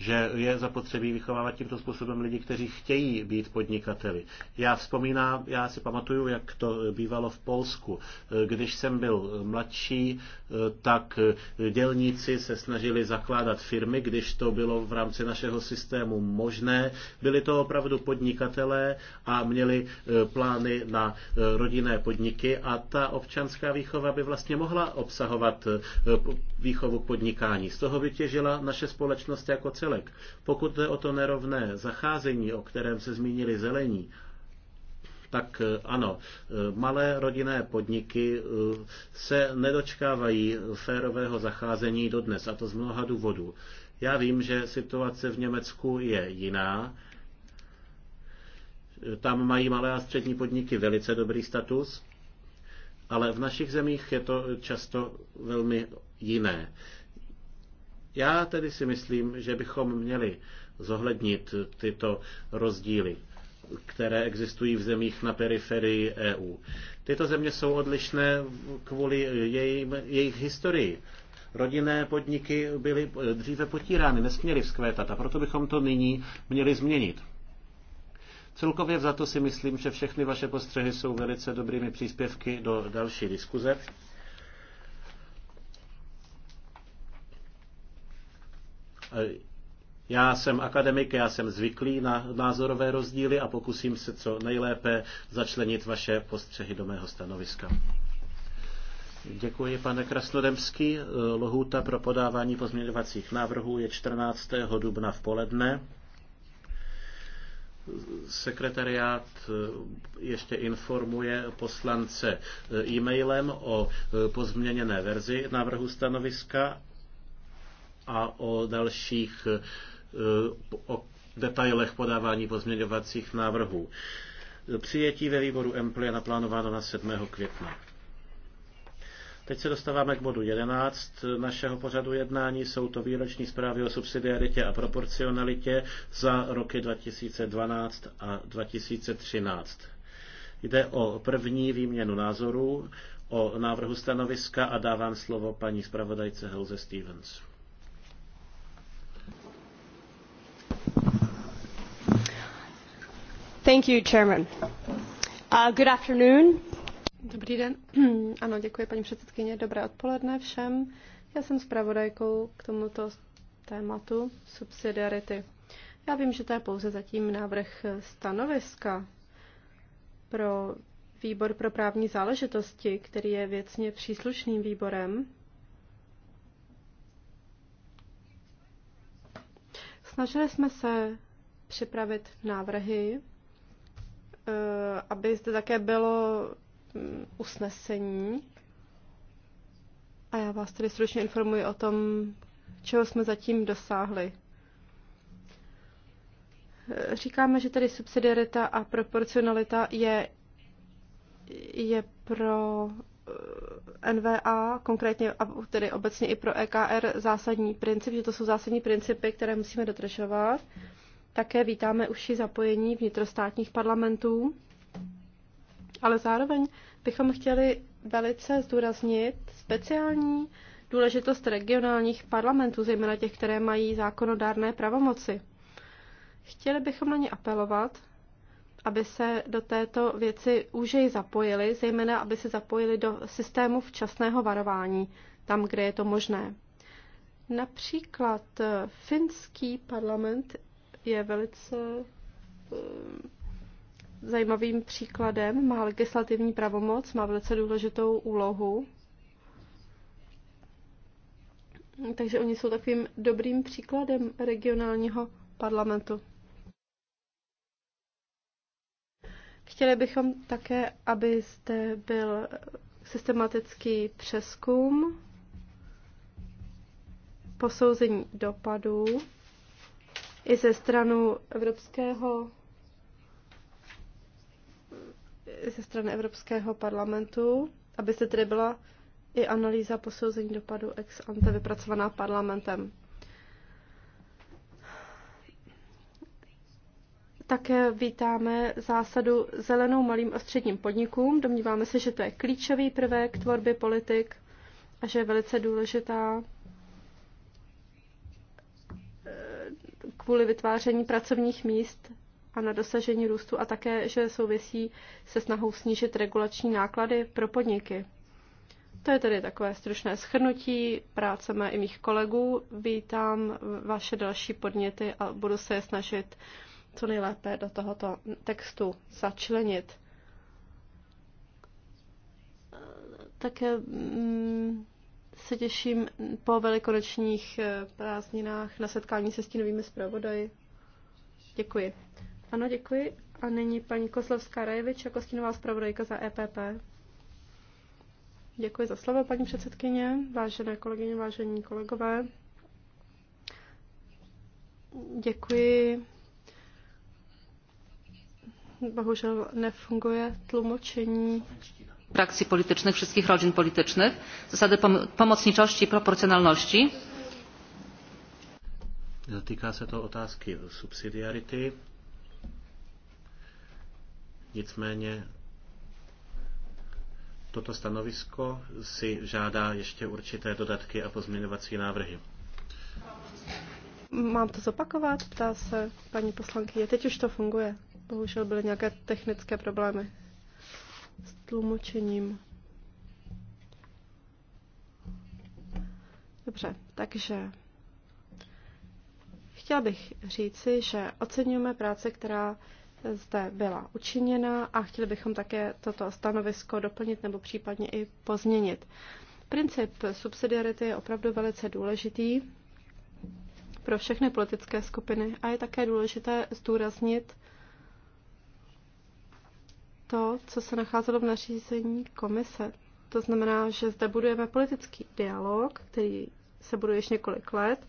že je zapotřebí vychovávat tímto způsobem lidi, kteří chtějí být podnikateli. Já vzpomínám, já si pamatuju, jak to bývalo v Polsku. Když jsem byl mladší, tak dělníci se snažili zakládat firmy, když to bylo v rámci našeho systému možné. Byli to opravdu podnikatelé a měli eh, plány na eh, rodinné podniky a ta občanská výchova by vlastně mohla obsahovat eh, výchovu podnikání. Z toho by těžila naše společnost jako celé celek. Pokud jde o to nerovné zacházení, o kterém se zmínili zelení, tak eh, ano, eh, malé rodinné podniky eh, se nedočkávají férového zacházení dodnes, a to z mnoha důvodů. Já vím, že situace v Německu je jiná. Tam mají malé a střední podniky velice dobrý status, ale v našich zemích je to často velmi jiné. Já tedy si myslím, že bychom měli zohlednit tyto rozdíly, které existují v zemích na periferii EU. Tyto země jsou odlišné kvůli jejím, jejich historii. Rodinné podniky byly dříve potírány, nesměly vzkvétat a proto bychom to nyní měli změnit. Celkově za to si myslím, že všechny vaše postřehy jsou velice dobrými příspěvky do další diskuze. Já jsem akademik, já jsem zvyklý na názorové rozdíly a pokusím se co nejlépe začlenit vaše postřehy do mého stanoviska. Děkuji, pane Krasnodemský. Lohuta pro podávání pozměňovacích návrhů je 14. dubna v poledne. Sekretariát eh, ještě informuje poslance eh, e-mailem o eh, pozměněné verzi návrhu stanoviska a o dalších e, o detailech podávání pozměňovacích návrhů. Přijetí ve výboru EMPL je naplánováno na 7. května. Teď se dostáváme k bodu 11 našeho pořadu jednání. Jsou to výroční zprávy o subsidiaritě a proporcionalitě za roky 2012 a 2013. Jde o první výměnu názorů, o návrhu stanoviska a dávám slovo paní zpravodajce Helze Stevens. Uh, Dobrý den. Ano, děkuji paní předsedkyně. Dobré odpoledne všem. Já jsem zpravodajkou k tomuto tématu subsidiarity. Já vím, že to je pouze zatím návrh stanoviska pro výbor pro právní záležitosti, který je věcně příslušným výborem. Snažili jsme se připravit návrhy, Eh, aby zde také bylo mm, usnesení. A já vás tedy stručně informuji o tom, čeho jsme zatím dosáhli. Eh, říkáme, že tedy subsidiarita a proporcionalita je, je pro eh, NVA, konkrétně a tedy obecně i pro EKR, zásadní princip, že to jsou zásadní principy, které musíme dotržovat. Také vítáme užší zapojení vnitrostátních parlamentů, ale zároveň bychom chtěli velice zdůraznit speciální důležitost regionálních parlamentů, zejména těch, které mají zákonodárné pravomoci. Chtěli bychom na ně apelovat, aby se do této věci úžej zapojili, zejména aby se zapojili do systému včasného varování, tam, kde je to možné. Například eh, finský parlament je velice eh, zajímavým příkladem. Má legislativní pravomoc, má velice důležitou úlohu. Takže oni jsou takovým dobrým příkladem regionálního parlamentu. Chtěli bychom také, aby zde byl systematický přeskum, posouzení dopadů i ze stranu Evropského ze strany Evropského parlamentu, aby se tedy byla i analýza posouzení dopadu ex ante vypracovaná parlamentem. Také vítáme zásadu zelenou malým a středním podnikům. Domníváme se, že to je klíčový prvek tvorby politik a že je velice důležitá kvůli vytváření pracovních míst a na dosažení růstu a také, že souvisí se snahou snížit regulační náklady pro podniky. To je tedy takové stručné schrnutí práce mé i mých kolegů. Vítám vaše další podněty a budu se je snažit co nejlépe do tohoto textu začlenit. Také mm, se těším po velikonočních eh, prázdninách na setkání se stínovými zpravodaji. Děkuji. Ano, děkuji. A nyní paní Koslovská Rajevič jako stínová zpravodajka za EPP. Děkuji za slovo, paní předsedkyně, vážené kolegyně, vážení kolegové. Děkuji. Bohužel nefunguje tlumočení frakcji politycznych wszystkich rodzin politycznych zasady pomocniczości i proporcjonalności. Dotyka se to otázky subsidiarity. Nicméně toto stanovisko si žádá ještě určité dodatky a pozměňovací návrhy. Mám to zopakovat? Ptá se paní poslankyně. Teď už to funguje. Bohužel byly nějaké technické problémy s tlumočením. Dobře, takže chtěla bych říci, že oceňujeme práce, která zde byla učiněna a chtěli bychom také toto stanovisko doplnit nebo případně i pozměnit. Princip subsidiarity je opravdu velice důležitý pro všechny politické skupiny a je také důležité zdůraznit, to, co se nacházelo v nařízení komise. To znamená, že zde budujeme politický dialog, který se buduje ještě několik let.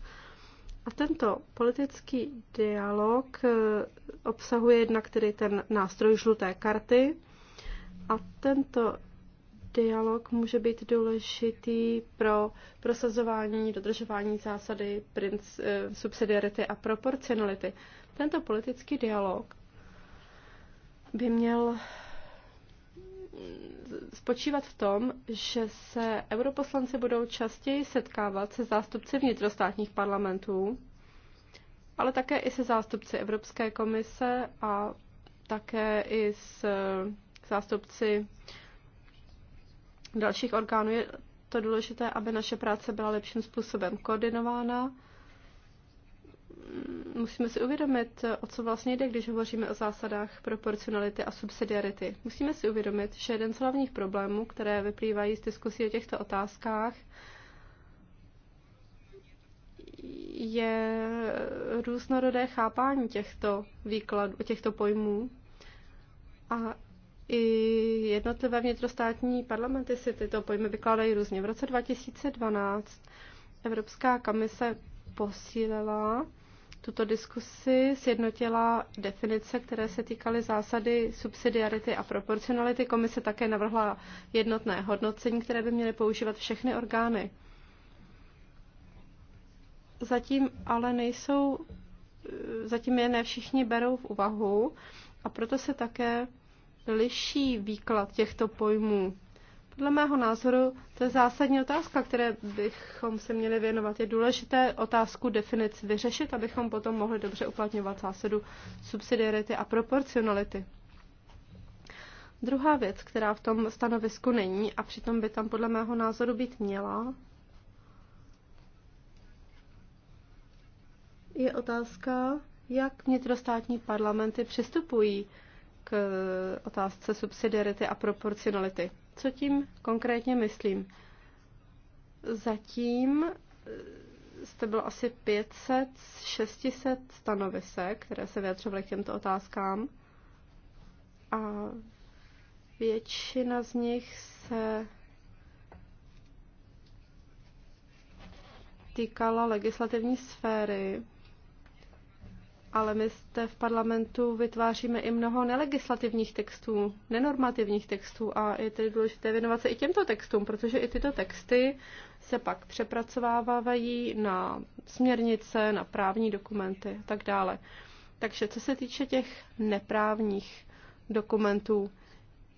A tento politický dialog eh, obsahuje jednak tedy ten nástroj žluté karty. A tento dialog může být důležitý pro prosazování, dodržování zásady princ, eh, subsidiarity a proporcionality. Tento politický dialog by měl spočívat v tom, že se europoslanci budou častěji setkávat se zástupci vnitrostátních parlamentů, ale také i se zástupci Evropské komise a také i s eh, zástupci dalších orgánů. Je to důležité, aby naše práce byla lepším způsobem koordinována musíme si uvědomit, o co vlastně jde, když hovoříme o zásadách proporcionality a subsidiarity. Musíme si uvědomit, že jeden z hlavních problémů, které vyplývají z diskusí o těchto otázkách, je různorodé chápání těchto výkladů, těchto pojmů. A i jednotlivé vnitrostátní parlamenty si tyto pojmy vykládají různě. V roce 2012 Evropská komise posílila tuto diskusi sjednotila definice, které se týkaly zásady subsidiarity a proporcionality. Komise také navrhla jednotné hodnocení, které by měly používat všechny orgány. Zatím ale nejsou, zatím je ne všichni berou v úvahu a proto se také liší výklad těchto pojmů podle mého názoru to je zásadní otázka, které bychom se měli věnovat. Je důležité otázku definic vyřešit, abychom potom mohli dobře uplatňovat zásadu subsidiarity a proporcionality. Druhá věc, která v tom stanovisku není a přitom by tam podle mého názoru být měla, je otázka, jak vnitrostátní parlamenty přistupují k otázce subsidiarity a proporcionality. Co tím konkrétně myslím? Zatím eh, jste bylo asi 500, 600 stanovisek, které se vyjadřovaly k těmto otázkám. A většina z nich se týkala legislativní sféry ale my zde v parlamentu vytváříme i mnoho nelegislativních textů, nenormativních textů a je tedy důležité věnovat se i těmto textům, protože i tyto texty se pak přepracovávají na směrnice, na právní dokumenty a tak dále. Takže co se týče těch neprávních dokumentů,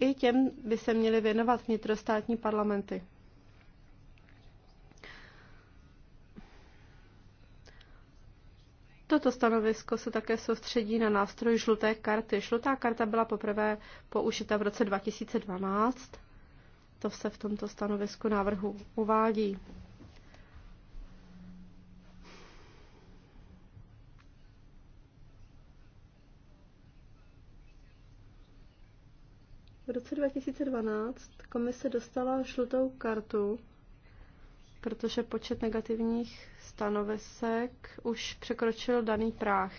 i těm by se měly věnovat vnitrostátní parlamenty. Toto stanovisko se také soustředí na nástroj žluté karty. Žlutá karta byla poprvé použita v roce 2012. To se v tomto stanovisku návrhu uvádí. V roce 2012 komise dostala žlutou kartu protože počet negativních stanovisek už překročil daný práh.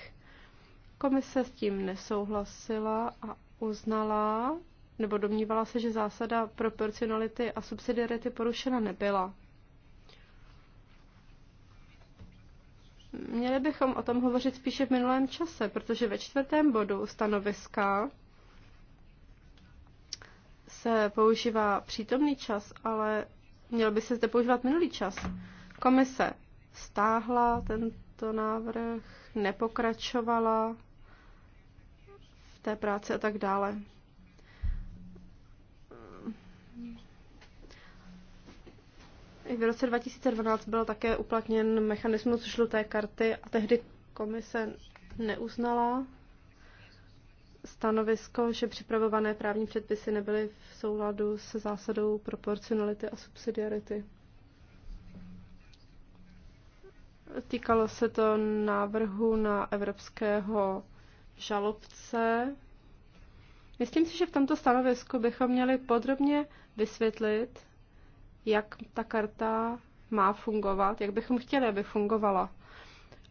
Komise s tím nesouhlasila a uznala, nebo domnívala se, že zásada proporcionality a subsidiarity porušena nebyla. Měli bychom o tom hovořit spíše v minulém čase, protože ve čtvrtém bodu stanoviska se používá přítomný čas, ale Měl by se zde používat minulý čas. Komise stáhla tento návrh, nepokračovala v té práci a tak dále. I v roce 2012 byl také uplatněn mechanismus žluté karty a tehdy komise neuznala stanovisko, že připravované právní předpisy nebyly v souladu se zásadou proporcionality a subsidiarity. Týkalo se to návrhu na evropského žalobce. Myslím si, že v tomto stanovisku bychom měli podrobně vysvětlit, jak ta karta má fungovat, jak bychom chtěli, aby fungovala.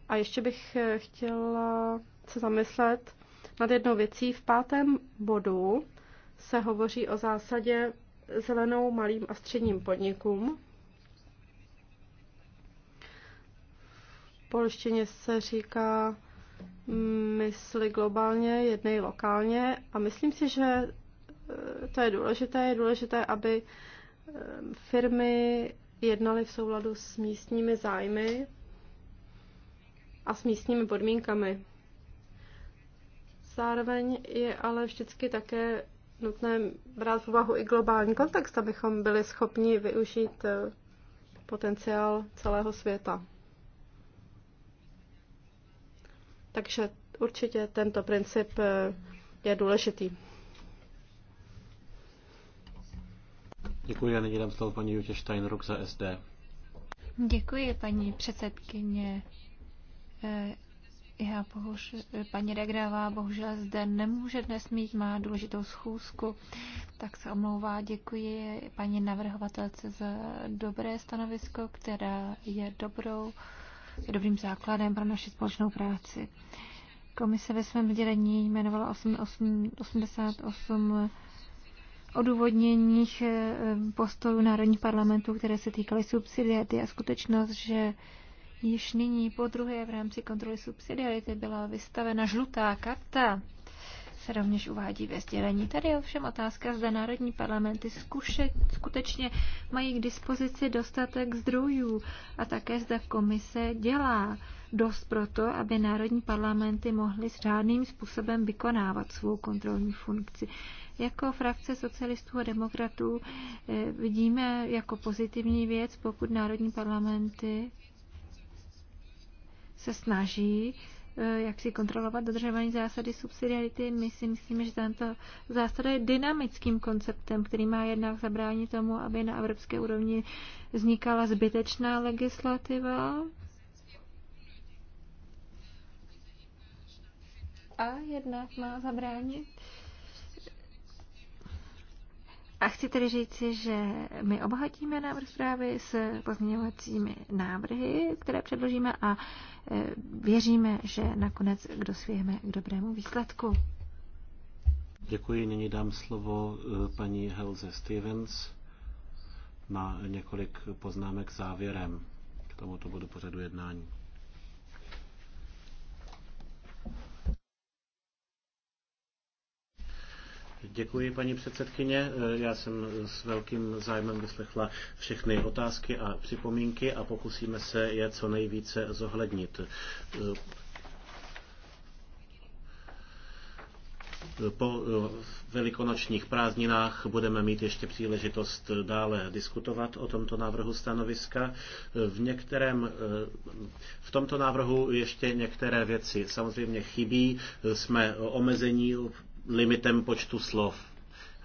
A ještě bych eh, chtěla se zamyslet nad jednou věcí. V pátém bodu se hovoří o zásadě zelenou malým a středním podnikům. V polštině se říká mm, mysli globálně, jednej lokálně a myslím si, že eh, to je důležité. Je důležité, aby eh, firmy jednaly v souladu s místními zájmy a s místními podmínkami. Zároveň je ale vždycky také nutné brát v úvahu i globální kontext, abychom byli schopni využít eh, potenciál celého světa. Takže určitě tento princip eh, je důležitý. Děkuji a nyní dám slovo paní Jutě Steinruck za SD. Děkuji, paní předsedkyně. Eh, já bohužel, paní Regrava, bohužel zde nemůže dnes mít, má důležitou schůzku, tak se omlouvá. Děkuji paní navrhovatelce za dobré stanovisko, která je dobrou, je dobrým základem pro naši společnou práci. Komise ve svém sdělení jmenovala 88 odůvodněních eh, postojů národních parlamentů, které se týkaly subsidiety a skutečnost, že Již nyní po druhé v rámci kontroly subsidiarity byla vystavena žlutá karta se rovněž uvádí ve sdělení. Tady je ovšem otázka, zda národní parlamenty zkuše, skutečně mají k dispozici dostatek zdrojů a také zda komise dělá dost proto, aby národní parlamenty mohly řádným způsobem vykonávat svou kontrolní funkci. Jako frakce socialistů a demokratů eh, vidíme jako pozitivní věc, pokud národní parlamenty se snaží eh, jak si kontrolovat dodržování zásady subsidiarity. My si myslíme, že tento zásada je dynamickým konceptem, který má jednak zabránit tomu, aby na evropské úrovni vznikala zbytečná legislativa. A jednak má zabránit a chci tedy říci, že my obohatíme návrh zprávy s pozměňovacími návrhy, které předložíme a e, věříme, že nakonec dosvíjeme k dobrému výsledku. Děkuji, nyní dám slovo e, paní Helze Stevens na několik poznámek závěrem k tomuto bodu pořadu jednání. Děkuji, paní předsedkyně. Eh, já jsem s velkým zájmem vyslechla všechny otázky a připomínky a pokusíme se je co nejvíce zohlednit. Eh, po eh, velikonočních prázdninách budeme mít ještě příležitost dále diskutovat o tomto návrhu stanoviska. V, některém, v tomto návrhu ještě některé věci samozřejmě chybí. Jsme omezení limitem počtu slov.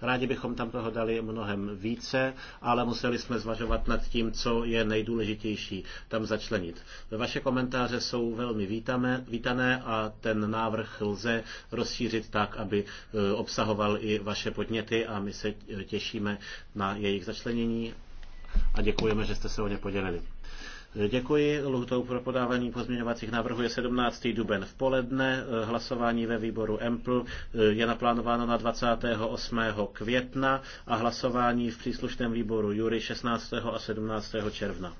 Rádi bychom tam toho dali mnohem více, ale museli jsme zvažovat nad tím, co je nejdůležitější tam začlenit. Vaše komentáře jsou velmi vítané, vítané a ten návrh lze rozšířit tak, aby e, obsahoval i vaše podněty a my se e, těšíme na jejich začlenění a děkujeme, že jste se o ně podělili. Děkuji. Lhutou pro podávání pozměňovacích návrhů je 17. duben v poledne. Eh, hlasování ve výboru EMPL eh, je naplánováno na 28. května a hlasování v příslušném výboru Jury 16. a 17. června.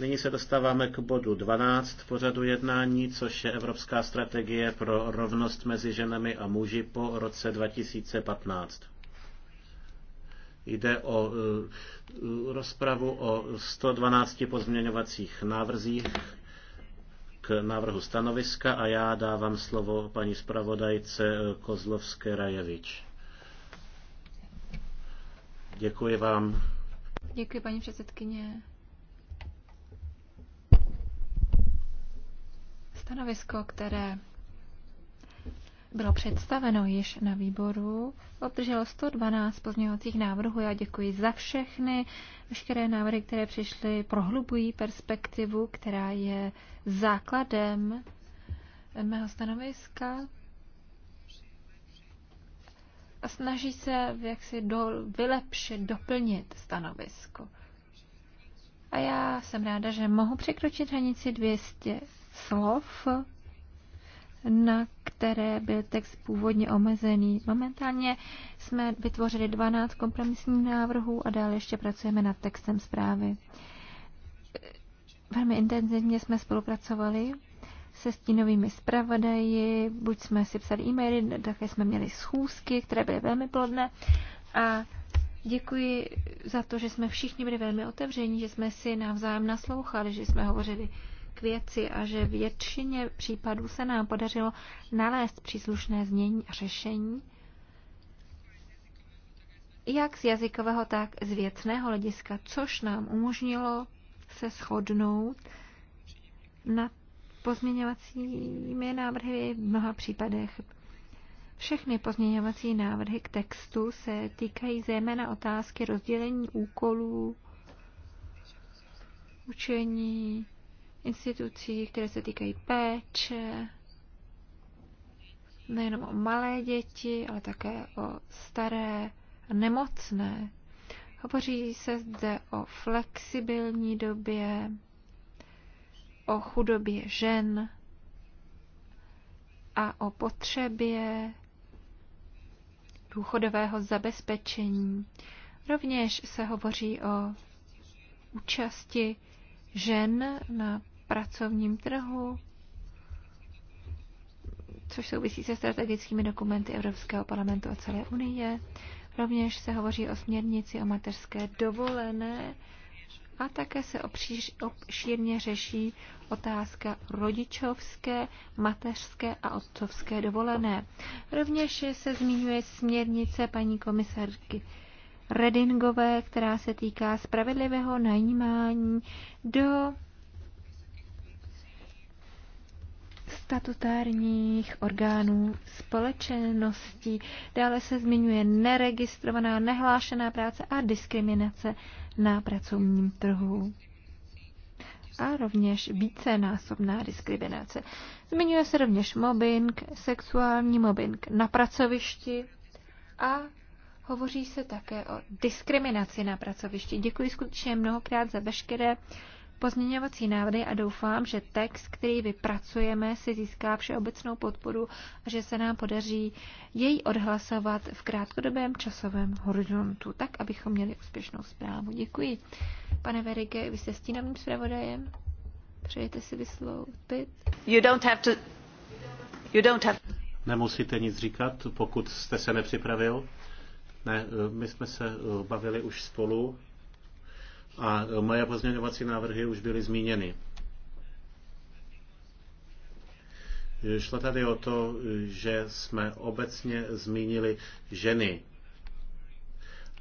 Nyní se dostáváme k bodu 12 pořadu jednání, což je Evropská strategie pro rovnost mezi ženami a muži po roce 2015. Jde o e, e, rozpravu o 112 pozměňovacích návrzích k návrhu stanoviska a já dávám slovo paní zpravodajce e, Kozlovské Rajevič. Děkuji vám. Děkuji, paní předsedkyně. Stanovisko, které bylo představeno již na výboru, obdrželo 112 pozměňovacích návrhů. Já děkuji za všechny. Veškeré návrhy, které přišly, prohlubují perspektivu, která je základem mého stanoviska a snaží se jaksi do, vylepšit, doplnit stanovisko. A já jsem ráda, že mohu překročit hranici 200 slov na které byl text původně omezený. Momentálně jsme vytvořili 12 kompromisních návrhů a dále ještě pracujeme nad textem zprávy. Velmi intenzivně jsme spolupracovali se stínovými zpravodaji, buď jsme si psali e-maily, také jsme měli schůzky, které byly velmi plodné a děkuji za to, že jsme všichni byli velmi otevření, že jsme si navzájem naslouchali, že jsme hovořili k věci a že většině případů se nám podařilo nalézt příslušné znění a řešení, jak z jazykového, tak z věcného hlediska, což nám umožnilo se shodnout na pozměňovacími návrhy v mnoha případech. Všechny pozměňovací návrhy k textu se týkají zejména otázky rozdělení úkolů, učení, institucí, které se týkají péče, nejenom o malé děti, ale také o staré a nemocné. Hovoří se zde o flexibilní době, o chudobě žen a o potřebě důchodového zabezpečení. Rovněž se hovoří o účasti žen na pracovním trhu, což souvisí se strategickými dokumenty Evropského parlamentu a celé Unie. Rovněž se hovoří o směrnici o mateřské dovolené a také se obšíř, obšírně řeší otázka rodičovské, mateřské a otcovské dovolené. Rovněž se zmiňuje směrnice paní komisarky Redingové, která se týká spravedlivého najímání do statutárních orgánů společeností. Dále se zmiňuje neregistrovaná, nehlášená práce a diskriminace na pracovním trhu a rovněž vícenásobná diskriminace. Zmiňuje se rovněž mobbing, sexuální mobbing na pracovišti a hovoří se také o diskriminaci na pracovišti. Děkuji skutečně mnohokrát za veškeré pozměňovací návrhy a doufám, že text, který vypracujeme, si získá všeobecnou podporu a že se nám podaří jej odhlasovat v krátkodobém časovém horizontu, tak, abychom měli úspěšnou zprávu. Děkuji. Pane Verige, vy jste stínovým zpravodajem? Přejete si vysloupit? You don't have to... You don't have... Nemusíte nic říkat, pokud jste se nepřipravil. Ne, eh, my jsme se eh, bavili už spolu a moje pozměňovací návrhy už byly zmíněny. Šlo tady o to, že jsme obecně zmínili ženy.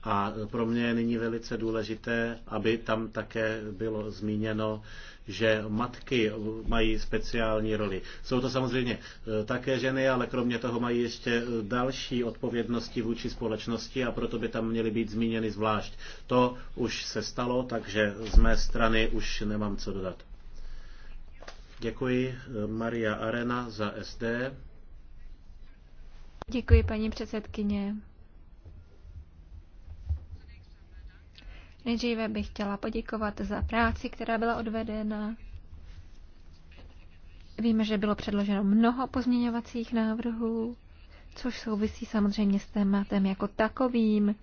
A pro mě je nyní velice důležité, aby tam také bylo zmíněno, že matky mají speciální roli. Jsou to samozřejmě eh, také ženy, ale kromě toho mají ještě eh, další odpovědnosti vůči společnosti a proto by tam měly být zmíněny zvlášť. To už se stalo, takže z mé strany už nemám co dodat. Děkuji eh, Maria Arena za SD. Děkuji paní předsedkyně. Nejdříve bych chtěla poděkovat za práci, která byla odvedena. Víme, že bylo předloženo mnoho pozměňovacích návrhů, což souvisí samozřejmě s tématem jako takovým.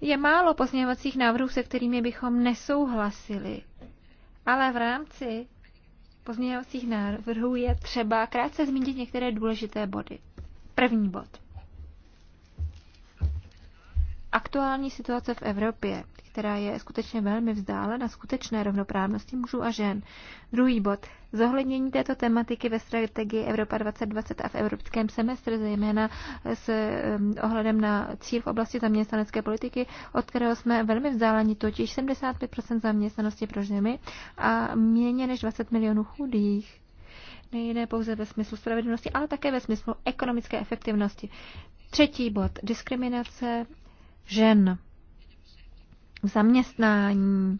Je málo pozměňovacích návrhů, se kterými bychom nesouhlasili, ale v rámci pozměňovacích návrhů je třeba krátce zmínit některé důležité body. První bod aktuální situace v Evropě, která je skutečně velmi vzdálena skutečné rovnoprávnosti mužů a žen. Druhý bod. Zohlednění této tematiky ve strategii Evropa 2020 a v evropském semestru, zejména s ohledem na cíl v oblasti zaměstnanecké politiky, od kterého jsme velmi vzdáleni, totiž 75 zaměstnanosti pro ženy a méně než 20 milionů chudých. Nejde pouze ve smyslu spravedlnosti, ale také ve smyslu ekonomické efektivnosti. Třetí bod. Diskriminace žen v zaměstnání,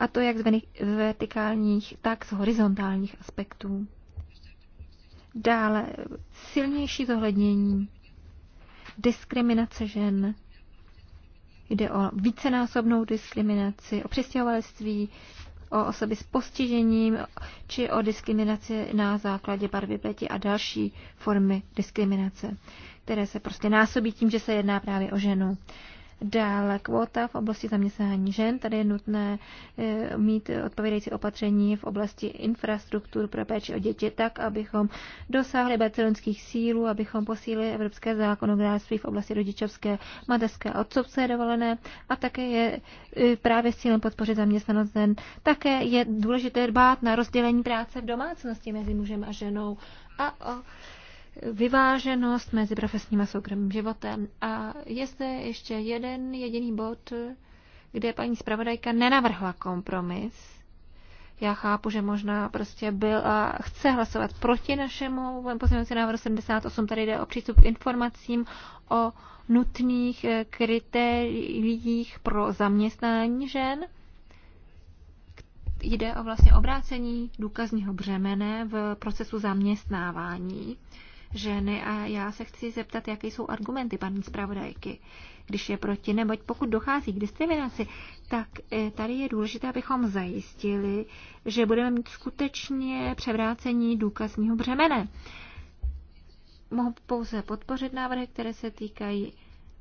a to jak z vertikálních, tak z horizontálních aspektů. Dále silnější zohlednění diskriminace žen. Jde o vícenásobnou diskriminaci, o přistěhovalectví, o osoby s postižením či o diskriminaci na základě barvy pleti a další formy diskriminace které se prostě násobí tím, že se jedná právě o ženu. Dále kvota v oblasti zaměstnání žen. Tady je nutné eh, mít odpovědající opatření v oblasti infrastruktur pro péči o děti tak, abychom dosáhli barcelonských sílů, abychom posílili evropské zákonodárství v oblasti rodičovské, mateřské a otcovské dovolené a také je eh, právě s cílem podpořit zaměstnanost žen. Také je důležité dbát na rozdělení práce v domácnosti mezi mužem a ženou a o vyváženost mezi profesním a soukromým životem. A je zde ještě jeden jediný bod, kde paní zpravodajka nenavrhla kompromis, já chápu, že možná prostě byl a chce hlasovat proti našemu pozměňovacímu návrhu 78. Tady jde o přístup k informacím o nutných eh, kritériích pro zaměstnání žen. Jde o vlastně obrácení důkazního břemene v procesu zaměstnávání ženy a já se chci zeptat, jaké jsou argumenty paní zpravodajky, když je proti, neboť pokud dochází k diskriminaci, tak e, tady je důležité, abychom zajistili, že budeme mít skutečně převrácení důkazního břemene. Mohu pouze podpořit návrhy, které se týkají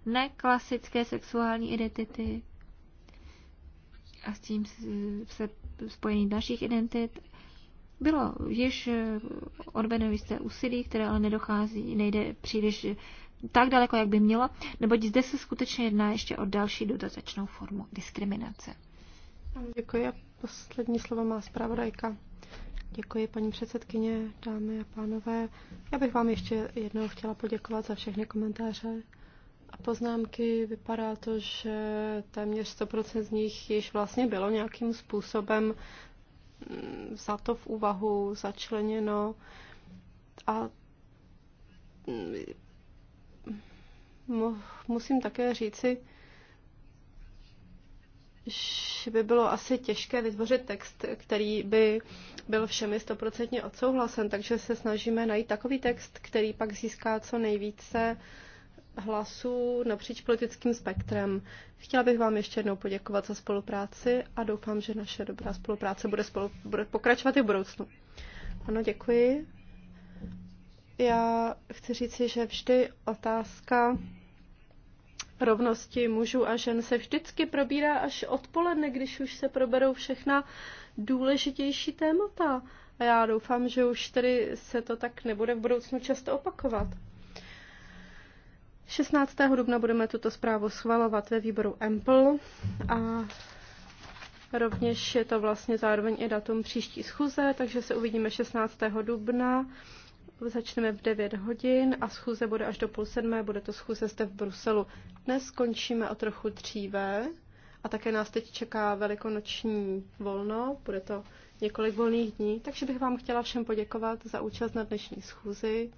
neklasické sexuální identity a s tím se spojení dalších identit bylo již eh, odvedeno jisté úsilí, které ale nedochází, nejde příliš eh, tak daleko, jak by mělo, neboť zde se skutečně jedná ještě o další dodatečnou formu diskriminace. Děkuji a poslední slovo má zpravodajka. Děkuji, paní předsedkyně, dámy a pánové. Já bych vám ještě jednou chtěla poděkovat za všechny komentáře a poznámky. Vypadá to, že téměř 100% z nich již vlastně bylo nějakým způsobem Mm, za to v úvahu, začleněno a mm, musím také říci, že by bylo asi těžké vytvořit text, který by byl všemi stoprocentně odsouhlasen, takže se snažíme najít takový text, který pak získá co nejvíce uh, hlasů napříč politickým spektrem. Chtěla bych vám ještě jednou poděkovat za spolupráci a doufám, že naše dobrá spolupráce bude, spolu, bude pokračovat i v budoucnu. Ano, děkuji. Já chci říci, že vždy otázka rovnosti mužů a žen se vždycky probírá až odpoledne, když už se proberou všechna důležitější témata. A já doufám, že už tedy se to tak nebude v budoucnu často opakovat. 16. dubna budeme tuto zprávu schvalovat ve výboru EMPL a rovněž je to vlastně zároveň i datum příští schůze, takže se uvidíme 16. dubna. Začneme v 9 hodin a schůze bude až do půl sedmé, bude to schůze zde v Bruselu. Dnes skončíme o trochu dříve a také nás teď čeká velikonoční volno, bude to několik volných dní, takže bych vám chtěla všem poděkovat za účast na dnešní schůzi.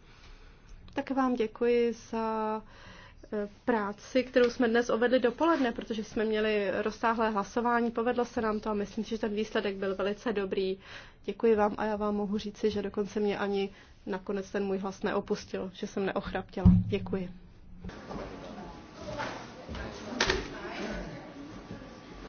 Také vám děkuji za e, práci, kterou jsme dnes ovedli dopoledne, protože jsme měli rozsáhlé hlasování, povedlo se nám to a myslím si, že ten výsledek byl velice dobrý. Děkuji vám a já vám mohu říci, že dokonce mě ani nakonec ten můj hlas neopustil, že jsem neochraptěla. Děkuji.